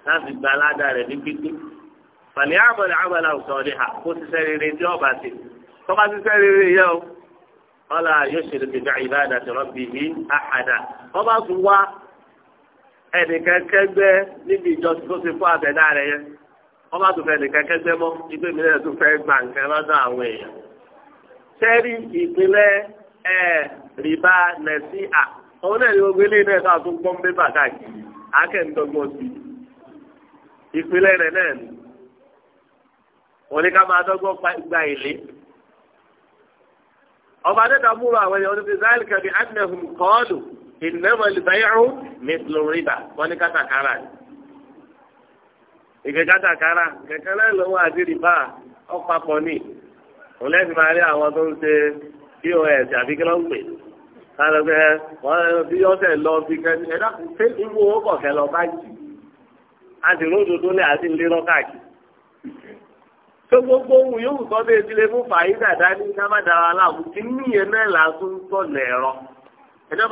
láti gba aládàá rẹ ní pípé pàlẹ́ àmọ̀lẹ́ àmọ̀lẹ́ àwùjọ ní ha kó ṣiṣẹ́ rere tí ọba ti tọ́ka ṣiṣẹ́ rere yẹ o ọ̀là yóò ṣe lè bẹ̀rẹ̀ ìbáradà tọ̀rọ̀ bì í àhàdà wọ́n bá tún wá ẹnìkan kẹgbẹ́ níbi ìjọsìn tó ti fún àtẹ̀dá rẹ yẹn wọ́n bá tún fẹ́ ẹnìkan kẹgbẹ́ mọ́ ibi ìmìlẹ̀ tún fẹ́ gbà nǹkan lọ́dọ̀ àwọn èèyàn sẹ́rí ìpínlẹ̀ ẹ̀ rìbá nẹ̀síà òun náà ni gbogbo eléyìí náà ká tún gbọ́n pépà káàkiri akẹ́ńdọ́gbọ́n sí ìpínlẹ̀ rẹ̀ náà ni wọ́n ní ká máa dọ́gbọ́n gba èlé ọba dẹ́ta múra àwọn ènìyàn oníṣẹ́ israẹli kẹ́bi adinahun kọ́ọ̀lù ìnáwó ìbáyàrún mẹsìlórìbà wọ́n ní kátàkárà ìgbé kátàkárà kẹ̀kẹ́ náà lọ́wọ́ àti rìbá ọ̀pápọ̀ ní òun máa rí àwọn tó ń ṣe pos àbí ń pè é. kálọ̀ pé ẹ wọ́n bí ọ̀sẹ̀ lọ bí kẹ́ni ẹ̀dá kò irú owó lọ báyìí àti ròdò tó àti ńlérọ́ káàkiri. tó gbogbo ohun yóò sọ bẹ́ẹ̀ fún fàyídà dání aláàbò tí níyẹn náà là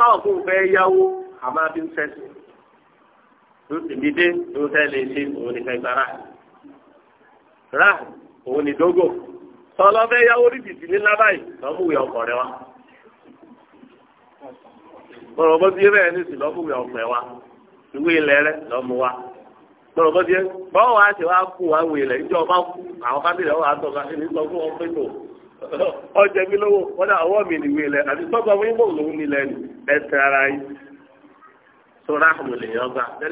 báwọn fẹ́ yáwó àmọ́ àbí ń dé tó fẹ́ lè ṣe òun nìkan rà ní lọ́mú bọ̀rọ̀ bọ́ sí bẹ́ẹ̀ ní ìsìlọ́mùwẹ̀ ọ̀pẹ wa ìwé ilẹ̀ rẹ wa bọ̀rọ̀ bọ́ sí wa ṣe kú wa wé ìjọ kú àwọn ẹni sọ fún pé tó [laughs] mi lówó ni ara yìí àmì gbà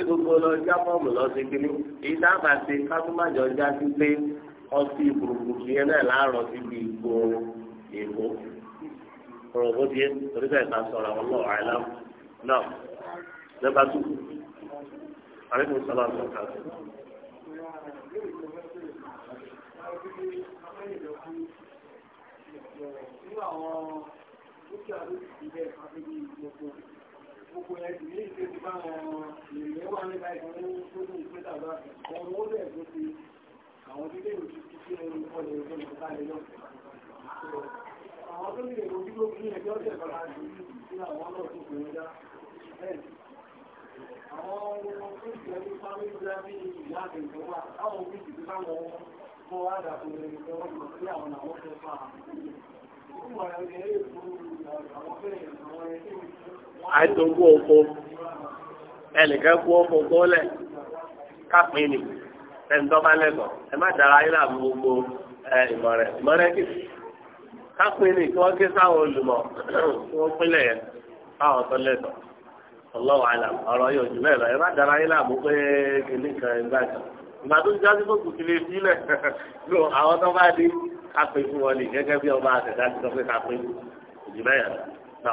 gbogbo lọ já fọ́ọ̀mù lọ sí kínní èyí dábàá ṣe kátúmájọ já sí ọ̀rọ̀ bó di torí bẹ́ẹ̀ ká sọ̀rọ̀ àwọn náà àìlá náà lẹ́bàá tó wà nípa ìṣòro tó tó ti àwọn ilé ìwòsàn ti ṣe ẹni kọ́ni àwọn tó lè rojú ló bí ẹjọ́ tẹ̀ bá láti sí àwọn ọmọ bá ẹ má dára ayé gbogbo ìmọ̀ rẹ̀ ìmọ̀ rẹ̀ kìí. kápẹ́ kí wọ́n ké sáwọn olùmọ̀ kí wọ́n pínlẹ̀ yẹn fáwọn tó lẹ́tọ̀ ọlọ́wọ́ àlà ọ̀rọ̀ yóò jù bẹ́ẹ̀ ẹ má dára yín láàmú pé kìíní kan ẹ gbàjà ìgbà tó ń jáde tó kù sílé sílẹ̀ [laughs] ló àwọn tó bá dé kápẹ́ fún wọn ní gẹ́gẹ́ bí ọba àtẹ̀dá ti sọ pé kápẹ́ jù bẹ́ẹ̀ lọ. Ìgbà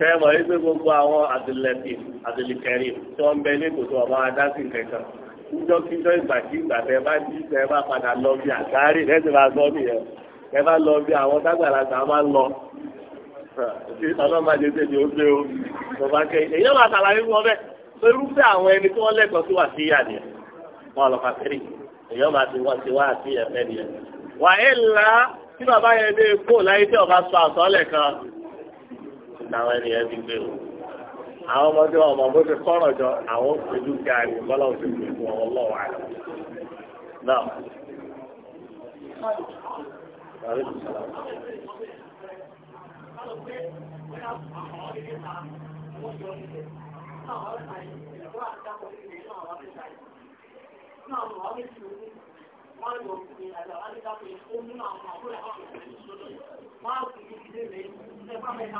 sẹ́wọ̀n yìí pé gbogbo àwọn àdìlẹ́tì àdìlẹ́kẹ̀rì tí wọ́n ń bẹ ní kòtò ọba adásì kankan níjọ́ kíjọ́ ìgbà tí ìgbà tẹ bá jí tẹ bá padà lọ bí àkárí lẹ́sìn máa sọ nìyẹn tẹ bá lọ bí àwọn tágbàlagbà máa lọ tí ọlọ́mọdé tèmi ó gbé o tó bá kẹ́ èyí náà máa tàlàyé fún ọ bẹ́ẹ̀ pé irúfẹ́ àwọn ẹni tí wọ́n lẹ́kọ̀ọ́ sí wà sí ìyá nìyẹn wọn lọ kàkiri èyí náà máa ti wọ́n ti wá àti ẹ̀fẹ́ nìyẹn wàhálà tí bàbá yẹn dé kó láyé tí ọba sọ àsọ́lẹ̀ kan làwọn ènìyàn ti gbé o àwọn ọmọdé ọmọ bó ti kọ́rọ̀ jọ àwọn òṣèlú gàrí bọ́lá òṣèlú ìfún ọwọ́ lọ́wọ́ àná náà. Thank you ọyẹ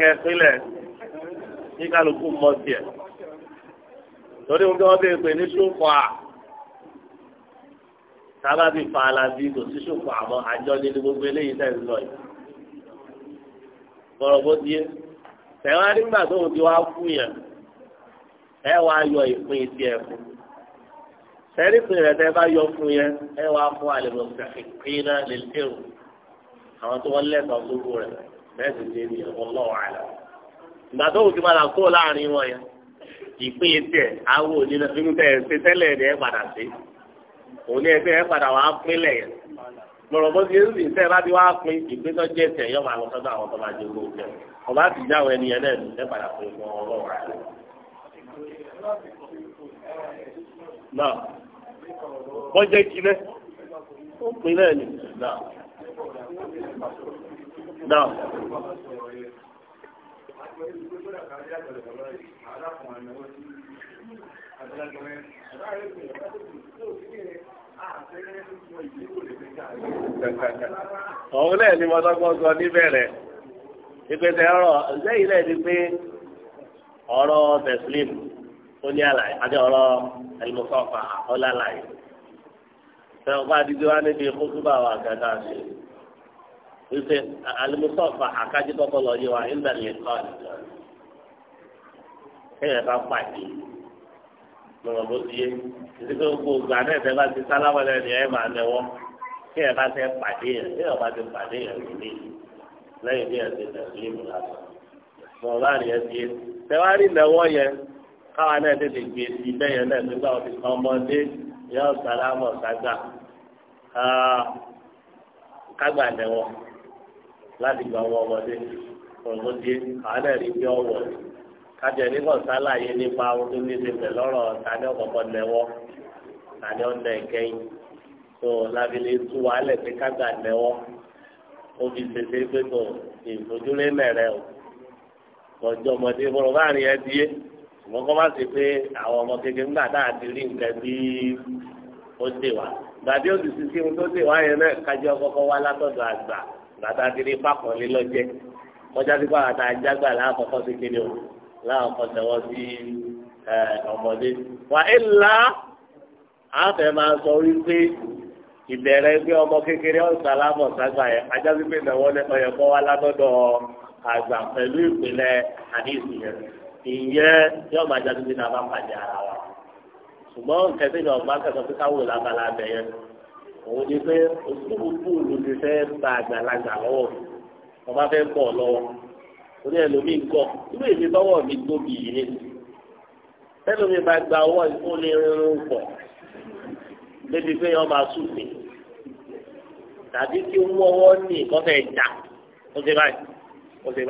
kẹ sílẹ̀ ní kálukú mọ tiẹ̀ torí wọn kí wọn bèè pé ní sùnfọ à sábà bíi fàlàbí kò sí sùnfọ àmọ́ àjọ ní gbogbo eléyìí tẹ ń lọ yìí bọrọ bó tiẹ̀ tẹwọn nígbà tó ti wá fún yẹn. ẹ wá yọ ìpín etí ẹ fún sẹ́rí pé rẹ̀ tẹ́ bá yọ fún yẹn ẹ wá fún àlèmọ̀sẹ̀ ìpín náà lè lérò àwọn tó wọ́n lẹ́tọ̀ọ́ gbogbo rẹ̀ bẹ́ẹ̀ sì ṣe ní ẹ̀wọ̀n lọ́wọ́ àlà ìgbà tó òkè padà kó láàrin wọn yẹn ìpín etí ẹ awo nínú nínú tẹ ẹ ṣe tẹ́lẹ̀ ẹ̀ padà sí òní ẹ ẹ padà wàá yẹn naa wọ́n jẹ́ kí náà ó pin náà ni mo sọ níbẹ̀rẹ̀ ìpèsè ọ̀rọ̀ lẹ́yìn pé. ọ̀rọ̀ tẹ̀sílìm ó ní àlàyé àti ọ̀rọ̀ ẹlòmọ́fà ọ̀là àlàyé. sẹ́wọ́n bá dídí wá níbi kótóbà wà gàdá ṣe wípé ẹlòmọ́fà àkájí kọ́kọ́ lọ yé wa ìndàlẹ̀ kọ́ ẹ̀yẹ̀ bá pàdé lọ́wọ́ bó ti yé títí pé gbogbo ìgbà náà ẹ̀fẹ́ bá ti sálámọ̀ lẹ́nu ẹ̀ máa lẹ́wọ́ kí ẹ̀ bá ti pàdé yẹn kí ẹ̀ bá ti pàdé yẹn lónìí lẹ́yìn bí ẹ̀ ti tẹ̀sílìm lásán sọ̀rọ̀ láàrin ẹ̀ sí tẹwárí lẹ́wọ́ yẹn káwa náà tètè gbé e sí bẹ́ẹ̀ yẹn náà nígbà wọn fi kàn ọmọdé yọ sàlámọ̀ sàgbà kágbà lẹ́wọ́ ah, láti gba ọwọ́ ọmọdé ọmọdé káwa náà rí bí ọwọ́ kájọ nígbà sálàyé nípa ohun tó ní ṣe lọ́rọ̀ tani ọ̀kọ̀kọ̀ lẹ́wọ́ tani ọ̀nà ìkẹyìn tó lábílẹ̀ tú wàhálẹ̀ pé kágbà lẹ́wọ́ ó fi ṣe pé tó ìfojúlé mẹ́rẹ̀ o tọjọ ọmọdé bọrọ bá rìn ẹbí yé ṣùgbọ́n kọ́ má ṣe pé àwọn ọmọ kékeré ńgbà tá a ti rí nǹkan bí ó ṣe wà gbàdé òsì sí sí ohun tó ṣe wá yẹn náà kájọ kọ́kọ́ wá látọ̀dọ̀ àgbà gbàtà ti rí pákànlé lọ́jẹ́ kọjá sí pàrọ̀ tá a jágbà láàkọ́kọ́ sí kéde o láàkọ́ tẹ̀wọ́ sí ọmọdé wà é ńlá àfẹ́ máa sọ wípé ìbẹ̀rẹ̀ pé ọmọ kékeré ọ̀sán lábọ̀ ságbà yẹn ajá sí pé ìnáwó ọ̀yẹ̀kọ́ wá látọ̀dọ̀ àgbà pẹ̀lú ìpìlẹ̀ àdéhùn yẹn ìyẹn yóò máa jáde bí nàbà pàdé ara wa ṣùgbọ́n kẹsí ni ọgbà kẹsàn fún káwọ́ lábala abẹ yẹn òun ni pé òṣùwò búùlù ti fẹ́ gba àgbàlagbà lọ́wọ́ ọba fẹ́ bọ̀ lọ́wọ́ orí ẹlòmíì gọ̀ inú èmi tọwọ́ mi tóbi yìí ni tẹlomi bá gba ọwọ́ ìfúnni rírun pọ̀ débi pé yọ máa sùn mí tàbí kí wọ́wọ́ ní ìkọ́fẹ́ ìjà ó ti báyìí. ó sì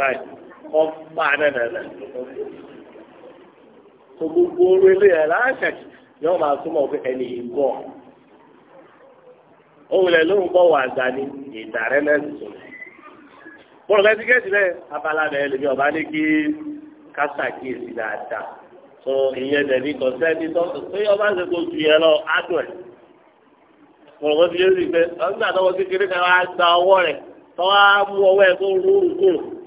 tó gbogbo orí ilé rẹ̀ láṣẹ yóò máa túmọ̀ pé ẹni yìí ọ bọ̀. òun lẹ̀ ló bọ̀ wà gbà ní ìdàrẹ́ lẹ́sìn tó. bọ́ọ̀lù bẹ́ẹ̀ ti gẹ́sì bẹ́ẹ̀ abala lèmi ní kí dáadáa so ìyẹn dẹbi kọsẹbi tọsọ pé ju yẹn lọ ti si pé kékeré wá gba ọwọ́ rẹ̀ mú ọwọ́ tó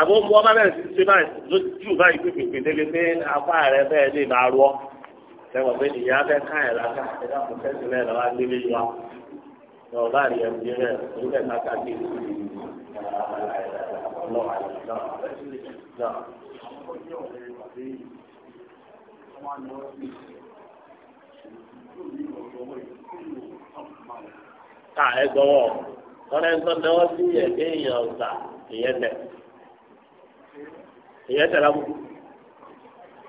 àbọ̀ bu ọba bẹ́ẹ̀ ti ṣe báyìí lójú báyìí pé pèpè délé pé apá rẹ bẹ́ẹ̀ lè máa rọ sẹ́wọ̀n pé ìyá bẹ́ẹ̀ ká ẹ̀ lága ẹ̀dá kò tẹ́sí lẹ́ẹ̀ lọ́wọ́ gbélé wa ọba rí ẹ̀ ní rẹ̀ ló bẹ̀ ká kájí ká ẹ gbọ́wọ́ wọn ẹ sọ náà wọ́n sí ẹ̀dẹ́ èèyàn ọ̀sà ìyẹn tẹ̀ èyẹ tẹ̀lé àbùkù.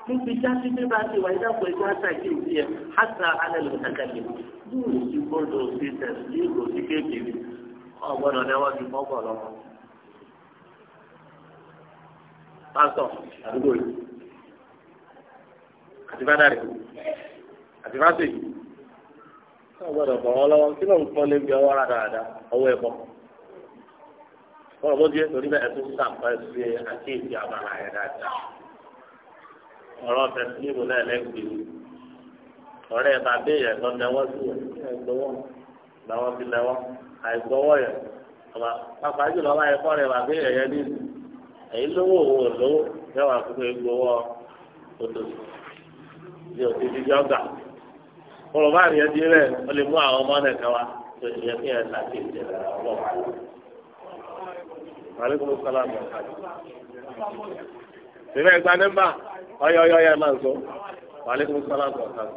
níbi jáde bí bá ti wà ní dàpọ̀ ẹ̀jẹ̀ àti àìsí ìdí ẹ̀ hàtà alẹ́ ló kàkà lè yóò sì gbọ́dọ̀ sí tẹ̀sí ìgò sí kékeré ọgbọ́dọ̀ lẹ́wọ́ ti mọ́ bọ̀ lọ́wọ́. pásítọ̀ àdúgbò yìí àti bá dàrí àti bá sèyí ọgbọ́dọ̀ bọ̀ wọ́n lọ́wọ́ kí ló ń pọ́n lé bí ọwọ́ rà dáadáa ọwọ́ ẹ̀kọ́ ọ̀rọ̀ bó di torí bẹ́ẹ̀ tó sàpá sí àkéèsí àbàlà yẹn dáadáa ọ̀rọ̀ ọ̀fẹ́ sílẹ̀mù náà lẹ́gbẹ̀ẹ́ ọ̀rẹ́ ẹ̀ bàbá èèyàn lọ náwó sí ẹ̀gbọ́wọ́ náwó sí náwó àìgbọ́wọ́ yẹn ọba pápá jùlọ wáyé kọ́rẹ́ bàbá èèyàn yẹn ní èyí lówó òwò lówó yẹwà fún egbowó odò ní òsì ti jọgà kọlọ bá rí ẹ di rẹ ó lè mú àwọn ọmọ náà kẹwàá tó ìyẹn kí ẹ sàkéèsí ẹ aleykum salaam wa rahmatulah. Bẹ́ẹ̀ gba nọ́mbà ọyọ ọyọ ọyọ máa ń sọ. Aleykum salaam wa rahmatulah.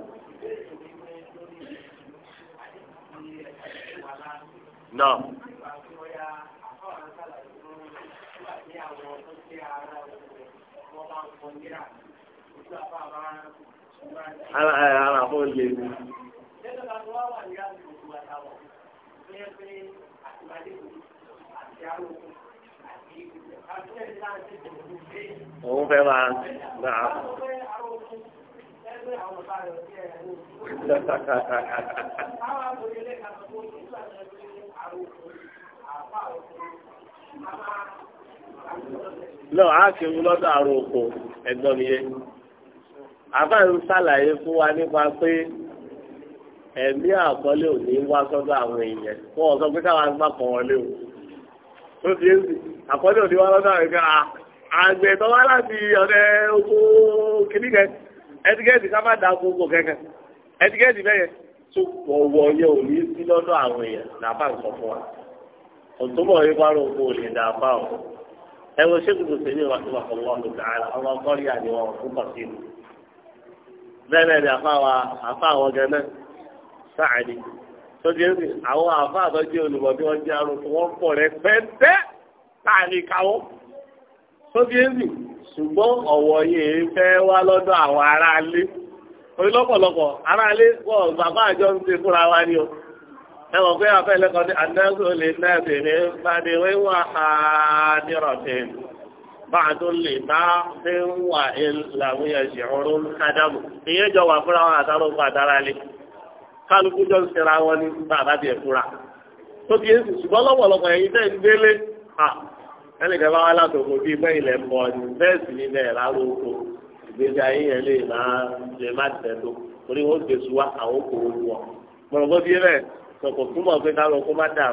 Nọ. Ara ẹ̀ ara fún oye. Thank you òun fẹ́ máa gbà á. lọ a kì í lọ́dọ̀ àrùn òkò ẹ̀gbọ́n mi yé àbá ń ṣàlàyé fún wa nípa pé ẹ̀mí àkọlé ò ní wá sọ́dọ̀ àwọn èèyàn wọ́n sọ pé káwọn agbákan wọlé o. tó ti èsì àkọọ́lẹ̀ òní wá lọ́dọ̀ àríkà àgbẹ̀ tó láti ọ̀dẹ oko kìnnìkan ká da gbogbo kẹ̀kẹ́ ẹtikẹ́ẹ̀tì bẹ́yẹ tó wọ̀wọ̀ yẹ ò ní sí lọ́dọ̀ àwọn èèyàn làbá ń sọ fún wa òtúbọ̀ yìí lè dà bá ẹ wo ṣé sí ní wọn ọmọ àdìwọ̀n fún sọ́dí ẹ̀sìn àwọn àfa àtọ́jú olùmọ̀ bí wọ́n jẹ́ arún fún wọn pọ̀ rẹ pẹ́ẹ́tẹ́ láàrin káwọ́ sọ́dí ẹ̀sìn ṣùgbọ́n ọ̀wọ̀ yìí fẹ́ wá lọ́dọ̀ àwọn aráalé orí lọ́pọ̀lọpọ̀ aráalé wọ bàbá àjọ ń ṣe fúnra wa ni o ẹ mọ̀ pé afẹ́ lẹ́kọ̀ọ́ ní adágún olè náà sì ní bàdé wíwá àdìrọ̀tẹ̀ bàdó lè bá fi ń wà ìlàwúyẹ̀ ṣìrún ádámù ìyẹn jọ wà fúnra wọn àtàrà kálukú jọ ń ṣera wọn ní bàbá tiẹ̀ ẹ̀kúra tó ti yéésù ṣùgbọ́n lọ́pọ̀lọpọ̀ ẹ̀yin tẹ́ ń délé ẹnìkan bá wá látòkò bíi bẹ́ẹ̀ ilẹ̀ ń bọ̀ ni bẹ́ẹ̀ sì ní bẹ́ẹ̀ oko ìgbésí ayé yẹn lè má tẹ̀ tó àwọn oko wọn bíi bẹ́ẹ̀ pé kálukú má dà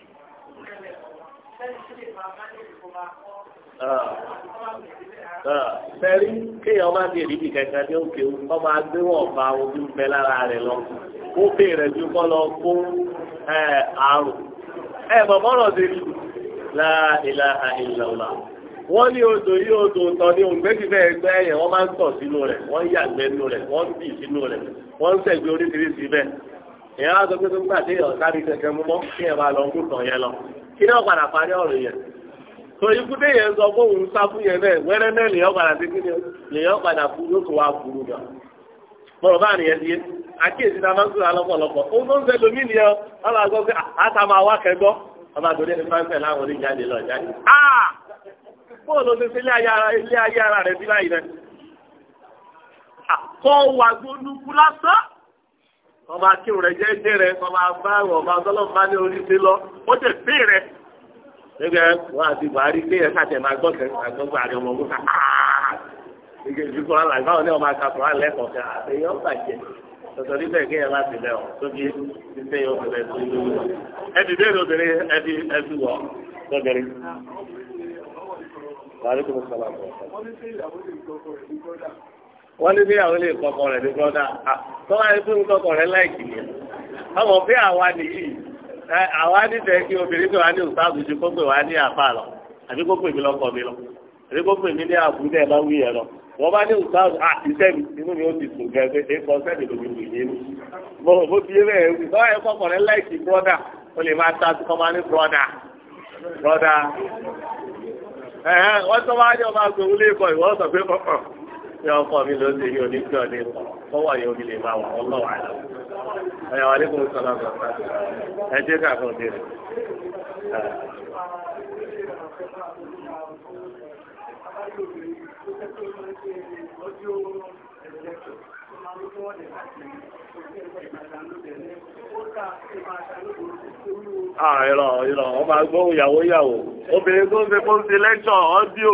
Fẹ́rí kéèyàn máa di èdìbì kankan ní òkè ó máa gbé wọ̀n bá ojú bẹ lára rẹ̀ lọ. Ó béèrè ju kọ́ lọ fún àrùn. Ẹ bọ̀bọ̀rọ̀ ti rí la ilaha illallah. Wọ́n ní odò yí odò tọ́ ní òǹgbẹ́sì bẹ́ẹ̀ gbẹ́ ẹ̀yẹ̀ wọ́n máa ń tọ̀ sínú rẹ̀, wọ́n yàgbẹ́ nínú rẹ̀, wọ́n bì sínú rẹ̀, wọ́n ń sẹ̀gbẹ́ oríṣiríṣi bẹ́ẹ̀. Ìyá wa sọ pé tó ń gbà iná padà parí ọ̀rọ̀ yẹn torí kúndé yẹn sọ ya òun sáfù yẹn náà wẹ́rẹ́ náà lèyàn padà sí kíni lèyàn padà fún yóò tó wá burú náà bọ̀rọ̀ bá nìyẹn ti yé àkíyèsí náà máa ń sọ̀rọ̀ lọ́pọ̀lọpọ̀ ó tó ah, wá ah! ayé ara báyìí ah, lásán wọ́n máa kírun rẹ̀ jẹ́jẹ́ rẹ̀ wọ́n máa bá wọ́n máa tọ́lọ́mù bá lọ ó tẹ̀ sí rẹ̀ nígbà wọn àti buhari gbé yẹn sàtẹ̀ máa gbọ́kẹ́ àgbọ̀gbọ̀ àrẹ ọmọ ogun káà ìgbésí kọ́ra làgbà wọn ní ọmọ akásùn alẹ́ kọ̀ọ̀kan àtẹ̀yọ́ bàjẹ́ tọ̀tọ̀ níbẹ̀ kí ẹ má ti lẹ̀ ọ́ tóbi títẹ̀ yóò fẹ́ tó lórí lọ. ẹbí bẹ́ẹ̀ ló bẹ̀rẹ̀ ẹbí ẹbí wọ̀ lọ́gẹ̀rẹ̀. wàhálà kò ní sí ìyàwó wọ́n ní bí àwọn ilé ìkọkọ rẹ̀ ní brọ́dà tó wáyé fún ìkọkọ rẹ̀ láìkì ni ọmọ bí àwa nìyí àwa nífẹ̀ẹ́ kí obìnrin tó wá ní òṣàbù ju kó wá ní àfa lọ àbí kó pè lọkọ mi lọ àbí kó pè ní àbúrò ẹ̀ máa wí ẹ̀ lọ bá ní òṣàbù àtisẹ́ mi inú mi ó ti sùn gẹ́gẹ́ ẹ kọ lómi mi yé mi mo mo ti yé bẹ́ẹ̀ wí tọ́wọ́ ìkọkọ rẹ̀ láìkì brọ́dà ó lè máa ta kọ́ máa ní brọ́dà brọ́dà ẹ̀hẹ́n wọ́n tọ́ tí wọ́n mi lóṣè yìí onígbé ọ̀dẹ́ kọ́ yóò fi lè máa wà wọ́n lọ́wọ́ àlọ́. ẹ̀yà wà lẹ́kùn sọ́nà bàbá ẹ jẹ́ ká kàn dé rẹ̀. Ah, àìrọ̀ ìrọ̀ ọmọ agbóhùn yàwó yàwó obìnrin tó ń ṣe fún ṣe lẹ́kṣọ̀ ọ́díò.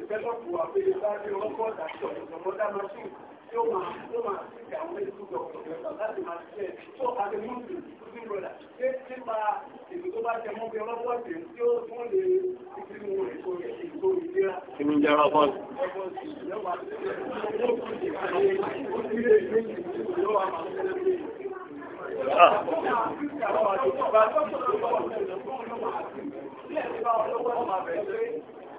ìfẹ́lọ́pù àpẹẹrẹ bá rí ọlọ́pọ̀ àdájọ́ ìjọmọ́dá machine tí ó máa tí ó máa sí ti àwọn ètò ìjọba láti máa ṣe tó àti múlùú ní brọ́dà ṣé nípa ètò tó bá jẹ mọ́ bí Ah.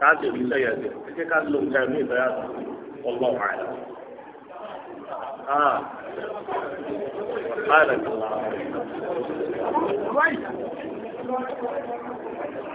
káàdì òbí sọ yẹn ẹ jẹ́ ká lo nǹkan ẹ̀mí ìfẹ́ yàtọ̀ ọgbọ́n wàhálà. Ah, I like